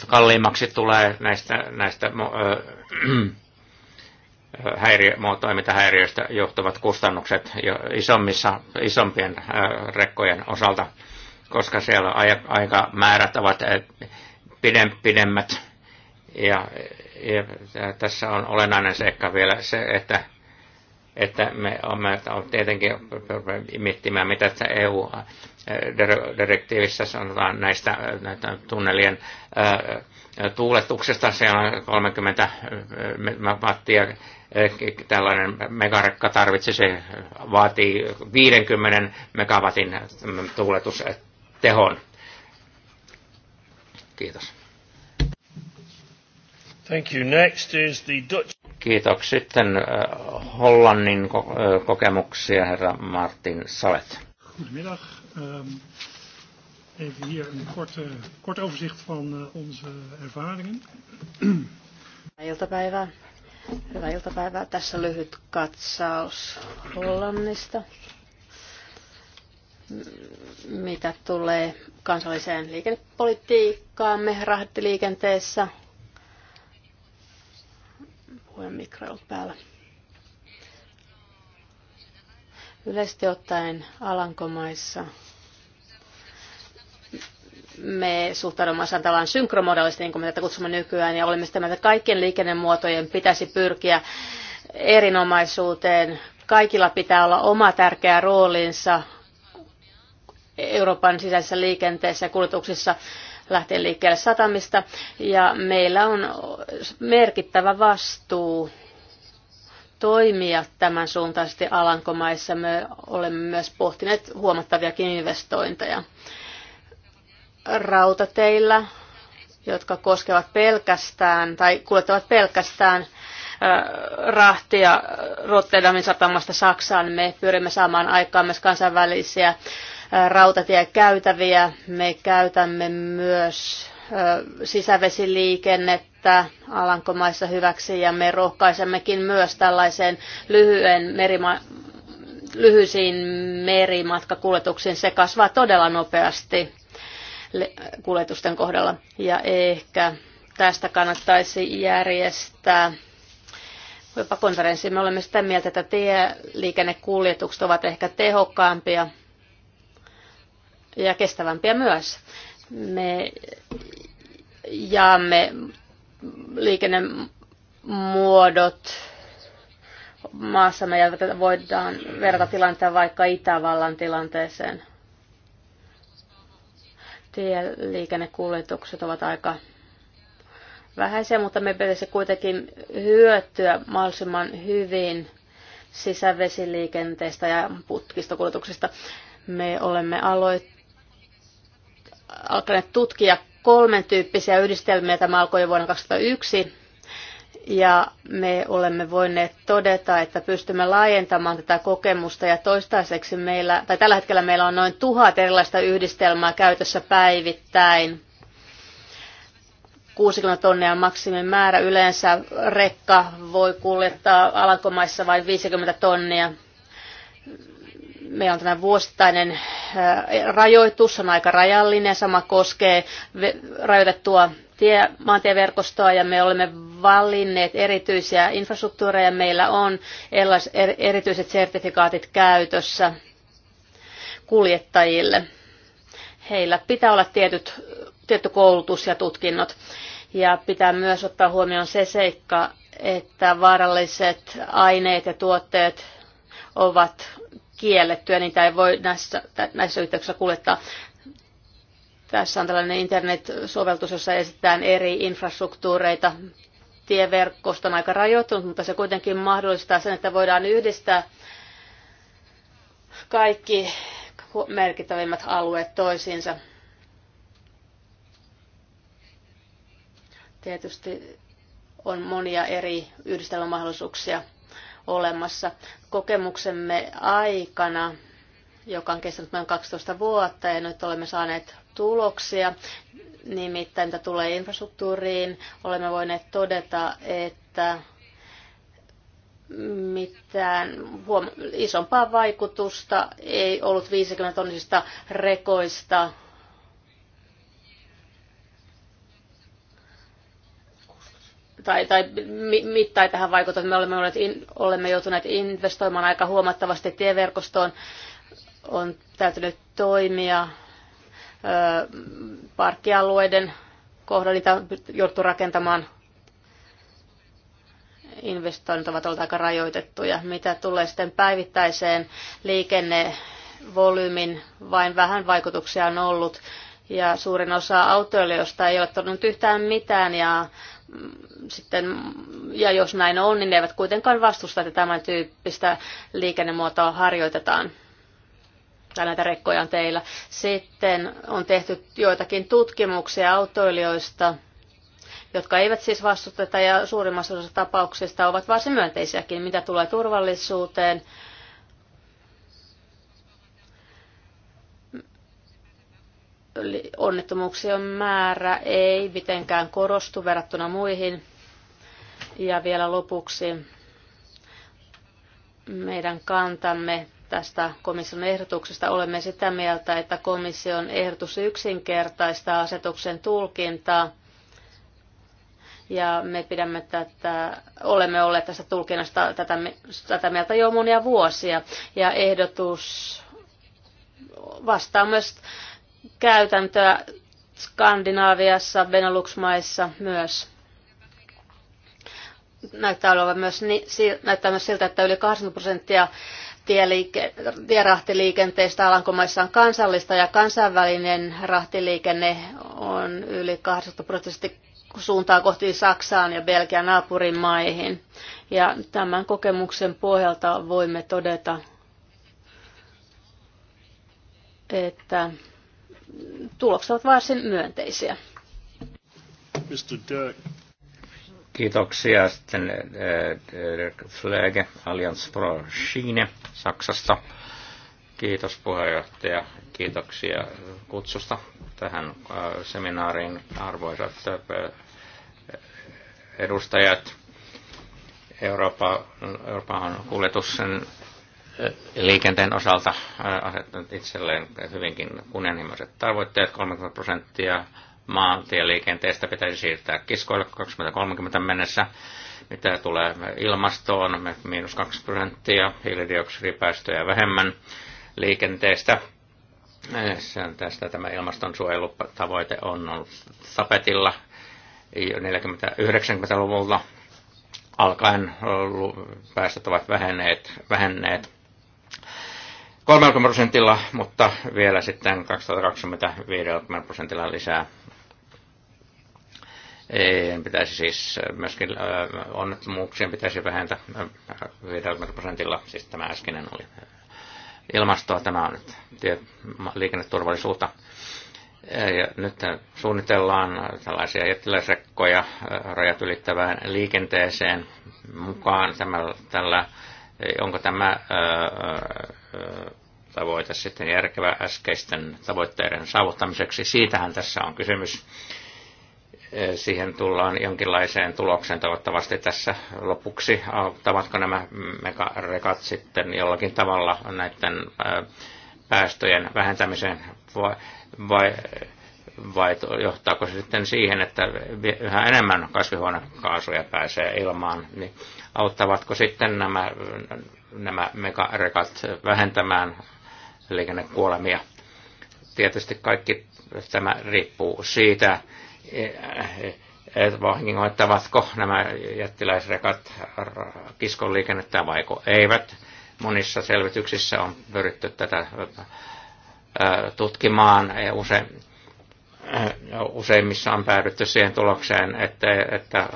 kalliimmaksi tulee näistä, näistä äh, häiriö, häiriöistä johtuvat kustannukset jo isommissa, isompien rekkojen osalta, koska siellä aikamäärät ovat pidemmät ja ja tässä on olennainen seikka vielä se, että, että me olemme tietenkin miettimään, mitä tässä EU-direktiivissä äh, sanotaan näistä, äh, näistä tunnelien äh, tuuletuksesta. Se on 30 wattia tällainen megarekka tarvitsisi, vaatii 50 megawatin tuuletustehon. Kiitos. Thank you. Next is the Dutch. Kiitos. Sitten uh, Hollannin ko- uh, kokemuksia, herra Martin Salet. Goedemiddag. Um, even hier een kort, uh, kort overzicht van uh, onze ervaringen. Hyvää iltapäivää. Hyvää iltapäivää. Tässä lyhyt katsaus Hollannista mitä tulee kansalliseen liikennepolitiikkaamme rahtiliikenteessä, Puhujan mikro on päällä. Yleisesti ottaen Alankomaissa me suhtaudumme tavallaan synkromodellisesti, niin kuin me tätä kutsumme nykyään, ja olemme sitä mieltä, että kaikkien liikennemuotojen pitäisi pyrkiä erinomaisuuteen. Kaikilla pitää olla oma tärkeä roolinsa Euroopan sisäisessä liikenteessä ja kuljetuksissa lähtien liikkeelle satamista ja meillä on merkittävä vastuu toimia tämän suuntaisesti Alankomaissa. Me olemme myös pohtineet huomattaviakin investointeja rautateillä, jotka koskevat pelkästään tai kuljettavat pelkästään rahtia Rotterdamin satamasta Saksaan. Me pyrimme saamaan aikaan myös kansainvälisiä rautatiekäytäviä. Me käytämme myös sisävesiliikennettä Alankomaissa hyväksi ja me rohkaisemmekin myös tällaiseen lyhyen merima- lyhyisiin merimatkakuljetuksiin. Se kasvaa todella nopeasti kuljetusten kohdalla ja ehkä tästä kannattaisi järjestää jopa konferenssi. Me olemme sitä mieltä, että tieliikennekuljetukset ovat ehkä tehokkaampia ja kestävämpiä myös. Me jaamme liikennemuodot maassamme ja voidaan verrata tilanteen vaikka Itävallan tilanteeseen. Tieliikennekuljetukset ovat aika vähäisiä, mutta me pitäisi kuitenkin hyötyä mahdollisimman hyvin sisävesiliikenteestä ja putkistokuljetuksista. Me olemme aloittaneet alkaneet tutkia kolmen tyyppisiä yhdistelmiä. Tämä alkoi jo vuonna 2001. Ja me olemme voineet todeta, että pystymme laajentamaan tätä kokemusta ja toistaiseksi meillä, tai tällä hetkellä meillä on noin tuhat erilaista yhdistelmää käytössä päivittäin. 60 tonnia maksimin määrä. Yleensä rekka voi kuljettaa Alankomaissa vain 50 tonnia meillä on tämä vuosittainen äh, rajoitus, on aika rajallinen, sama koskee rajoitettua tie, maantieverkostoa ja me olemme valinneet erityisiä infrastruktuureja. Meillä on er-, erityiset sertifikaatit käytössä kuljettajille. Heillä pitää olla tietyt, tietty koulutus ja tutkinnot. Ja pitää myös ottaa huomioon se seikka, että vaaralliset aineet ja tuotteet ovat kiellettyä, niitä ei voi näissä, näissä yhteyksissä kuljettaa. Tässä on tällainen internet sovellus jossa esitetään eri infrastruktuureita. Tieverkosto on aika rajoittunut, mutta se kuitenkin mahdollistaa sen, että voidaan yhdistää kaikki merkittävimmät alueet toisiinsa. Tietysti on monia eri yhdistelmämahdollisuuksia olemassa. Kokemuksemme aikana, joka on kestänyt noin 12 vuotta ja nyt olemme saaneet tuloksia, nimittäin mitä tulee infrastruktuuriin, olemme voineet todeta, että mitään huom- isompaa vaikutusta ei ollut 50 tonnisista rekoista tai, tai ei tähän vaikuta. Me olemme, olleet in, olemme joutuneet investoimaan aika huomattavasti tieverkostoon. On täytynyt toimia ö, parkkialueiden kohdalla. Niitä on jouduttu rakentamaan investoinnit ovat olleet aika rajoitettuja. Mitä tulee sitten päivittäiseen liikennevolyymin, vain vähän vaikutuksia on ollut. Ja suurin osa autoilijoista ei ole tullut yhtään mitään ja sitten, ja jos näin on, niin ne eivät kuitenkaan vastusta, että tämän tyyppistä liikennemuotoa harjoitetaan tai näitä rekkoja on teillä. Sitten on tehty joitakin tutkimuksia autoilijoista, jotka eivät siis vastusteta ja suurimmassa osassa tapauksista ovat varsin myönteisiäkin, mitä tulee turvallisuuteen, onnettomuuksien määrä ei mitenkään korostu verrattuna muihin. Ja vielä lopuksi meidän kantamme tästä komission ehdotuksesta. Olemme sitä mieltä, että komission ehdotus yksinkertaistaa asetuksen tulkintaa. Ja me pidämme tätä, olemme olleet tästä tulkinnasta tätä, tätä mieltä jo monia vuosia. Ja ehdotus vastaa myös käytäntöä Skandinaaviassa, Benelux-maissa myös. Näyttää, olevan myös, näyttää myös siltä, että yli 80 prosenttia tieliike, tierahtiliikenteestä Alankomaissa on kansallista ja kansainvälinen rahtiliikenne on yli 80 prosenttia suuntaa kohti Saksaan ja Belgian maihin. Ja tämän kokemuksen pohjalta voimme todeta, että tulokset ovat varsin myönteisiä. Mr. Dirk. Kiitoksia sitten eh, Dirk Flöge, Allianz Pro Schiene Saksasta. Kiitos puheenjohtaja, kiitoksia kutsusta tähän eh, seminaariin arvoisat eh, edustajat. Eurooppa, Euroopan kuljetuksen liikenteen osalta äh, asettanut itselleen hyvinkin kunnianhimoiset tavoitteet. 30 prosenttia maantieliikenteestä pitäisi siirtää kiskoille 2030 mennessä. Mitä tulee ilmastoon, miinus 2 prosenttia, hiilidioksidipäästöjä vähemmän liikenteestä. Äh, Sen tästä tämä ilmastonsuojelutavoite on ollut tapetilla 40-90-luvulla alkaen päästöt ovat vähenneet, vähenneet 30 prosentilla, mutta vielä sitten 2025 prosentilla lisää. Ei, pitäisi siis myöskin äh, onnettomuuksien pitäisi vähentää 50 prosentilla, siis tämä äskeinen oli ilmastoa, tämä on nyt tie, liikenneturvallisuutta. Ja nyt suunnitellaan tällaisia jättiläisrekkoja äh, rajat ylittävään liikenteeseen mukaan tämällä, tällä onko tämä tavoite sitten järkevä äskeisten tavoitteiden saavuttamiseksi. Siitähän tässä on kysymys. Siihen tullaan jonkinlaiseen tulokseen toivottavasti tässä lopuksi. Auttavatko nämä megarekat sitten jollakin tavalla näiden päästöjen vähentämiseen vai, vai vai johtaako se sitten siihen, että yhä enemmän kasvihuonekaasuja pääsee ilmaan, niin auttavatko sitten nämä, nämä megarekat vähentämään liikennekuolemia? Tietysti kaikki tämä riippuu siitä, että vahingoittavatko nämä jättiläisrekat kiskon liikennettä vai eivät. Monissa selvityksissä on pyritty tätä tutkimaan ja usein useimmissa on päädytty siihen tulokseen, että, että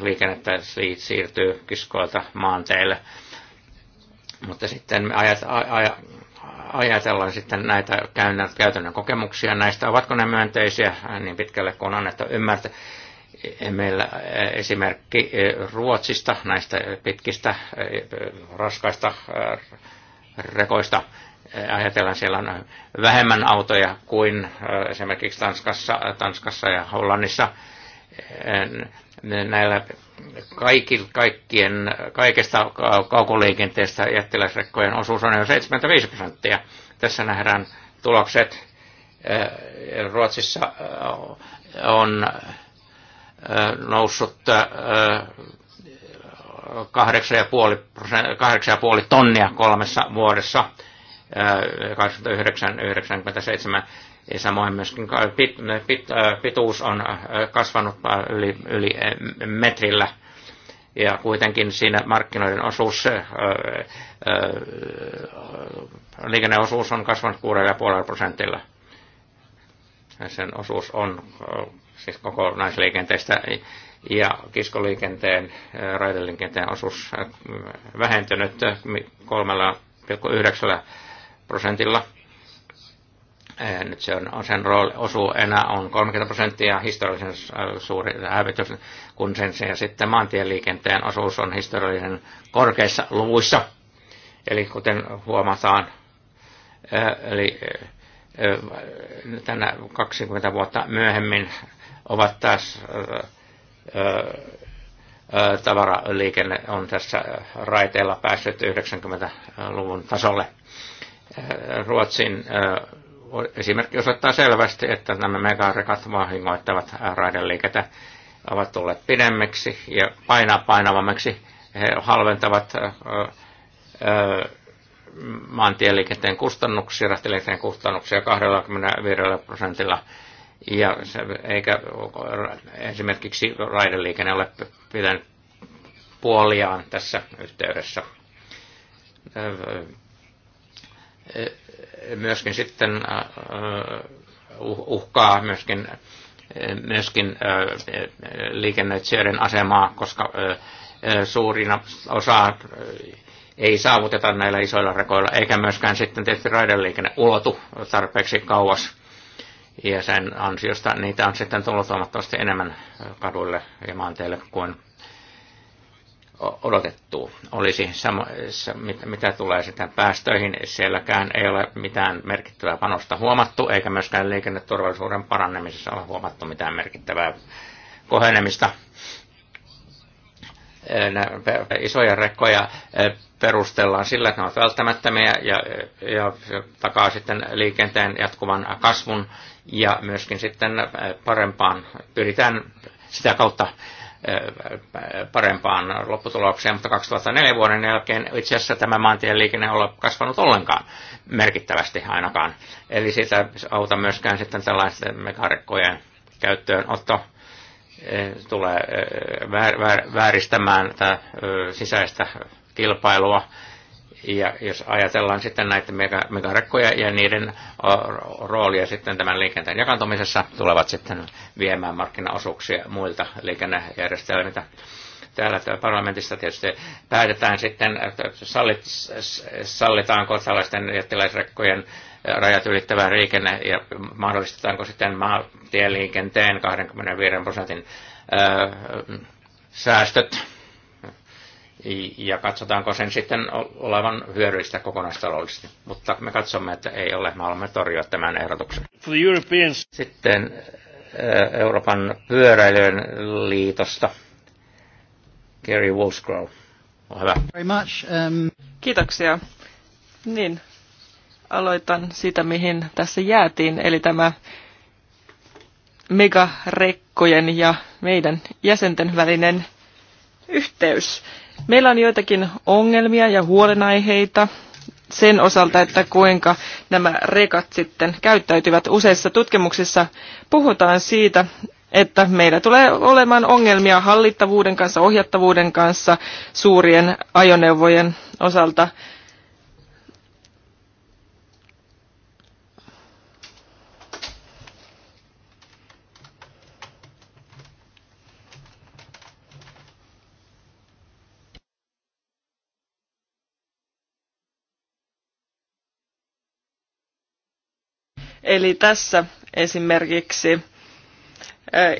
liikennettä siirtyy kiskoilta maanteille. Mutta sitten ajatellaan sitten näitä käytännön kokemuksia näistä, ovatko ne myönteisiä niin pitkälle kuin annettu ymmärtää. E-, meillä e-, esimerkki e, Ruotsista näistä pitkistä raskaista rekoista – ajatellaan, siellä on vähemmän autoja kuin äh, esimerkiksi Tanskassa, äh, Tanskassa ja Hollannissa. Äh, näillä kaikki, kaikkien, kaikesta kaukoliikenteestä jättiläisrekkojen osuus on jo 75 prosenttia. Tässä nähdään tulokset. Ruotsissa on noussut 8,5 tonnia kolmessa vuodessa 1997 samoin myöskin pit, pit, äh, pituus on äh, kasvanut äh, yli, yli metrillä ja kuitenkin siinä markkinoiden osuus, liikenneosuus on kasvanut 6,5 prosentilla. Sen osuus on siis kokonaisliikenteestä ja kiskoliikenteen, raideliikenteen osuus vähentynyt 3,9 prosentilla. Eh, nyt se on, sen rooli, osuu enää on 30 prosenttia historiallisen äh, suuri hävitys, kun sen ja sitten maantieliikenteen osuus on historiallisen korkeissa luvuissa. Eli kuten huomataan, äh, eli äh, tänä 20 vuotta myöhemmin ovat taas tavaraliikenne on tässä raiteella päässyt 90-luvun tasolle. Ruotsin esimerkki osoittaa selvästi, että nämä megarekat vahingoittavat raideliikettä, ovat tulleet pidemmiksi ja painaa painavammiksi. He halventavat maantieliikenteen kustannuksia, rahtiliikenteen kustannuksia 25 prosentilla. Ja se, eikä esimerkiksi raideliikenne ole pitänyt puoliaan tässä yhteydessä myöskin sitten äh, uh, uhkaa myöskin, äh, myöskin äh, liikennöitsijöiden asemaa, koska suurina osa ei saavuteta näillä isoilla rekoilla, eikä myöskään sitten tietysti raideliikenne ulotu tarpeeksi kauas. Ja sen ansiosta niitä on sitten tullut huomattavasti enemmän kaduille ja maanteille kuin odotettu olisi. Sama, mitä tulee sitten päästöihin, sielläkään ei ole mitään merkittävää panosta huomattu, eikä myöskään liikenneturvallisuuden parannemisessa ole huomattu mitään merkittävää kohenemista. Isoja rekkoja perustellaan sillä, että ne ovat välttämättömiä ja, ja takaa sitten liikenteen jatkuvan kasvun ja myöskin sitten parempaan pyritään sitä kautta Äh, parempaan lopputulokseen, mutta 2004 vuoden jälkeen itse asiassa tämä maantien liikenne on kasvanut ollenkaan merkittävästi ainakaan. Eli sitä auta myöskään sitten tällaisten mekarekkojen käyttöönotto äh, tulee äh, vääristämään tätä sisäistä kilpailua ja jos ajatellaan sitten näitä megarekkoja ja niiden roolia sitten tämän liikenteen jakantumisessa, tulevat sitten viemään markkinaosuuksia muilta liikennejärjestelmiltä. Täällä, täällä parlamentissa tietysti päätetään sitten, sallit, sallitaanko tällaisten jättiläisrekkojen rajat ylittävää liikenne ja mahdollistetaanko sitten maatieliikenteen 25 prosentin säästöt ja katsotaanko sen sitten olevan hyödyllistä kokonaistaloudellisesti. Mutta me katsomme, että ei ole. Me haluamme torjua tämän ehdotuksen. Sitten eh, Euroopan pyöräilyn liitosta. Gary Wolfsgrove, on hyvä. Very much. Um... Kiitoksia. Niin, aloitan siitä, mihin tässä jäätiin, eli tämä megarekkojen ja meidän jäsenten välinen yhteys. Meillä on joitakin ongelmia ja huolenaiheita sen osalta, että kuinka nämä rekat sitten käyttäytyvät. Useissa tutkimuksissa puhutaan siitä, että meillä tulee olemaan ongelmia hallittavuuden kanssa, ohjattavuuden kanssa suurien ajoneuvojen osalta. Eli tässä esimerkiksi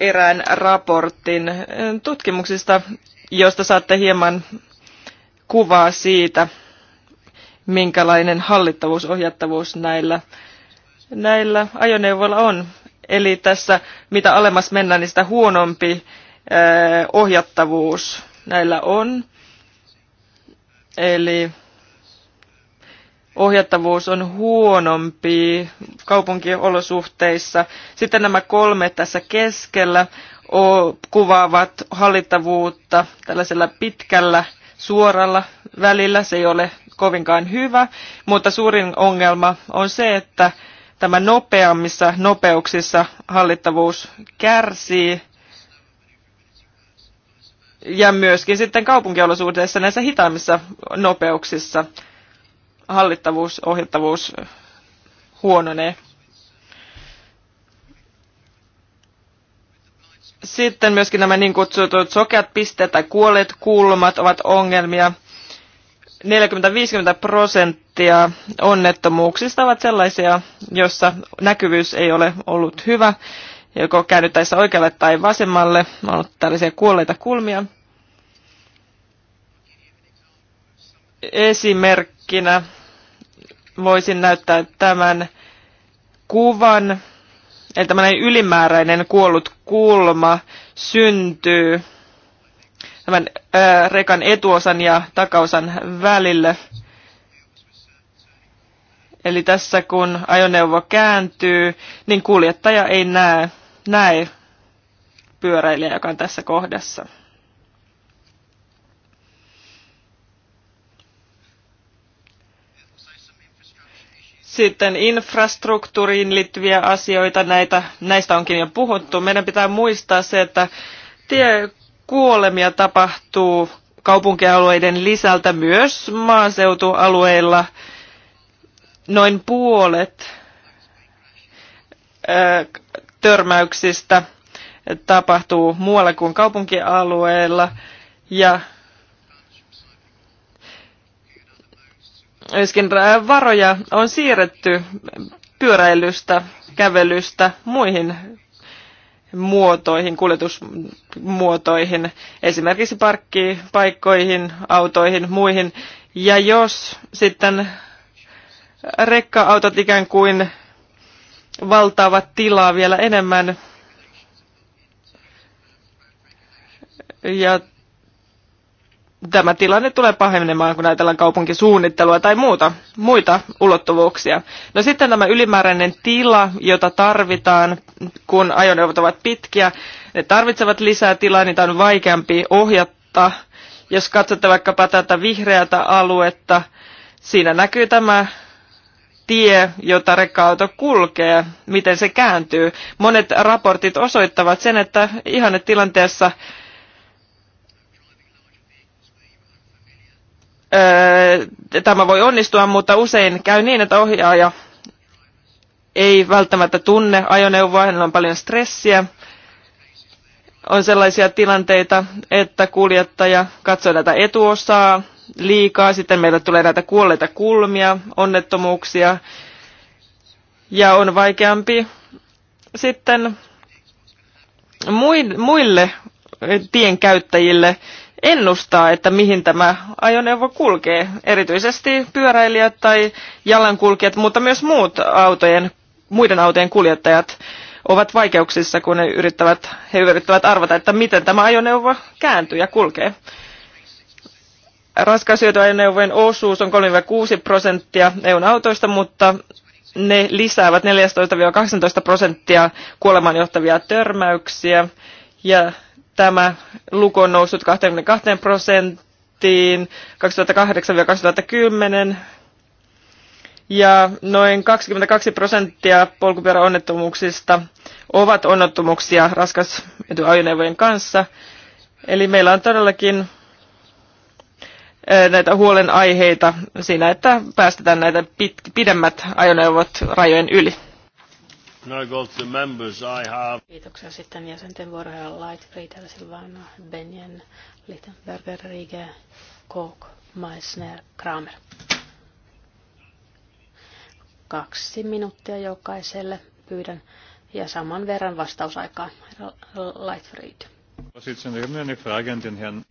erään raportin tutkimuksista, josta saatte hieman kuvaa siitä, minkälainen hallittavuus, ohjattavuus näillä, näillä ajoneuvoilla on. Eli tässä mitä alemmas mennään, niin sitä huonompi ohjattavuus näillä on. Eli ohjattavuus on huonompi kaupunkiolosuhteissa. Sitten nämä kolme tässä keskellä kuvaavat hallittavuutta tällaisella pitkällä suoralla välillä. Se ei ole kovinkaan hyvä, mutta suurin ongelma on se, että tämä nopeammissa nopeuksissa hallittavuus kärsii ja myöskin sitten kaupunkiolosuhteissa näissä hitaammissa nopeuksissa hallittavuus, ohjattavuus huononee. Sitten myöskin nämä niin kutsutut sokeat pisteet tai kuolleet kulmat ovat ongelmia. 40-50 prosenttia onnettomuuksista ovat sellaisia, joissa näkyvyys ei ole ollut hyvä, joko käännyttäessä oikealle tai vasemmalle, on ollut tällaisia kuolleita kulmia. esimerkkinä voisin näyttää tämän kuvan. Eli tämmöinen ylimääräinen kuollut kulma syntyy tämän rekan etuosan ja takaosan välille. Eli tässä kun ajoneuvo kääntyy, niin kuljettaja ei näe, näe pyöräilijä, joka on tässä kohdassa. Sitten infrastruktuuriin liittyviä asioita, näitä, näistä onkin jo puhuttu. Meidän pitää muistaa se, että tie kuolemia tapahtuu kaupunkialueiden lisältä myös maaseutualueilla noin puolet törmäyksistä tapahtuu muualla kuin kaupunkialueella ja myöskin varoja on siirretty pyöräilystä, kävelystä muihin muotoihin, kuljetusmuotoihin, esimerkiksi parkkipaikkoihin, autoihin, muihin. Ja jos sitten rekka-autot ikään kuin valtaavat tilaa vielä enemmän ja tämä tilanne tulee pahenemaan, kun ajatellaan kaupunkisuunnittelua tai muuta, muita ulottuvuuksia. No sitten tämä ylimääräinen tila, jota tarvitaan, kun ajoneuvot ovat pitkiä, ne tarvitsevat lisää tilaa, niitä on vaikeampi ohjata. Jos katsotte vaikkapa tätä vihreätä aluetta, siinä näkyy tämä tie, jota rekka-auto kulkee, miten se kääntyy. Monet raportit osoittavat sen, että ihanne tilanteessa tämä voi onnistua, mutta usein käy niin, että ohjaaja ei välttämättä tunne ajoneuvoa, hänellä on paljon stressiä. On sellaisia tilanteita, että kuljettaja katsoo tätä etuosaa liikaa, sitten meillä tulee näitä kuolleita kulmia, onnettomuuksia, ja on vaikeampi sitten muille tien käyttäjille ennustaa, että mihin tämä ajoneuvo kulkee. Erityisesti pyöräilijät tai jalankulkijat, mutta myös muut autojen, muiden autojen kuljettajat ovat vaikeuksissa, kun ne yrittävät, he yrittävät arvata, että miten tämä ajoneuvo kääntyy ja kulkee. Raskaushyötyajoneuvojen osuus on 3-6 prosenttia EUn autoista, mutta ne lisäävät 14-18 prosenttia kuolemaan johtavia törmäyksiä ja tämä luku on noussut 22 prosenttiin 2008-2010 ja noin 22 prosenttia polkupyöräonnettomuuksista ovat onnettomuuksia ajoneuvojen kanssa. Eli meillä on todellakin eh, näitä huolenaiheita siinä, että päästetään näitä pit- pidemmät ajoneuvot rajojen yli. Now go to members. I have... Kiitoksia sitten jäsenten Light, Lightfried, Silvano, Benjen, Littenberger, Rige, Kok, Meissner, Kramer. Kaksi minuuttia jokaiselle pyydän ja saman verran vastausaikaa Lightfried.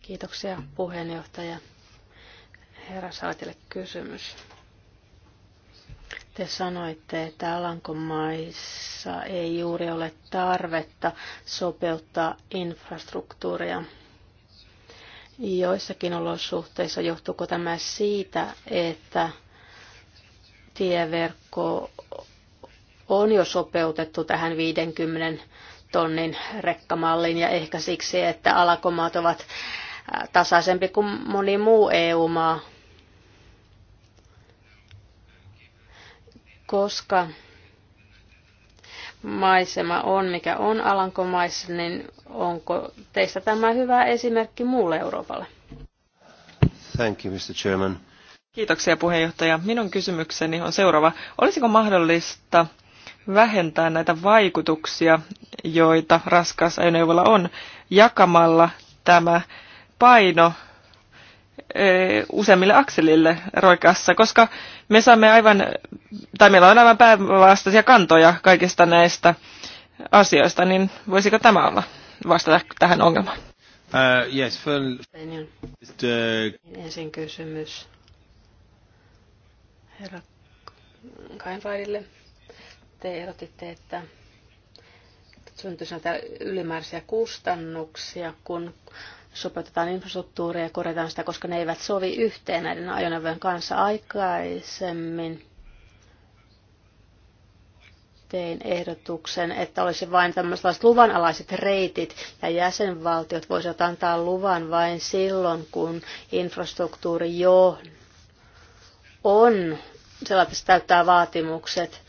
Kiitoksia puheenjohtaja. Herra Saatille kysymys. Te sanoitte, että Alankomaissa ei juuri ole tarvetta sopeuttaa infrastruktuuria. Joissakin olosuhteissa johtuuko tämä siitä, että tieverkko on jo sopeutettu tähän 50 tonnin rekkamalliin ja ehkä siksi, että alakomaat ovat tasaisempi kuin moni muu EU-maa. koska maisema on mikä on Alankomaissa, niin onko teistä tämä hyvä esimerkki muulle Euroopalle? Thank you, Mr. Chairman. Kiitoksia puheenjohtaja. Minun kysymykseni on seuraava. Olisiko mahdollista vähentää näitä vaikutuksia, joita raskaasajoneuvolla on, jakamalla tämä paino useammille akselille roikassa, koska me saamme aivan, tai meillä on aivan päinvastaisia kantoja kaikista näistä asioista, niin voisiko tämä olla vastata tähän ongelmaan? Uh, yes, for... Ensin kysymys herra Kainfaidille. Te erotitte, että syntyisi näitä ylimääräisiä kustannuksia, kun sopeutetaan infrastruktuuria ja korjataan sitä, koska ne eivät sovi yhteen näiden ajoneuvojen kanssa aikaisemmin. Tein ehdotuksen, että olisi vain tämmöiset luvanalaiset reitit ja jäsenvaltiot voisivat antaa luvan vain silloin, kun infrastruktuuri jo on sellaista täyttää vaatimukset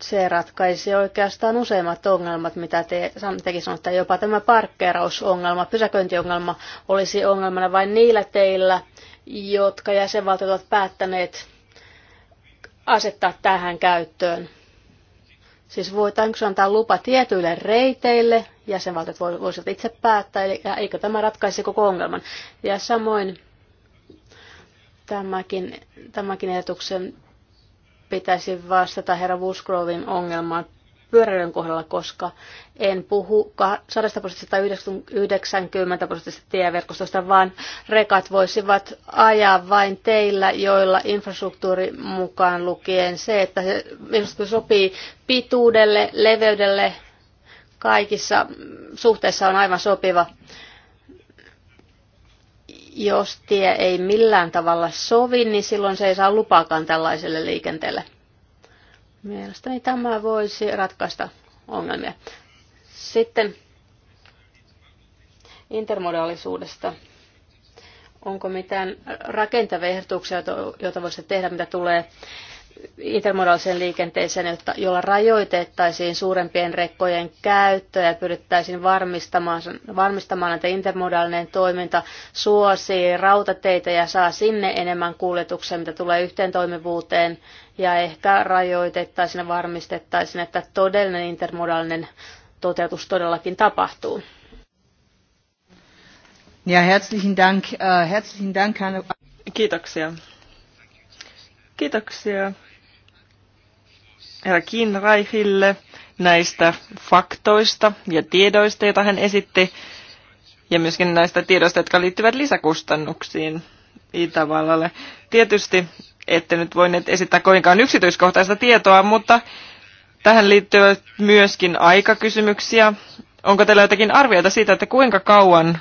se ratkaisi oikeastaan useimmat ongelmat, mitä te, tekin sanotte, jopa tämä parkkeerausongelma, pysäköintiongelma olisi ongelmana vain niillä teillä, jotka jäsenvaltiot ovat päättäneet asettaa tähän käyttöön. Siis voitaanko antaa lupa tietyille reiteille, jäsenvaltiot voisivat itse päättää, eli eikö tämä ratkaisi koko ongelman. Ja samoin tämäkin, tämäkin ehdotuksen pitäisi vastata herra Wuskrovin ongelmaan pyöräilyn kohdalla, koska en puhu 100 prosentista 90 prosentista tieverkostosta, vaan rekat voisivat ajaa vain teillä, joilla infrastruktuuri mukaan lukien se, että se sopii pituudelle, leveydelle, kaikissa suhteissa on aivan sopiva jos tie ei millään tavalla sovi, niin silloin se ei saa lupaakaan tällaiselle liikenteelle. Mielestäni tämä voisi ratkaista ongelmia. Sitten intermodaalisuudesta. Onko mitään rakentavia ehdotuksia, joita voisi tehdä, mitä tulee intermodaaliseen liikenteeseen, jolla rajoitettaisiin suurempien rekkojen käyttöä ja pyrittäisiin varmistamaan, varmistamaan, että intermodaalinen toiminta suosii rautateitä ja saa sinne enemmän kuljetuksia, mitä tulee yhteen toimivuuteen ja ehkä rajoitettaisiin ja varmistettaisiin, että todellinen intermodaalinen toteutus todellakin tapahtuu. Ja herzlichen Dank, äh, herzlichen Dank, Kiitoksia Kiitoksia herra Kinraihille näistä faktoista ja tiedoista, joita hän esitti, ja myöskin näistä tiedoista, jotka liittyvät lisäkustannuksiin Itävallalle. Tietysti ette nyt voineet esittää kovinkaan yksityiskohtaista tietoa, mutta tähän liittyy myöskin aikakysymyksiä. Onko teillä jotakin arviota siitä, että kuinka kauan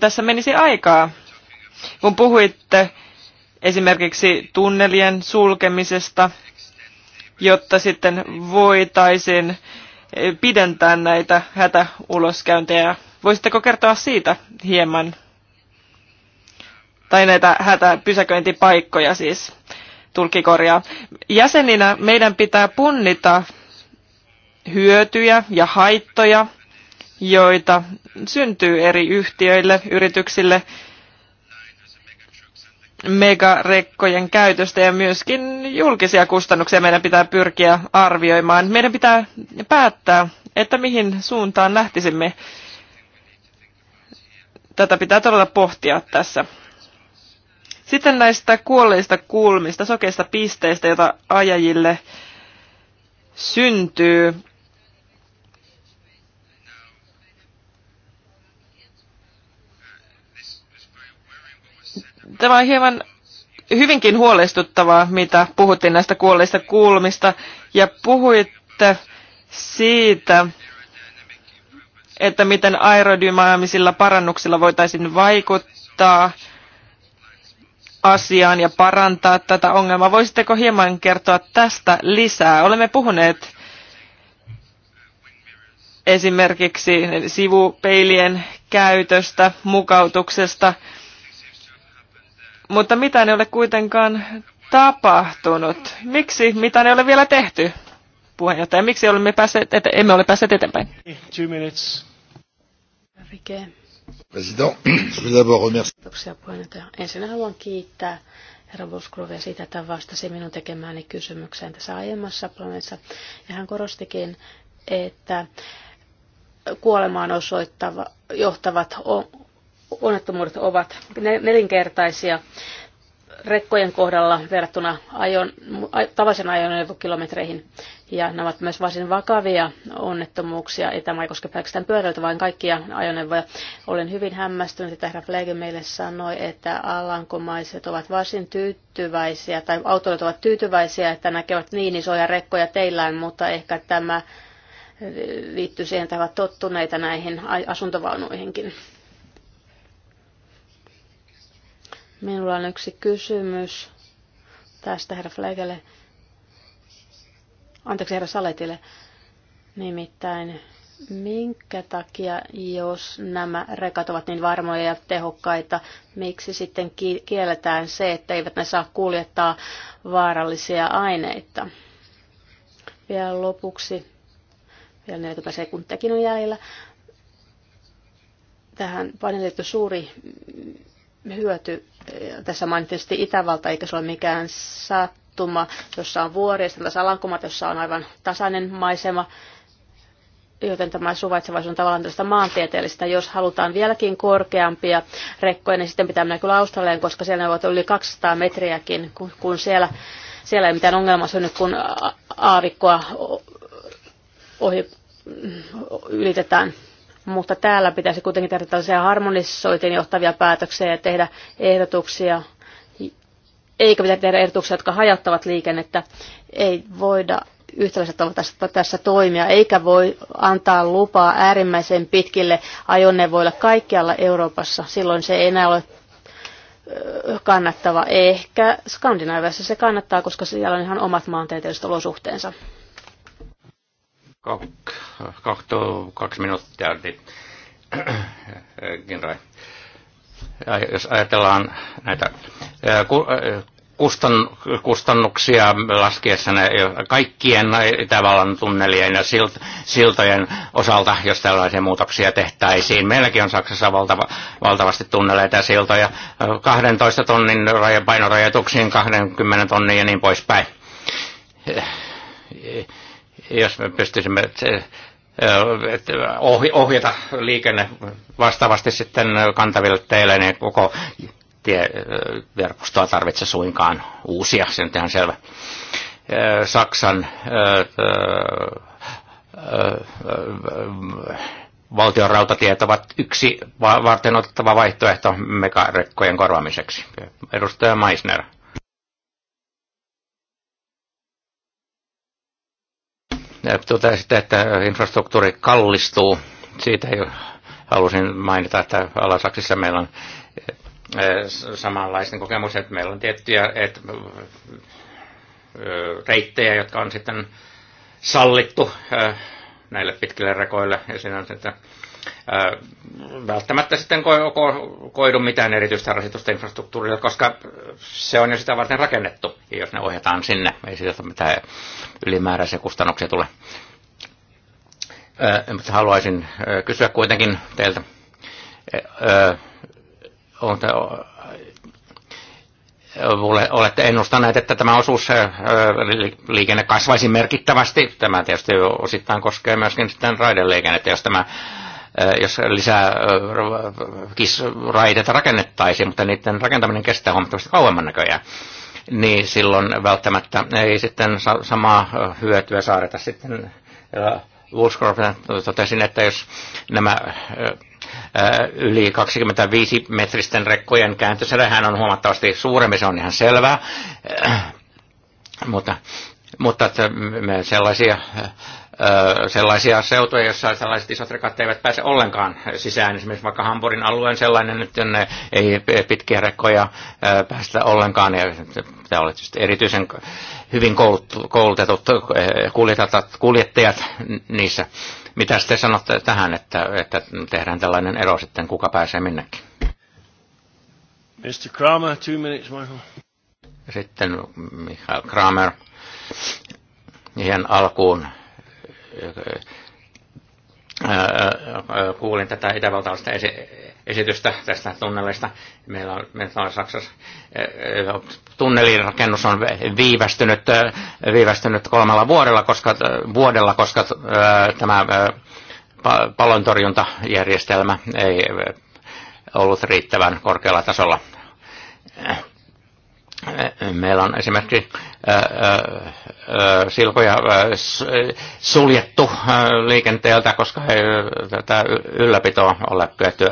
tässä menisi aikaa, kun puhuitte esimerkiksi tunnelien sulkemisesta, jotta sitten voitaisiin eh, pidentää näitä hätäuloskäyntejä. Voisitteko kertoa siitä hieman? Tai näitä hätäpysäköintipaikkoja siis, tulkikorjaa. Jäseninä meidän pitää punnita hyötyjä ja haittoja, joita syntyy eri yhtiöille, yrityksille megarekkojen käytöstä ja myöskin julkisia kustannuksia meidän pitää pyrkiä arvioimaan. Meidän pitää päättää, että mihin suuntaan lähtisimme. Tätä pitää todella pohtia tässä. Sitten näistä kuolleista kulmista, sokeista pisteistä, joita ajajille syntyy. Tämä on hieman hyvinkin huolestuttavaa, mitä puhuttiin näistä kuolleista kulmista, ja puhuitte siitä, että miten aerodynaamisilla parannuksilla voitaisiin vaikuttaa asiaan ja parantaa tätä ongelmaa. Voisitteko hieman kertoa tästä lisää? Olemme puhuneet esimerkiksi sivupeilien käytöstä, mukautuksesta, mutta mitä ne ole kuitenkaan tapahtunut? Miksi mitä ne ole vielä tehty, puheenjohtaja? Miksi olemme päässeet, et, emme ole päässeet eteenpäin? Two minutes. Rike. President, je veux d'abord remercier. Kiitoksia puheenjohtaja. Ensin haluan kiittää herra Buskrovia siitä, että vastasi minun tekemääni kysymykseen tässä aiemmassa planeessa. Ja hän korostikin, että kuolemaan osoittava, johtavat onnettomuudet ovat nelinkertaisia rekkojen kohdalla verrattuna ajon, tavallisen ajoneuvokilometreihin. Ja nämä ovat myös varsin vakavia onnettomuuksia. Ei tämä ei koske pelkästään pyöräiltä, vaan kaikkia ajoneuvoja. Olen hyvin hämmästynyt, että herra Flege meille sanoi, että alankomaiset ovat varsin tyytyväisiä, tai autot ovat tyytyväisiä, että näkevät niin isoja rekkoja teillään, mutta ehkä tämä eh, liittyy siihen, että he ovat tottuneita näihin asuntovaunuihinkin. Minulla on yksi kysymys tästä herra Flegelle, anteeksi herra Saletille, nimittäin minkä takia, jos nämä rekat ovat niin varmoja ja tehokkaita, miksi sitten kielletään se, että eivät ne saa kuljettaa vaarallisia aineita? Vielä lopuksi, vielä 40 sekuntiakin on jäljellä. Tähän paneelittu suuri hyöty. Eh, tässä mainitsi Itävalta, eikä se ole mikään sattuma, jossa on vuoristo, tässä alankumat, jossa on aivan tasainen maisema joten tämä suvaitsevaisuus on tavallaan tällaista maantieteellistä. Jos halutaan vieläkin korkeampia rekkoja, niin sitten pitää mennä kyllä Australian, koska siellä ne ovat yli 200 metriäkin, kun, kun siellä, siellä ei mitään ongelmaa synny, kun aavikkoa ohi ylitetään mutta täällä pitäisi kuitenkin tehdä tällaisia harmonisoitiin johtavia päätöksiä ja tehdä ehdotuksia, eikä pitäisi tehdä ehdotuksia, jotka hajottavat liikennettä. Ei voida yhtäläiset olla tässä, tässä toimia, eikä voi antaa lupaa äärimmäisen pitkille ajoneuvoille kaikkialla Euroopassa. Silloin se ei enää ole kannattava. Ehkä Skandinaaviassa se kannattaa, koska siellä on ihan omat maantieteelliset olosuhteensa kaksi minuuttia. Kinrai. Ja jos ajatellaan näitä kustannuksia laskiessa kaikkien Itävallan tunnelien ja siltojen osalta, jos tällaisia muutoksia tehtäisiin. Meilläkin on Saksassa valtava, valtavasti tunneleita ja siltoja 12 tonnin painorajoituksiin, 20 tonnin ja niin poispäin jos me pystyisimme ohjata liikenne vastaavasti sitten kantaville teille, niin koko tieverkostoa tarvitse suinkaan uusia, se on ihan selvä. Saksan valtion rautatiet ovat yksi varten otettava vaihtoehto megarekkojen korvaamiseksi. Edustaja Meisner. Tuota, sitä, että infrastruktuuri kallistuu. Siitä jo halusin mainita, että Alasaksissa meillä on eh, samanlaisten kokemus, että meillä on tiettyjä että, reittejä, jotka on sitten sallittu eh, näille pitkille rekoille, ja siinä on sitten välttämättä sitten ko- koidu mitään erityistä rasitusta infrastruktuurille, koska se on jo sitä varten rakennettu, ja jos ne ohjataan sinne, ei siitä mitään ylimääräisiä kustannuksia tule. Mutta haluaisin kysyä kuitenkin teiltä, olette ennustaneet, että tämä osuus liikenne kasvaisi merkittävästi. Tämä tietysti osittain koskee myöskin sitten raideliikennettä, jos tämä jos lisää kisraideita rakennettaisiin, mutta niiden rakentaminen kestää huomattavasti kauemman näköjään, niin silloin välttämättä ei sitten samaa hyötyä saadeta sitten. Wolfskorf äh, totesin, että jos nämä yli 25 metristen rekkojen kääntösädehän on huomattavasti suurempi, se on ihan selvää. Äh, mutta mutta että me sellaisia äh, sellaisia seutuja, joissa sellaiset isot rekat eivät pääse ollenkaan sisään. Esimerkiksi vaikka Hamburgin alueen sellainen, nyt ne ei pitkiä rekkoja päästä ollenkaan. Ja pitää olla erityisen hyvin koulutetut kuljettajat niissä. Mitä te sanotte tähän, että, että tehdään tällainen ero sitten, kuka pääsee minnekin? Mr. Kramer, two minutes, Michael. Sitten Michael Kramer. Ihan alkuun Äh, äh, äh, kuulin tätä itävaltalaista esitystä tästä tunnelista. Meillä on, meillä on Saksassa tunnelin rakennus on viivästynyt, viivästynyt kolmella vuodella, koska, vuodella, koska tämä palontorjuntajärjestelmä ei ollut riittävän korkealla tasolla Meillä on esimerkiksi silkoja suljettu liikenteeltä, koska ei tätä ylläpitoa ole kyetty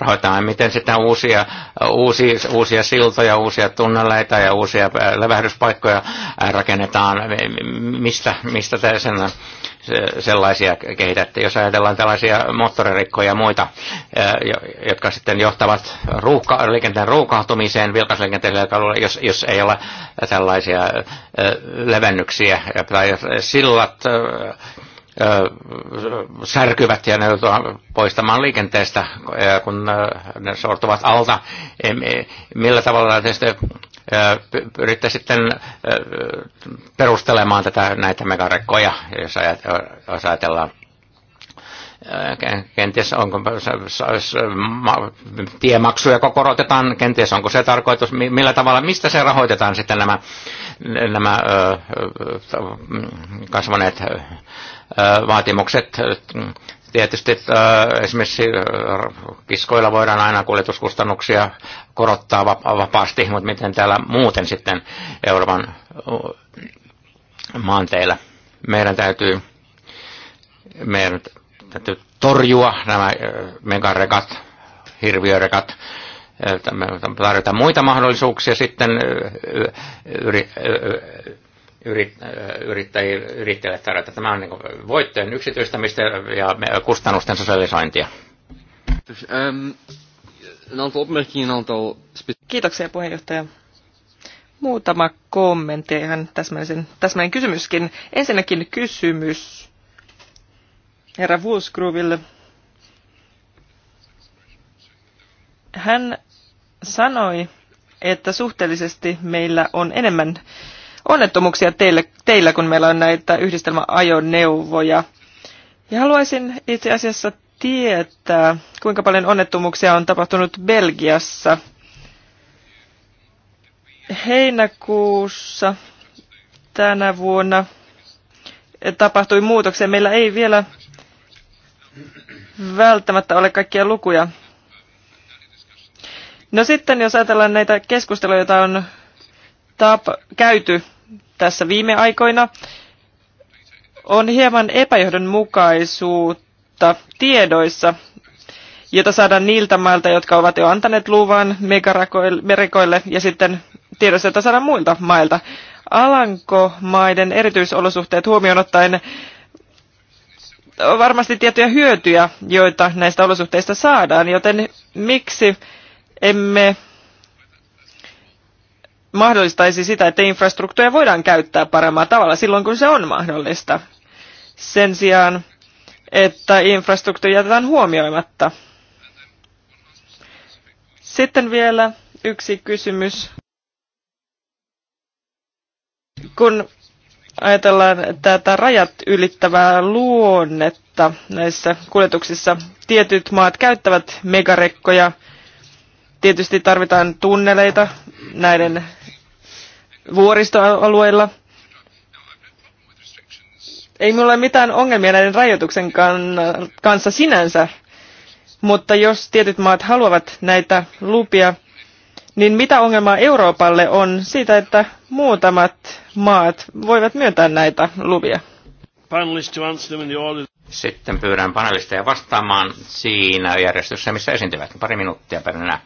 rahoittamaan. Miten sitten uusia, uusia, uusia siltoja, uusia tunneleita ja uusia levähdyspaikkoja rakennetaan? Mistä, mistä te sen sellaisia kehitätte, jos ajatellaan tällaisia moottoririkkoja ja muita, jotka sitten johtavat ruuhka, liikenteen ruuhkahtumiseen vilkasliikenteisellä jos, jos ei ole tällaisia levennyksiä tai sillat särkyvät ja ne joutuvat poistamaan liikenteestä, kun ne sortuvat alta. E, millä tavalla te sitten pyritte sitten perustelemaan tätä, näitä megarekkoja, jos ajatellaan kenties onko tiemaksuja korotetaan, kenties onko se tarkoitus, millä tavalla, mistä se rahoitetaan sitten nämä, nämä kasvaneet vaatimukset tietysti esimerkiksi kiskoilla voidaan aina kuljetuskustannuksia korottaa vapaasti, mutta miten täällä muuten sitten Euroopan maanteilla Meidän täytyy, meidän täytyy torjua nämä megarekat, hirviörekat, tarjotaan muita mahdollisuuksia sitten yrittäjille, yrittäjille tarjota. Tämä on niin voittojen yksityistämistä ja kustannusten sosialisointia. Ähm, Kiitoksia puheenjohtaja. Muutama kommentti ja ihan täsmällinen, täsmällinen kysymyskin. Ensinnäkin kysymys herra Wulskruville. Hän sanoi, että suhteellisesti meillä on enemmän onnettomuuksia teille, teillä kun meillä on näitä yhdistelmäajoneuvoja. Ja haluaisin itse asiassa tietää, kuinka paljon onnettomuuksia on tapahtunut Belgiassa. Heinäkuussa tänä vuonna tapahtui muutoksia. Meillä ei vielä välttämättä ole kaikkia lukuja. No sitten, jos ajatellaan näitä keskusteluja, joita on tap- käyty tässä viime aikoina on hieman epäjohdonmukaisuutta tiedoissa, jota saadaan niiltä mailta, jotka ovat jo antaneet luvan merikoille ja sitten tiedossa, jota saadaan muilta mailta. Alankomaiden erityisolosuhteet huomioon ottaen on varmasti tiettyjä hyötyjä, joita näistä olosuhteista saadaan, joten miksi emme mahdollistaisi sitä, että infrastruktuuria voidaan käyttää paremmalla tavalla silloin, kun se on mahdollista. Sen sijaan, että infrastruktuuri jätetään huomioimatta. Sitten vielä yksi kysymys. Kun ajatellaan tätä rajat ylittävää luonnetta näissä kuljetuksissa, tietyt maat käyttävät megarekkoja. Tietysti tarvitaan tunneleita näiden vuoristoalueilla. Ei minulla ole mitään ongelmia näiden rajoituksen kanssa sinänsä, mutta jos tietyt maat haluavat näitä lupia, niin mitä ongelmaa Euroopalle on siitä, että muutamat maat voivat myöntää näitä luvia? Sitten pyydän panelisteja vastaamaan siinä järjestyksessä, missä esiintyvät. Pari minuuttia per enää.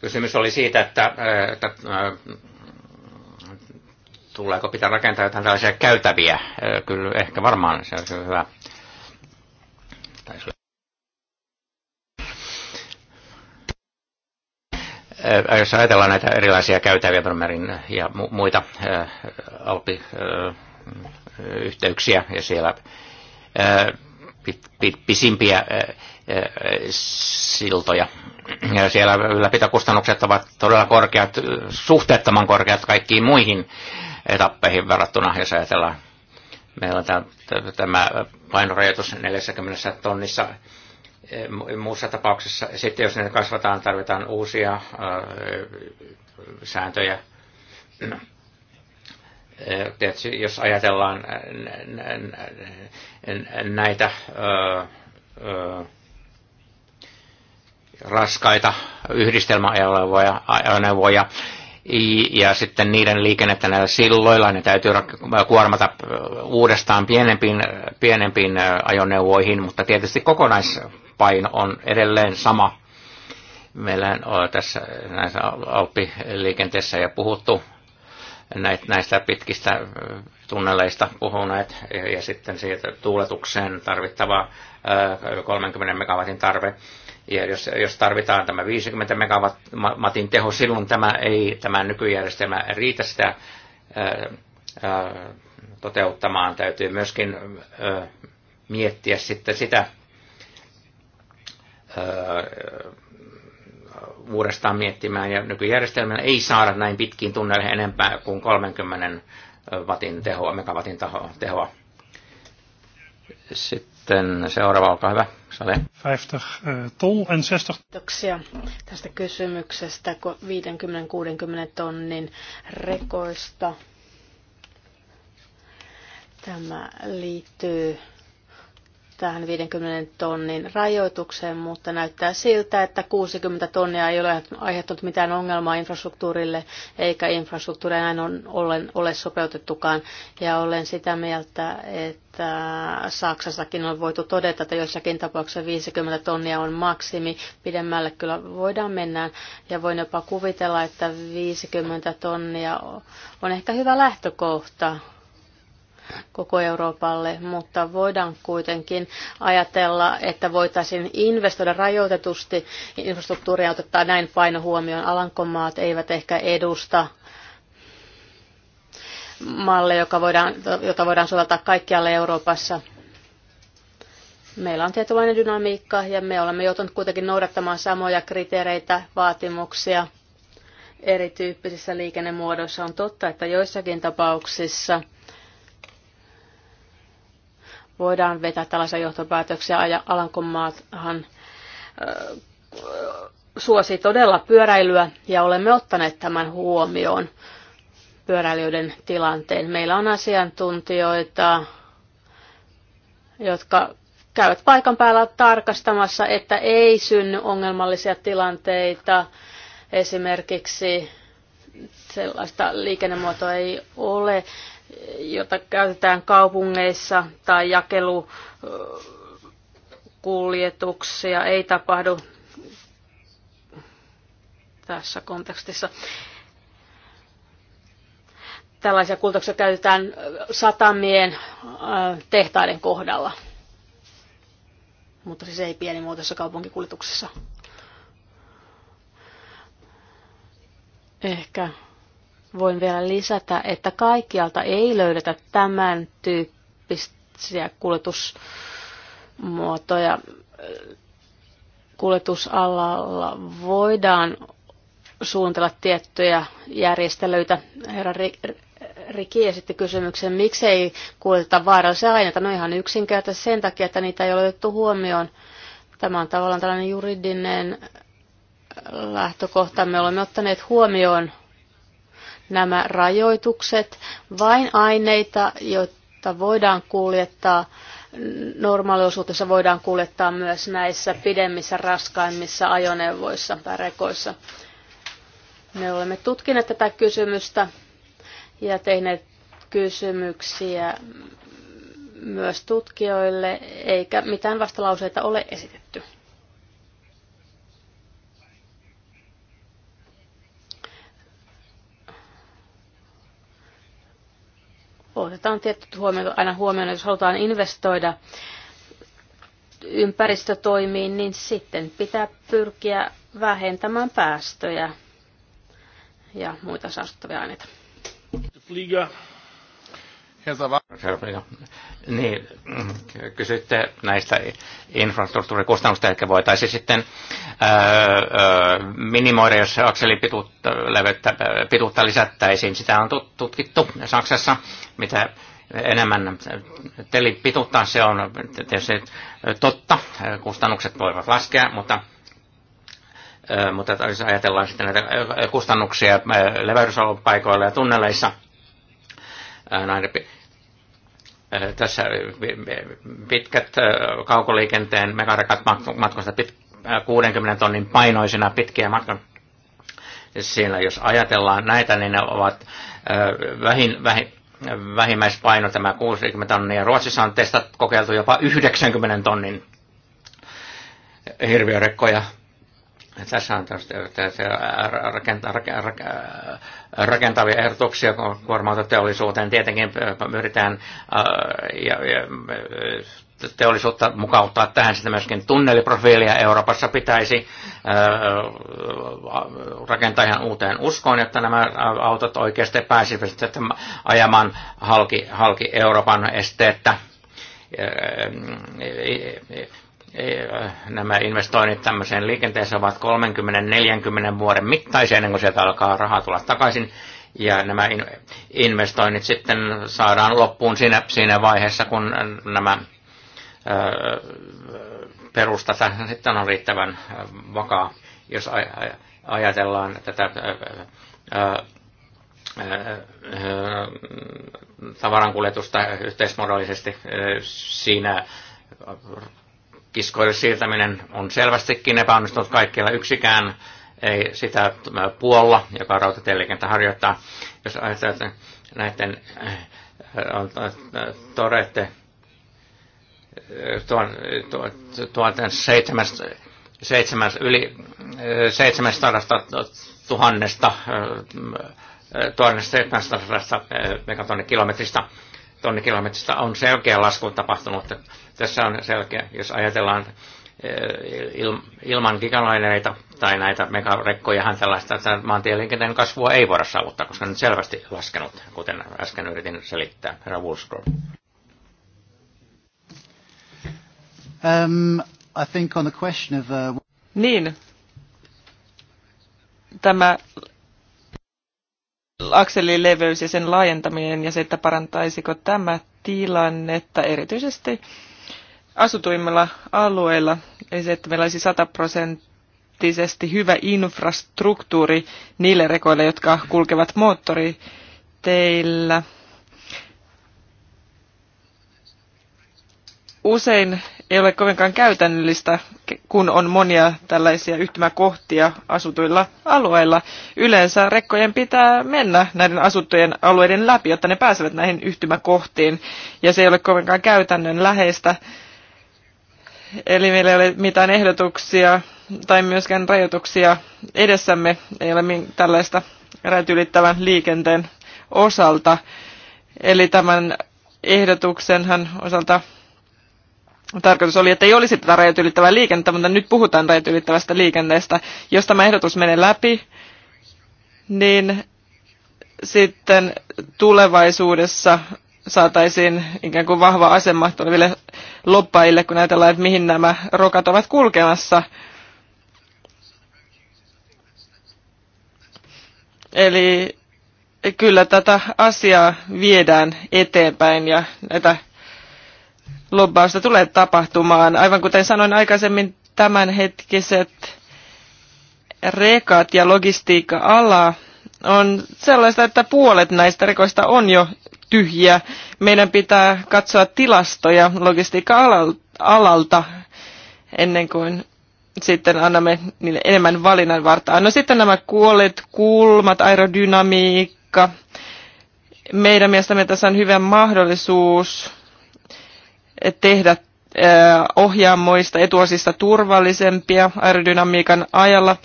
Kysymys oli siitä, että, että tuleeko pitää rakentaa jotain tällaisia käytäviä. Kyllä ehkä varmaan se on hyvä. Jos ajatellaan näitä erilaisia käytäviä Brummerin ja muita alpiyhteyksiä ja siellä pisimpiä siltoja. Ja siellä ylläpitokustannukset ovat todella korkeat, suhteettoman korkeat kaikkiin muihin etappeihin verrattuna, jos ajatellaan. Meillä on tämä painorajoitus 40 tonnissa muussa tapauksessa. Sitten jos ne kasvataan, tarvitaan uusia sääntöjä Tietysti, jos ajatellaan äh, näitä äh, äh, raskaita yhdistelmäajoneuvoja, ajoneuvoja, ja sitten niiden liikennettä näillä silloilla, ne täytyy kuormata uudestaan pienempiin, pienempiin ajoneuvoihin, mutta tietysti kokonaispaino on edelleen sama. Meillä on tässä näissä Alppiliikenteessä jo puhuttu näistä pitkistä tunneleista puhuneet ja sitten siitä tuuletukseen tarvittava 30 megawatin tarve. Ja jos, jos tarvitaan tämä 50 megawattin teho, silloin tämä ei, tämä nykyjärjestelmä riitä sitä toteuttamaan. Täytyy myöskin miettiä sitten sitä uudestaan miettimään, ja nykyjärjestelmällä ei saada näin pitkiin tunneleihin enempää kuin 30 watin tehoa, megawatin tehoa. Sitten seuraava, olkaa hyvä. Sale. 50 ton en 60. tästä kysymyksestä 50-60 tonnin rekoista. Tämä liittyy tähän 50 tonnin rajoitukseen, mutta näyttää siltä, että 60 tonnia ei ole aiheuttanut mitään ongelmaa infrastruktuurille, eikä infrastruktuuria näin on, ole sopeutettukaan. Ja olen sitä mieltä, että Saksassakin on voitu todeta, että jossakin tapauksessa 50 tonnia on maksimi. Pidemmälle kyllä voidaan mennä, ja voin jopa kuvitella, että 50 tonnia on ehkä hyvä lähtökohta koko Euroopalle, mutta voidaan kuitenkin ajatella, että voitaisiin investoida rajoitetusti infrastruktuuria otettaa näin paino huomioon. Alankomaat eivät ehkä edusta malli, joka voidaan, jota voidaan soveltaa kaikkialle Euroopassa. Meillä on tietynlainen dynamiikka ja me olemme joutuneet kuitenkin noudattamaan samoja kriteereitä, vaatimuksia erityyppisissä liikennemuodoissa. On totta, että joissakin tapauksissa – voidaan vetää tällaisia johtopäätöksiä. Alankomaathan suosi todella pyöräilyä ja olemme ottaneet tämän huomioon pyöräilijöiden tilanteen. Meillä on asiantuntijoita, jotka käyvät paikan päällä tarkastamassa, että ei synny ongelmallisia tilanteita. Esimerkiksi sellaista liikennemuotoa ei ole, jota käytetään kaupungeissa tai jakelukuljetuksia ei tapahdu tässä kontekstissa. Tällaisia kuljetuksia käytetään satamien tehtaiden kohdalla, mutta siis ei pienimuotoisessa kaupunkikuljetuksessa. Ehkä voin vielä lisätä, että kaikkialta ei löydetä tämän tyyppisiä kuljetusmuotoja. Kuljetusalalla voidaan suunnitella tiettyjä järjestelyitä. Herra Riki esitti kysymyksen, miksei kuljeteta vaarallisia aineita. No ihan yksinkertaisesti sen takia, että niitä ei ole otettu huomioon. Tämä on tavallaan tällainen juridinen lähtökohta. Me olemme ottaneet huomioon nämä rajoitukset vain aineita, joita voidaan kuljettaa normaaliosuutessa voidaan kuljettaa myös näissä pidemmissä, raskaimmissa ajoneuvoissa tai rekoissa. Me olemme tutkineet tätä kysymystä ja tehneet kysymyksiä myös tutkijoille, eikä mitään vastalauseita ole esitetty. otetaan tietty huomio, aina huomioon, jos halutaan investoida ympäristötoimiin, niin sitten pitää pyrkiä vähentämään päästöjä ja muita saastuttavia aineita. Herr niin, kysytte näistä infrastruktuurikustannusta, eli voitaisiin sitten öö, minimoida, jos akselin pituutta, levettä, pituutta lisättäisiin. Sitä on tutkittu Saksassa, mitä enemmän telin pituutta, se on tietysti totta. Kustannukset voivat laskea, mutta mutta jos ajatellaan sitten näitä kustannuksia leveysalopaikoilla ja tunneleissa, näiden Äh, tässä äh, pitkät äh, kaukoliikenteen megarekat matkustavat pit, 60 tonnin painoisina pitkiä matkan. Siellä jos ajatellaan näitä, niin ne ovat vähin, vähin, vähimmäispaino tämä 60 tonnia. Ruotsissa on testat kokeiltu jopa 90 tonnin hirviörekkoja tässä on rakentavia ehdotuksia kuorma teollisuuteen. Tietenkin yritetään teollisuutta mukauttaa tähän sitten myöskin tunneliprofiilia Euroopassa pitäisi rakentaa ihan uuteen uskoon, että nämä autot oikeasti pääsisivät ajamaan halki, halki Euroopan esteettä Äh, nämä investoinnit tämmöiseen liikenteeseen ovat 30-40 vuoden mittaisia ennen kuin sieltä alkaa rahaa tulla takaisin. Ja nämä investoinnit sitten saadaan loppuun siinä, siinä vaiheessa, kun nämä äh, perusta sitten on riittävän äh, vakaa. Jos ajatellaan tätä tavarankuljetusta yhteismodaalisesti siinä kiskoille siirtäminen on selvästikin epäonnistunut kaikkialla. Yksikään ei sitä puolla, joka rautatieliikennettä harjoittaa. Jos ajatellaan näiden, äh, on 1700 äh, äh, tuon, megatonnikilometristä tonnikilometristä on selkeä lasku tapahtunut tässä on selkeä, jos ajatellaan eh, ilman gigalainereita tai näitä megarekkojahan tällaista maantieliikenteen kasvua ei voida saavuttaa, koska on selvästi laskenut, kuten äsken yritin selittää, herra Woolsgrove. Um, I think on the question of, uh... Niin. Tämä akselin leveys ja sen laajentaminen ja se, että parantaisiko tämä tilannetta erityisesti asutuimmilla alueilla, eli se, että meillä olisi sataprosenttisesti hyvä infrastruktuuri niille rekoille, jotka kulkevat moottoriteillä. Usein ei ole kovinkaan käytännöllistä, kun on monia tällaisia yhtymäkohtia asutuilla alueilla. Yleensä rekkojen pitää mennä näiden asuttujen alueiden läpi, jotta ne pääsevät näihin yhtymäkohtiin, ja se ei ole kovinkaan käytännön läheistä Eli meillä ei ole mitään ehdotuksia tai myöskään rajoituksia edessämme, ei ole tällaista rajat ylittävän liikenteen osalta. Eli tämän ehdotuksenhan osalta tarkoitus oli, että ei olisi tätä rajat ylittävää liikennettä, mutta nyt puhutaan rajat ylittävästä liikenteestä. Jos tämä ehdotus menee läpi, niin sitten tulevaisuudessa saataisiin ikään kuin vahva asema tuleville loppaille, kun ajatellaan, että mihin nämä rokat ovat kulkemassa. Eli kyllä tätä asiaa viedään eteenpäin ja näitä lobbausta tulee tapahtumaan. Aivan kuten sanoin aikaisemmin, tämänhetkiset rekat ja logistiikka-ala on sellaista, että puolet näistä rekoista on jo tyhjiä. Meidän pitää katsoa tilastoja logistiikka-alalta ennen kuin sitten annamme niille enemmän valinnan vartaa. No sitten nämä kuolet, kulmat, aerodynamiikka. Meidän mielestämme tässä on hyvä mahdollisuus tehdä ohjaamoista etuosista turvallisempia aerodynamiikan ajalla.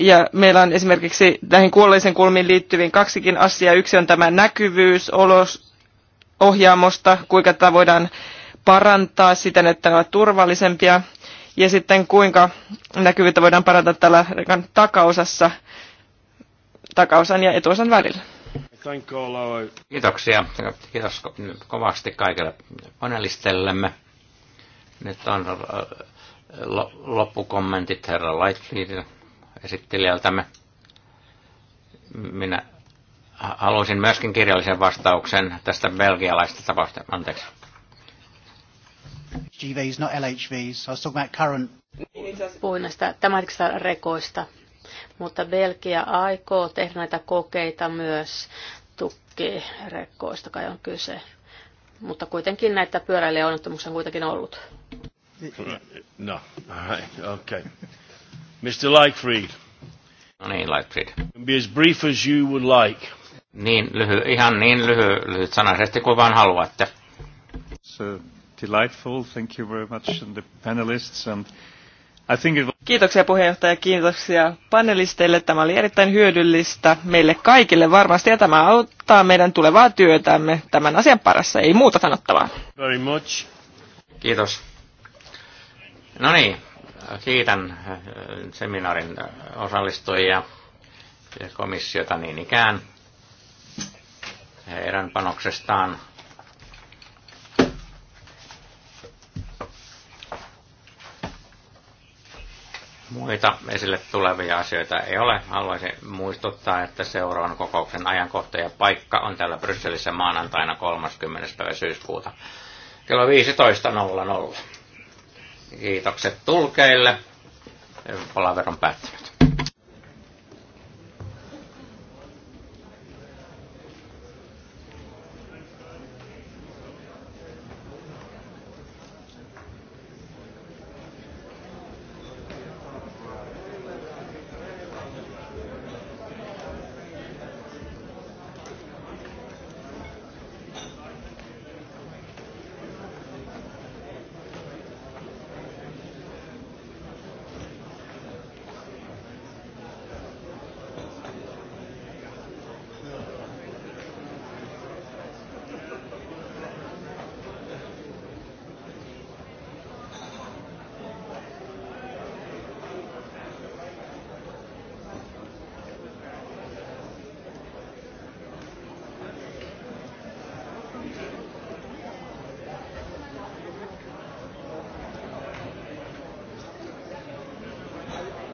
Ja meillä on esimerkiksi näihin kuolleisiin kulmiin liittyviin kaksikin asiaa. Yksi on tämä näkyvyys olos, ohjaamosta, kuinka tätä voidaan parantaa siten, että ne ovat turvallisempia. Ja sitten kuinka näkyvyyttä voidaan parantaa tällä takaosassa, takaosan ja etuosan välillä. Kiitoksia. Kiitos kovasti kaikille panelistellemme. Nyt on äh, loppukommentit herra Lightfieldille esittelijältämme. Minä haluaisin myöskin kirjallisen vastauksen tästä belgialaista tapausta. Anteeksi. GVs, not LHVs. I was talking about current. Puhuin näistä tämänhetkistä rekoista, mutta Belgia aikoo tehdä näitä kokeita myös tukkirekkoista kai on kyse. Mutta kuitenkin näitä pyöräilijäonnettomuuksia on kuitenkin ollut. No, right, Okay. Mr. Lightfried. No niin, Lightfried. Be as brief as you would like. Niin lyhy, ihan niin lyhy, lyhyt sanaisesti kuin vaan haluatte. So delightful, thank you very much and the panelists and I think it... Kiitoksia puheenjohtaja, kiitoksia panelisteille. Tämä oli erittäin hyödyllistä meille kaikille varmasti ja tämä auttaa meidän tulevaa työtämme tämän asian parassa. Ei muuta sanottavaa. Very much. Kiitos. No niin, kiitän äh, seminaarin äh, osallistujia ja komissiota niin ikään heidän panoksestaan. Muita esille tulevia asioita ei ole. Haluaisin muistuttaa, että seuraavan kokouksen ajankohta ja paikka on täällä Brysselissä maanantaina 30. syyskuuta kello 15.00. Kiitokset tulkeille. Palaveron päättynyt.